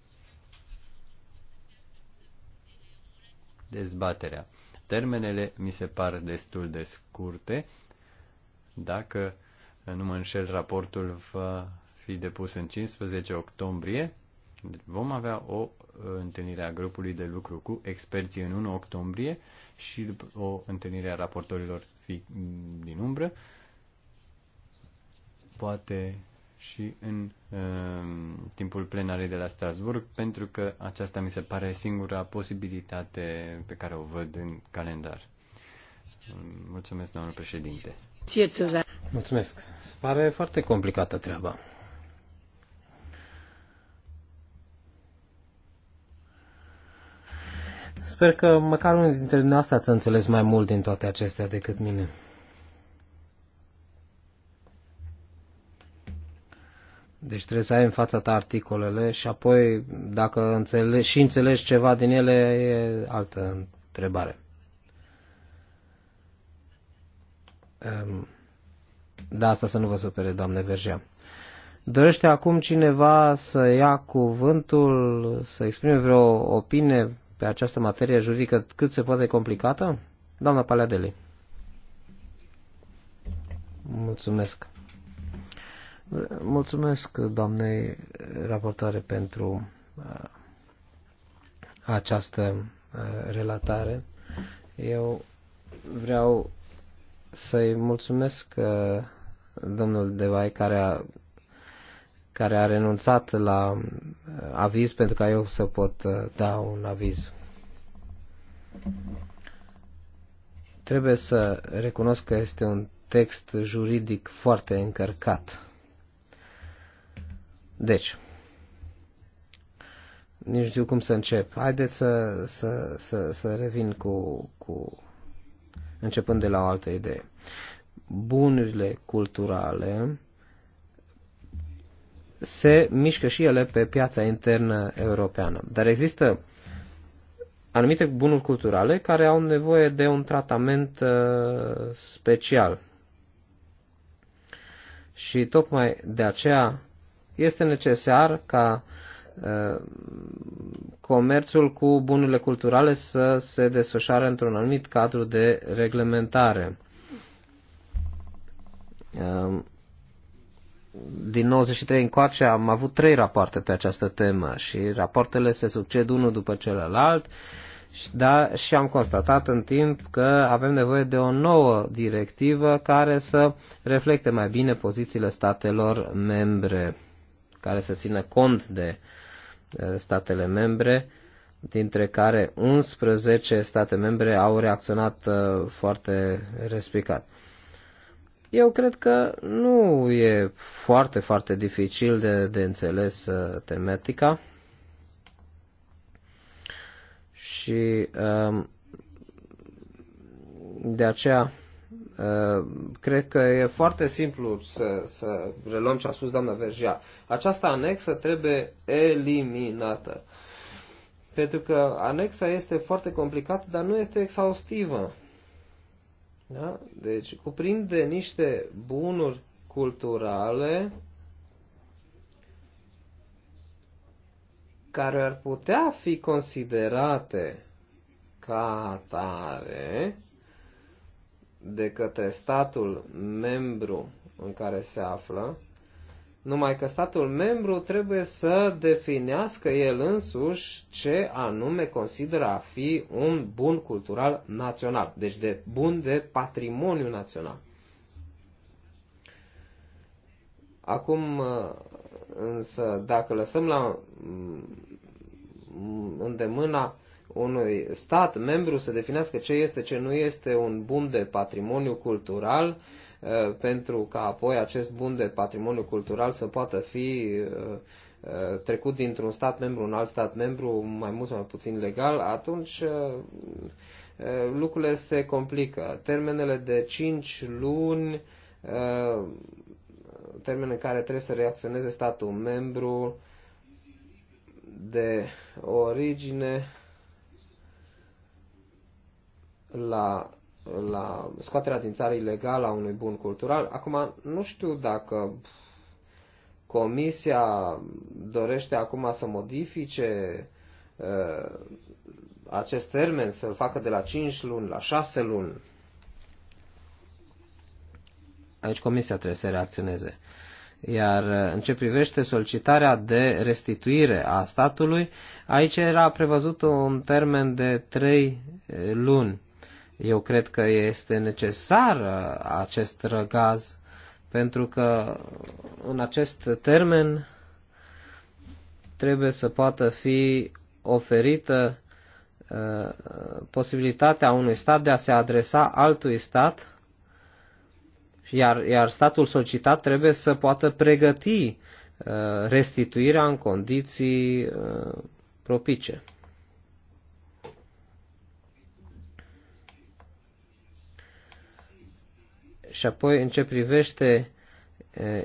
dezbaterea. Termenele mi se par destul de scurte. Dacă nu mă înșel, raportul va fi depus în 15 octombrie. Deci vom avea o uh, întâlnire a grupului de lucru cu experții în 1 octombrie și o întâlnire a raportorilor din umbră, poate și în uh, timpul plenarei de la Strasburg, pentru că aceasta mi se pare singura posibilitate pe care o văd în calendar. Mulțumesc, domnul președinte. Mulțumesc. Se pare foarte complicată treaba. sper că măcar unul dintre dumneavoastră ați înțeles mai mult din toate acestea decât mine. Deci trebuie să ai în fața ta articolele și apoi dacă înțele- și înțelegi ceva din ele e altă întrebare. Ehm, da, asta să nu vă supere, doamne Vergea. Dorește acum cineva să ia cuvântul, să exprime vreo opinie pe această materie juridică cât se poate complicată? Doamna Paleadele. Mulțumesc. Mulțumesc, doamnei raportoare, pentru uh, această uh, relatare. Eu vreau să-i mulțumesc uh, domnul Devai, care a care a renunțat la uh, aviz pentru ca eu să pot uh, da un aviz. Trebuie să recunosc că este un text juridic foarte încărcat. Deci, nici știu cum să încep. Haideți să, să, să, să revin cu, cu. începând de la o altă idee. Bunurile culturale se mișcă și ele pe piața internă europeană. Dar există anumite bunuri culturale care au nevoie de un tratament uh, special. Și tocmai de aceea este necesar ca uh, comerțul cu bunurile culturale să se desfășoare într-un anumit cadru de reglementare. Uh, din 93 încoace am avut trei rapoarte pe această temă și rapoartele se succed unul după celălalt da, și am constatat în timp că avem nevoie de o nouă directivă care să reflecte mai bine pozițiile statelor membre, care să țină cont de uh, statele membre, dintre care 11 state membre au reacționat uh, foarte respicat eu cred că nu e foarte, foarte dificil de, de înțeles uh, tematica. Și uh, de aceea uh, cred că e foarte simplu să, să reluăm ce a spus doamna Vergea. Această anexă trebuie eliminată. Pentru că anexa este foarte complicată, dar nu este exhaustivă da? Deci cuprinde niște bunuri culturale care ar putea fi considerate ca atare de către statul membru în care se află, numai că statul membru trebuie să definească el însuși ce anume consideră a fi un bun cultural național, deci de bun de patrimoniu național. Acum, însă, dacă lăsăm la mm, îndemâna unui stat membru să definească ce este, ce nu este un bun de patrimoniu cultural, uh, Uh, pentru ca apoi acest bun de patrimoniu cultural să poată fi uh, uh, trecut dintr-un stat membru în alt stat membru, mai mult sau mai puțin legal, atunci lucrurile se complică. Termenele de 5 luni, termen în care trebuie să reacționeze statul membru de origine la la scoaterea din țară ilegală a unui bun cultural. Acum, nu știu dacă Comisia dorește acum să modifice uh, acest termen, să-l facă de la 5 luni la 6 luni. Aici Comisia trebuie să reacționeze. Iar uh, în ce privește solicitarea de restituire a statului, aici era prevăzut un termen de 3 uh, luni eu cred că este necesar uh, acest răgaz, pentru că în acest termen trebuie să poată fi oferită uh, posibilitatea unui stat de a se adresa altui stat, iar, iar statul solicitat trebuie să poată pregăti uh, restituirea în condiții propice. și apoi în ce privește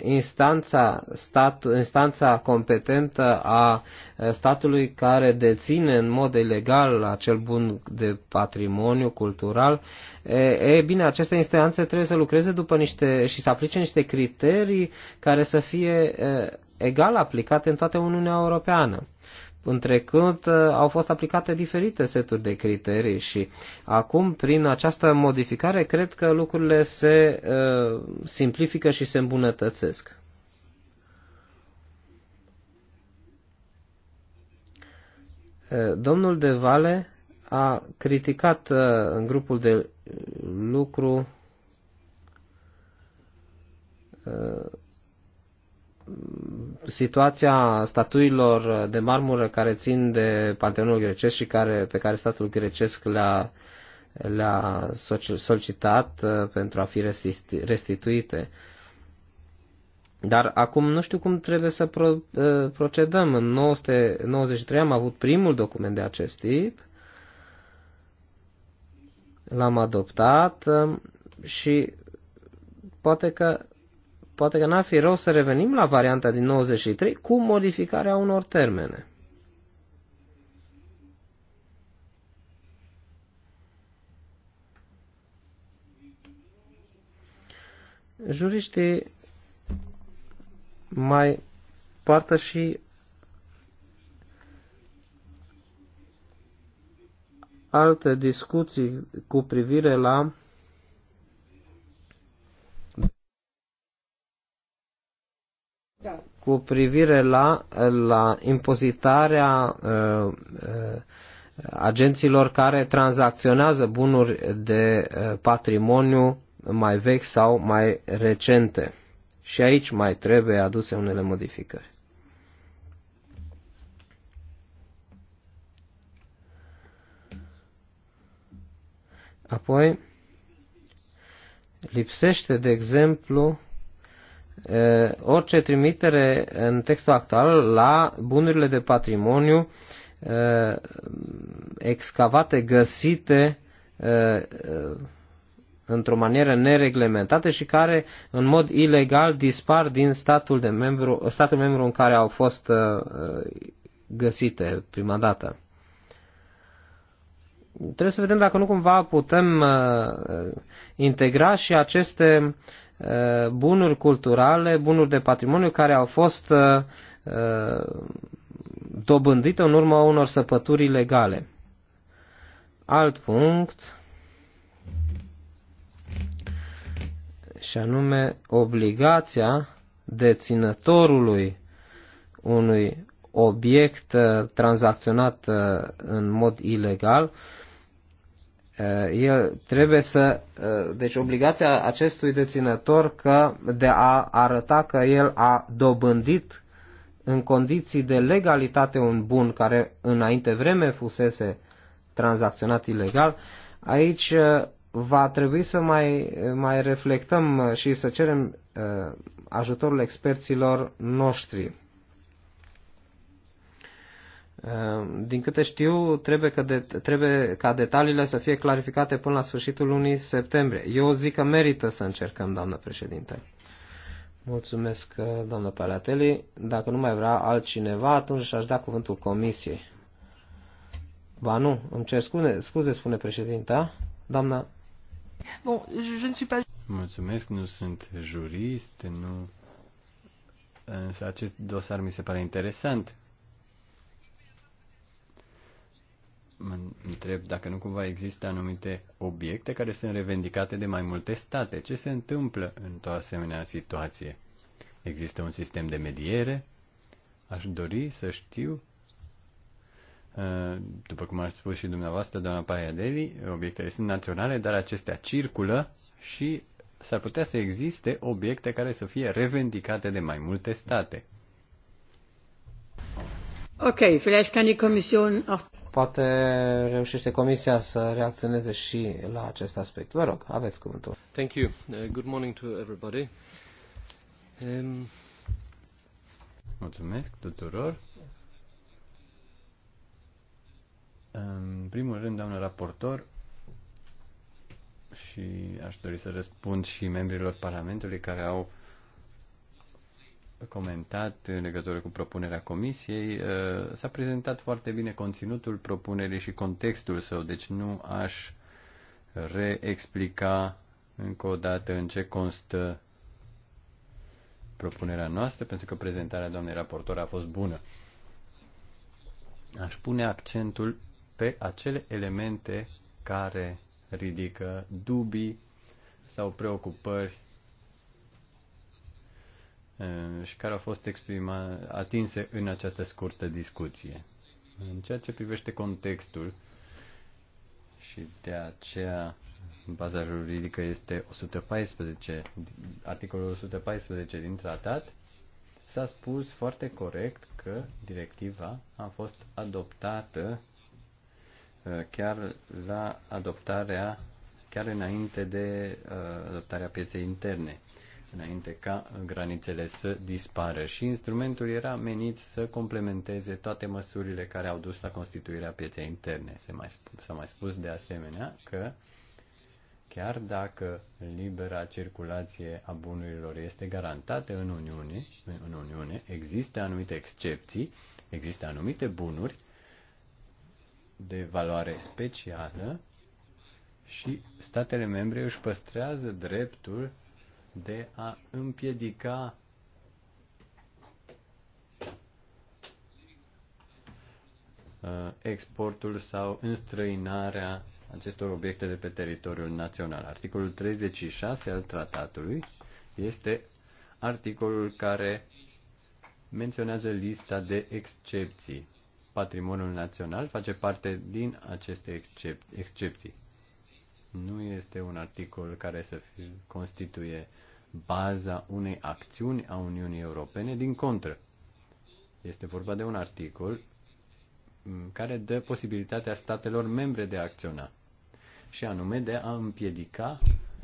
instanța, stat, instanța competentă a statului care deține în mod ilegal acel bun de patrimoniu cultural, e, e bine, aceste instanțe trebuie să lucreze după niște și să aplice niște criterii care să fie e, egal aplicate în toată Uniunea Europeană în trecut uh, au fost aplicate diferite seturi de criterii și acum, prin această modificare, cred că lucrurile se uh, simplifică și se îmbunătățesc. Uh, domnul De Vale a criticat în grupul de lucru situația statuilor de marmură care țin de Panteonul grecesc și care, pe care statul grecesc le-a le-a solicitat uh, pentru a fi restituite. Dar acum nu știu cum trebuie să pro, uh, procedăm. În 1993 am avut primul document de acest tip, l-am adoptat uh, și poate că poate că n-ar fi rău să revenim la varianta din 93 cu modificarea unor termene. Juriștii mai poartă și alte discuții cu privire la cu privire la, la impozitarea uh, uh agenților care tranzacționează bunuri de uh, patrimoniu mai vechi sau mai recente. Și aici mai trebuie aduse unele modificări. Apoi, lipsește, de exemplu, Uh, orice trimitere în textul actual la bunurile de patrimoniu uh, excavate, găsite uh, într-o manieră nereglementată și care în mod ilegal dispar din statul, de membru, statul membru în care au fost găsite prima dată. Trebuie să vedem dacă nu cumva putem integra și aceste uh, Uh, bunuri culturale, bunuri de patrimoniu care au fost uh, uh, dobândite în urma unor săpături ilegale. Alt punct, și anume obligația deținătorului unui obiect tranzacționat în mod ilegal Uh, el trebuie să, uh, deci obligația acestui deținător că de a arăta că el a dobândit în condiții de legalitate un bun care înainte vreme fusese tranzacționat ilegal, aici uh, va trebui să mai, mai reflectăm și să cerem ajutorul experților noștri Ehm, din câte știu, trebuie, ca, de, trebuie ca detaliile să fie clarificate până la sfârșitul lunii septembrie. Eu zic că merită să încercăm, doamnă președinte. Mulțumesc, eh, doamnă Palateli. Dacă nu mai vrea altcineva, atunci aș da cuvântul comisiei. Ba nu, îmi cer scuze, scuze spune președinta. Doamna... Bun, je ne suis pas... Mulțumesc, nu sunt jurist, nu... Însă acest dosar mi se pare interesant mă întreb dacă nu cumva există anumite obiecte care sunt revendicate de mai multe state. Ce se întâmplă într-o asemenea situație? Există un sistem de mediere? Aș dori să știu, uh, după cum ați spus și dumneavoastră, doamna Paiadeli, obiectele sunt naționale, dar acestea circulă și s-ar putea să existe obiecte care să fie revendicate de mai multe state. Ok, vielleicht kann die Kommission auch Poate reușește Comisia să reacționeze și la acest aspect. Vă rog, aveți cuvântul. Thank you. Uh, good morning to everybody. Um... Mulțumesc tuturor. În primul rând, doamnă raportor, și aș dori să răspund și membrilor Parlamentului care au comentat în legătură cu propunerea comisiei, uh, s-a prezentat foarte bine conținutul propunerii și contextul său, deci nu aș reexplica încă o dată în ce constă propunerea noastră, pentru că prezentarea doamnei raportor a fost bună. Aș pune accentul pe acele elemente care ridică dubii sau preocupări Eh, și care au fost exprima, atinse în această scurtă discuție. În ceea ce privește contextul, și de aceea baza juridică este 114, articolul 114 din tratat, s-a spus foarte corect că directiva a fost adoptată eh, chiar la adoptarea, chiar înainte de eh, adoptarea pieței interne înainte ca granițele să dispară și instrumentul era menit să complementeze toate măsurile care au dus la constituirea pieței interne. S-a mai, spus, s-a mai spus de asemenea că chiar dacă libera circulație a bunurilor este garantată în Uniune, în Uniune există anumite excepții, există anumite bunuri de valoare specială și statele membre își păstrează dreptul de a împiedica uh, exportul sau înstrăinarea acestor obiecte de pe teritoriul național. Articolul 36 al tratatului este articolul care menționează lista de excepții. Patrimoniul național face parte din aceste excep- excepții nu este un articol care să fie, constituie baza unei acțiuni a Uniunii Europene, din contră. Este vorba de un articol mm, care dă posibilitatea statelor membre de a acționa, și anume de a împiedica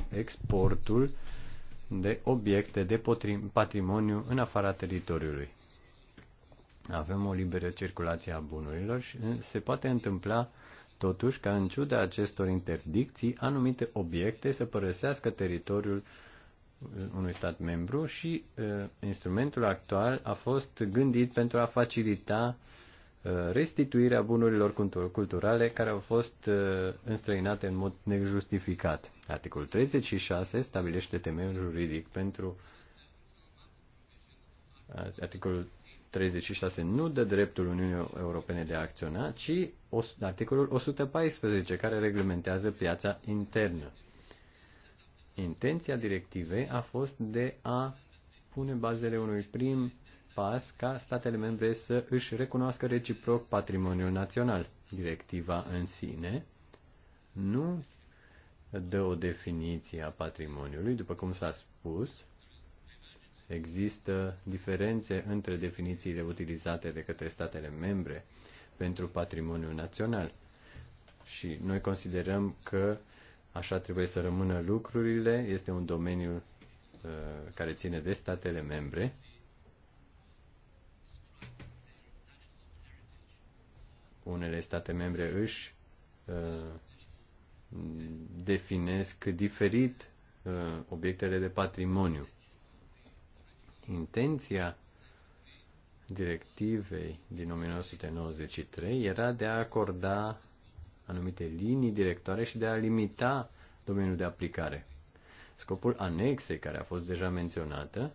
exportul de obiecte de patrimoniu în afara teritoriului. Avem o liberă circulație a bunurilor și mm, se poate întâmpla uh, totuși ca în ciuda acestor interdicții, anumite obiecte să părăsească teritoriul unui stat membru și uh, instrumentul actual a fost gândit pentru a facilita uh, restituirea bunurilor culturale care au fost uh, înstrăinate în mod nejustificat. Articolul 36 stabilește temeiul juridic pentru uh, articolul 36 nu dă dreptul Uniunii Europene de a acționa, ci articolul 114 care reglementează piața internă. Intenția directivei a fost de a pune bazele unui prim pas ca statele membre să își recunoască reciproc patrimoniul național. Directiva în sine nu dă o definiție a patrimoniului, după cum s-a spus, există diferențe între definițiile utilizate de către statele membre pentru patrimoniul național. Și noi considerăm că așa trebuie să rămână lucrurile, este un domeniu uh, care ține de statele membre. Unele state membre își uh, definesc diferit uh, obiectele de patrimoniu intenția directivei din 1993 era de a acorda anumite linii directoare și de a limita domeniul de aplicare. Scopul anexei care a fost deja menționată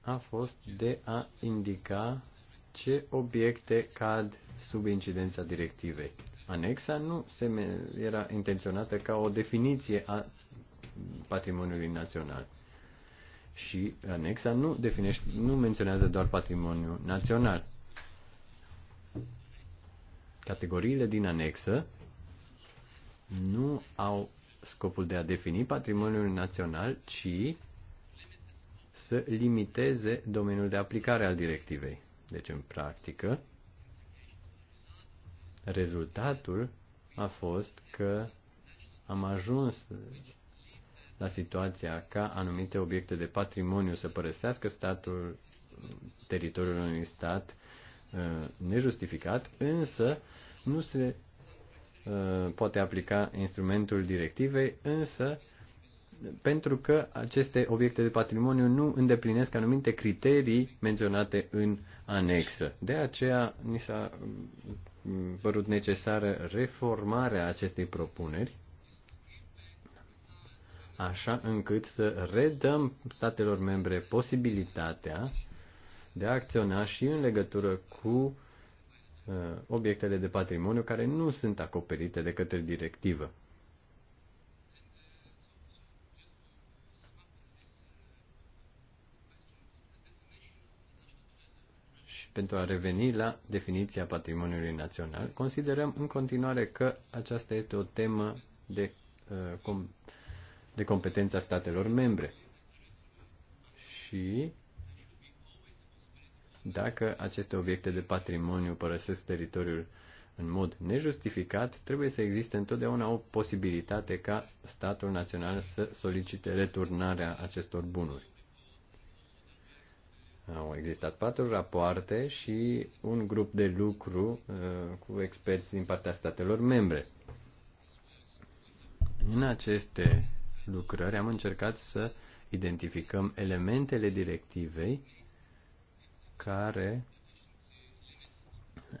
a fost de a indica ce obiecte cad sub incidența directivei. Anexa nu se era intenționată ca o definiție a patrimoniului național. Și anexa nu, definește, nu menționează doar patrimoniul național. Categoriile din anexă nu au scopul de a defini patrimoniul național, ci să limiteze domeniul de aplicare al directivei. Deci, în practică, rezultatul a fost că am ajuns la situația ca anumite obiecte de patrimoniu să părăsească statul, teritoriul unui stat uh, nejustificat, însă nu se uh, poate aplica instrumentul directivei, însă pentru că aceste obiecte de patrimoniu nu îndeplinesc anumite criterii menționate în anexă. De aceea ni s-a mm, părut necesară reformarea acestei propuneri așa încât să redăm statelor membre posibilitatea de a acționa și în legătură cu uh, obiectele de patrimoniu care nu sunt acoperite de către directivă. pentru a reveni la definiția patrimoniului național, considerăm în continuare că aceasta este o temă de uh, com- de competența statelor membre. Și dacă aceste obiecte de patrimoniu părăsesc teritoriul în mod nejustificat, trebuie să existe întotdeauna o posibilitate ca statul național să solicite returnarea acestor bunuri. Au existat patru rapoarte și un grup de lucru uh, cu experți din partea statelor membre. În aceste lucrări am încercat să identificăm elementele directivei care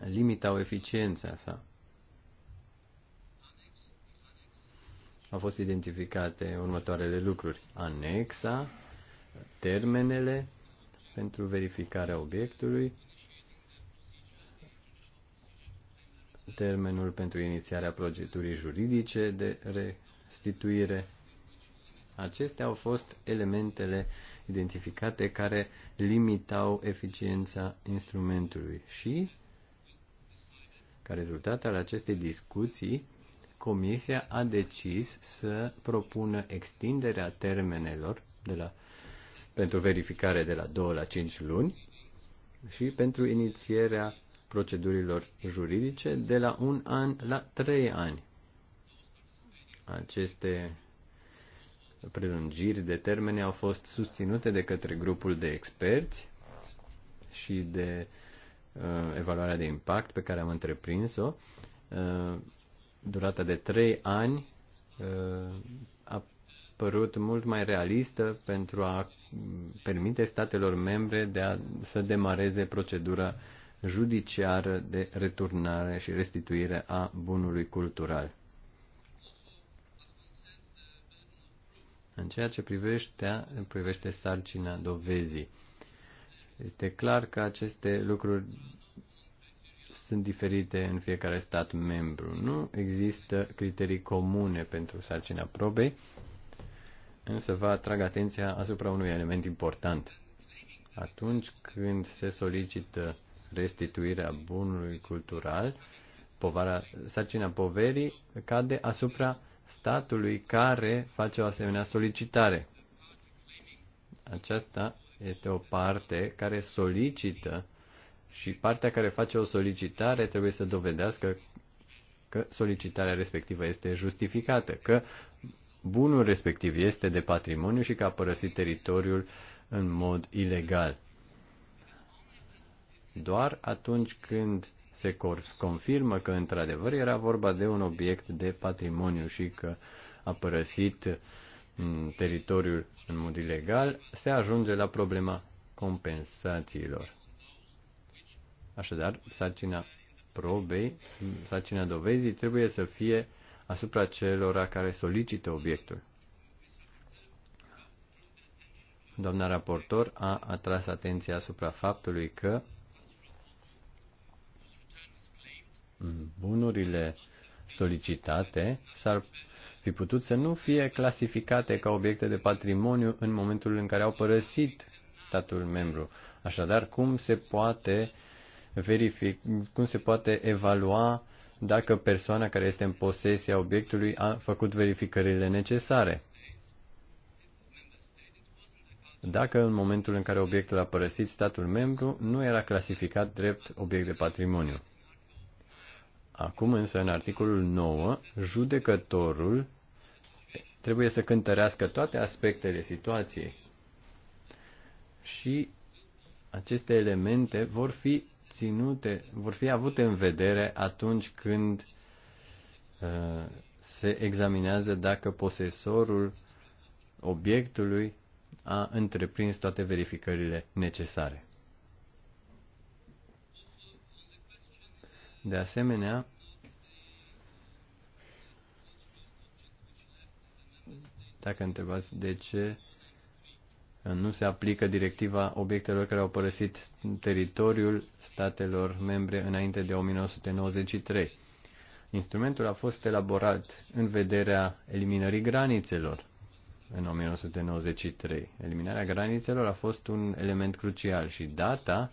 limitau eficiența sa. Au fost identificate următoarele lucruri. Anexa, termenele pentru verificarea obiectului, termenul pentru inițiarea procedurii juridice de restituire, Acestea au fost elementele identificate care limitau eficiența instrumentului și, ca rezultat al acestei discuții, Comisia a decis să propună extinderea termenelor de la, pentru verificare de la 2 la 5 luni și pentru inițierea procedurilor juridice de la un an la trei ani. Aceste prelungiri de termene au fost susținute de către grupul de experți și de uh, evaluarea de impact pe care am întreprins-o. Uh, durata de trei ani uh, a părut mult mai realistă pentru a permite statelor membre de a, să demareze procedura judiciară de returnare și restituire a bunului cultural. În ceea ce privește, privește sarcina dovezii, este clar că aceste lucruri sunt diferite în fiecare stat membru. Nu există criterii comune pentru sarcina probei, însă vă atrag atenția asupra unui element important. Atunci când se solicită restituirea bunului cultural, povara, sarcina poverii cade asupra statului care face o asemenea solicitare. Aceasta este o parte care solicită și partea care face o solicitare trebuie să dovedească că solicitarea respectivă este justificată, că bunul respectiv este de patrimoniu și că a părăsit teritoriul în mod ilegal. Doar atunci când se confirmă că într-adevăr era vorba de un obiect de patrimoniu și că a părăsit teritoriul în mod ilegal, se ajunge la problema compensațiilor. Așadar, sarcina probei, sarcina dovezii trebuie să fie asupra celor care solicită obiectul. Doamna raportor a atras atenția asupra faptului că bunurile solicitate s-ar fi putut să nu fie clasificate ca obiecte de patrimoniu în momentul în care au părăsit statul membru. Așadar, cum se poate verific, cum se poate evalua dacă persoana care este în posesia obiectului a făcut verificările necesare? Dacă în momentul în care obiectul a părăsit statul membru nu era clasificat drept obiect de patrimoniu. Acum însă, în articolul 9, judecătorul trebuie să cântărească toate aspectele situației. Și aceste elemente vor fi ținute, vor fi avute în vedere atunci când uh, se examinează dacă posesorul obiectului a întreprins toate verificările necesare. De asemenea, dacă întrebați de ce nu se aplică directiva obiectelor care au părăsit teritoriul statelor membre înainte de 1993. Instrumentul a fost elaborat în vederea eliminării granițelor în 1993. Eliminarea granițelor a fost un element crucial și data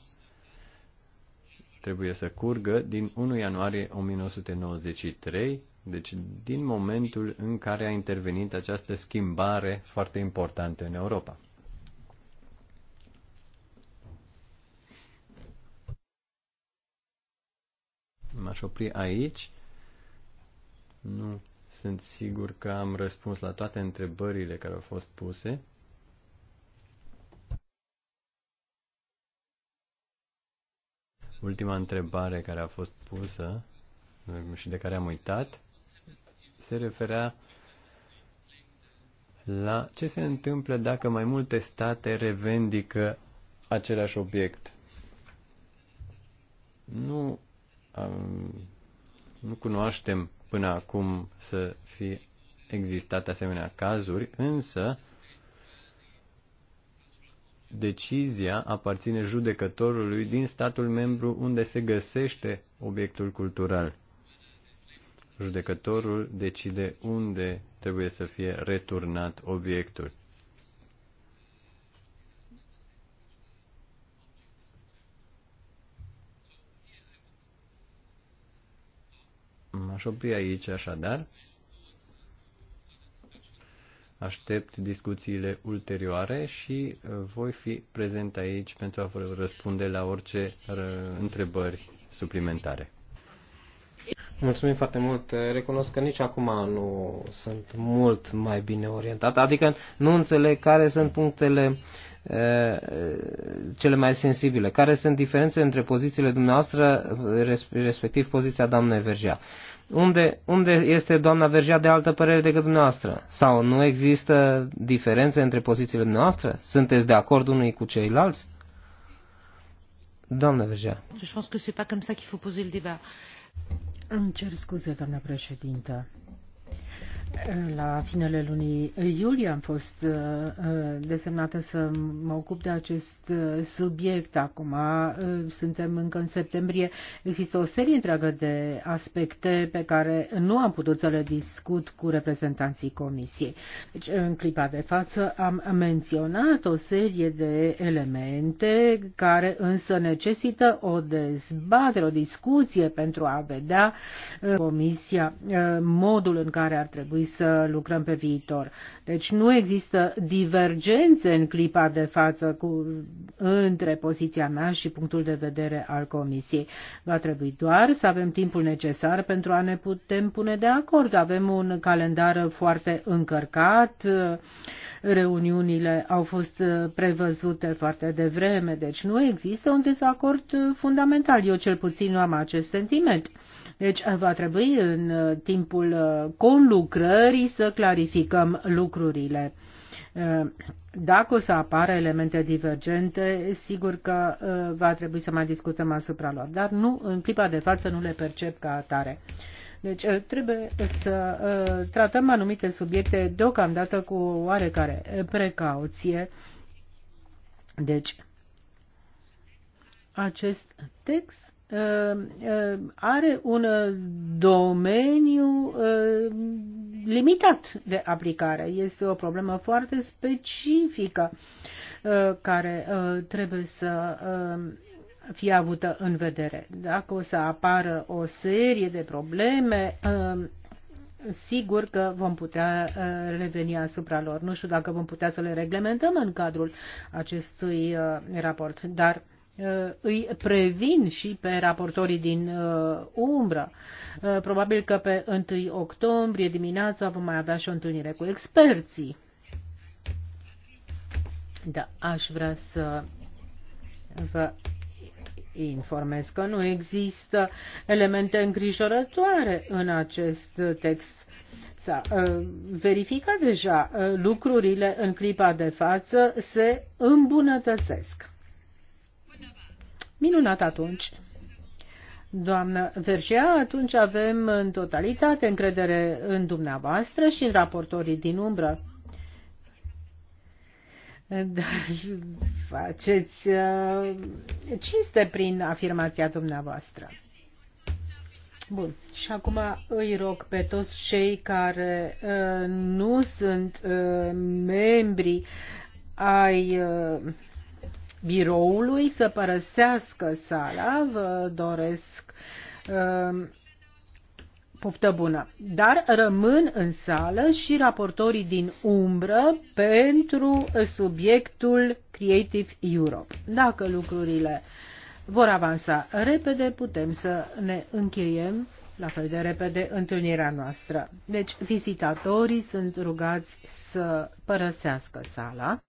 trebuie să curgă din 1 ianuarie 1993, deci din momentul în care a intervenit această schimbare foarte importantă în Europa. M-aș opri aici. Nu sunt sigur că am răspuns la toate întrebările care au fost puse. Ultima întrebare care a fost pusă și de care am uitat se referea la ce se întâmplă dacă mai multe state revendică același obiect. Nu, um, nu cunoaștem până acum să fi existat asemenea cazuri, însă decizia aparține judecătorului din statul membru unde se găsește obiectul cultural. Judecătorul decide unde trebuie să fie returnat obiectul. M-aș opri aici așadar. Aștept discuțiile ulterioare și uh, voi fi prezent aici pentru a vă răspunde la orice uh, întrebări suplimentare. Mulțumim foarte mult. Recunosc că nici acum nu sunt mult mai bine orientat. Adică nu înțeleg care sunt punctele uh, cele mai sensibile. Care sunt diferențele între pozițiile dumneavoastră, respectiv poziția doamnei Vergea? Unde, unde este doamna Vergea de altă părere decât dumneavoastră? Sau nu există diferențe între pozițiile noastre? Sunteți de acord unii cu ceilalți? Doamna Vergea. Je pense que c'est pas comme ça qu'il faut poser le débat. Îmi cer scuze, doamna președintă. La finele lunii iulie am fost uh, uh, desemnată să mă ocup de acest uh, subiect. Acum suntem încă în septembrie. Există o serie întreagă de aspecte pe care nu am putut să le discut cu reprezentanții Comisiei. Deci, în clipa de față am menționat o serie de elemente care însă necesită o dezbatere, o discuție pentru a vedea Comisia modul în care ar trebui trebui să lucrăm pe viitor. Deci nu există divergențe în clipa de față cu, între poziția mea și punctul de vedere al Comisiei. Va trebui doar să avem timpul necesar pentru a ne putem pune de acord. Avem un calendar foarte încărcat, reuniunile au fost prevăzute foarte devreme, deci nu există un dezacord fundamental. Eu cel puțin nu am acest sentiment. Deci eh, va trebui în eh, timpul eh, conlucrării să clarificăm lucrurile. Dacă o să apară elemente divergente, sigur că va trebui să mai discutăm asupra lor, dar nu, în clipa de față nu le percep ca atare. Deci trebuie să tratăm anumite subiecte deocamdată cu oarecare precauție. Deci, acest text Uh, are un uh, domeniu uh, limitat de aplicare. Este o problemă foarte specifică care trebuie să fie avută în vedere. Dacă o să apară o serie de probleme, sigur că vom putea reveni asupra lor. Nu știu dacă vom putea să le reglementăm în cadrul acestui raport, dar Uh, îi previn și pe raportorii din uh, umbră. Uh, probabil că pe 1 octombrie dimineața vom mai avea și o întâlnire cu experții. Da, aș vrea să vă informez că nu există elemente îngrijorătoare în acest text. S-a uh, verificat deja uh, lucrurile în clipa de față se îmbunătățesc. Minunat atunci. Doamnă Vergea, atunci avem în totalitate încredere în dumneavoastră și în raportorii din umbră. Dar faceți uh, cinste prin afirmația dumneavoastră. Bun. Și acum îi rog pe toți cei care uh, nu sunt uh, membri ai uh, biroului să părăsească sala. Vă doresc um, poftă bună. Dar rămân în sală și raportorii din umbră pentru subiectul Creative Europe. Dacă lucrurile vor avansa repede, putem să ne încheiem la fel de repede întâlnirea noastră. Deci vizitatorii sunt rugați să părăsească sala.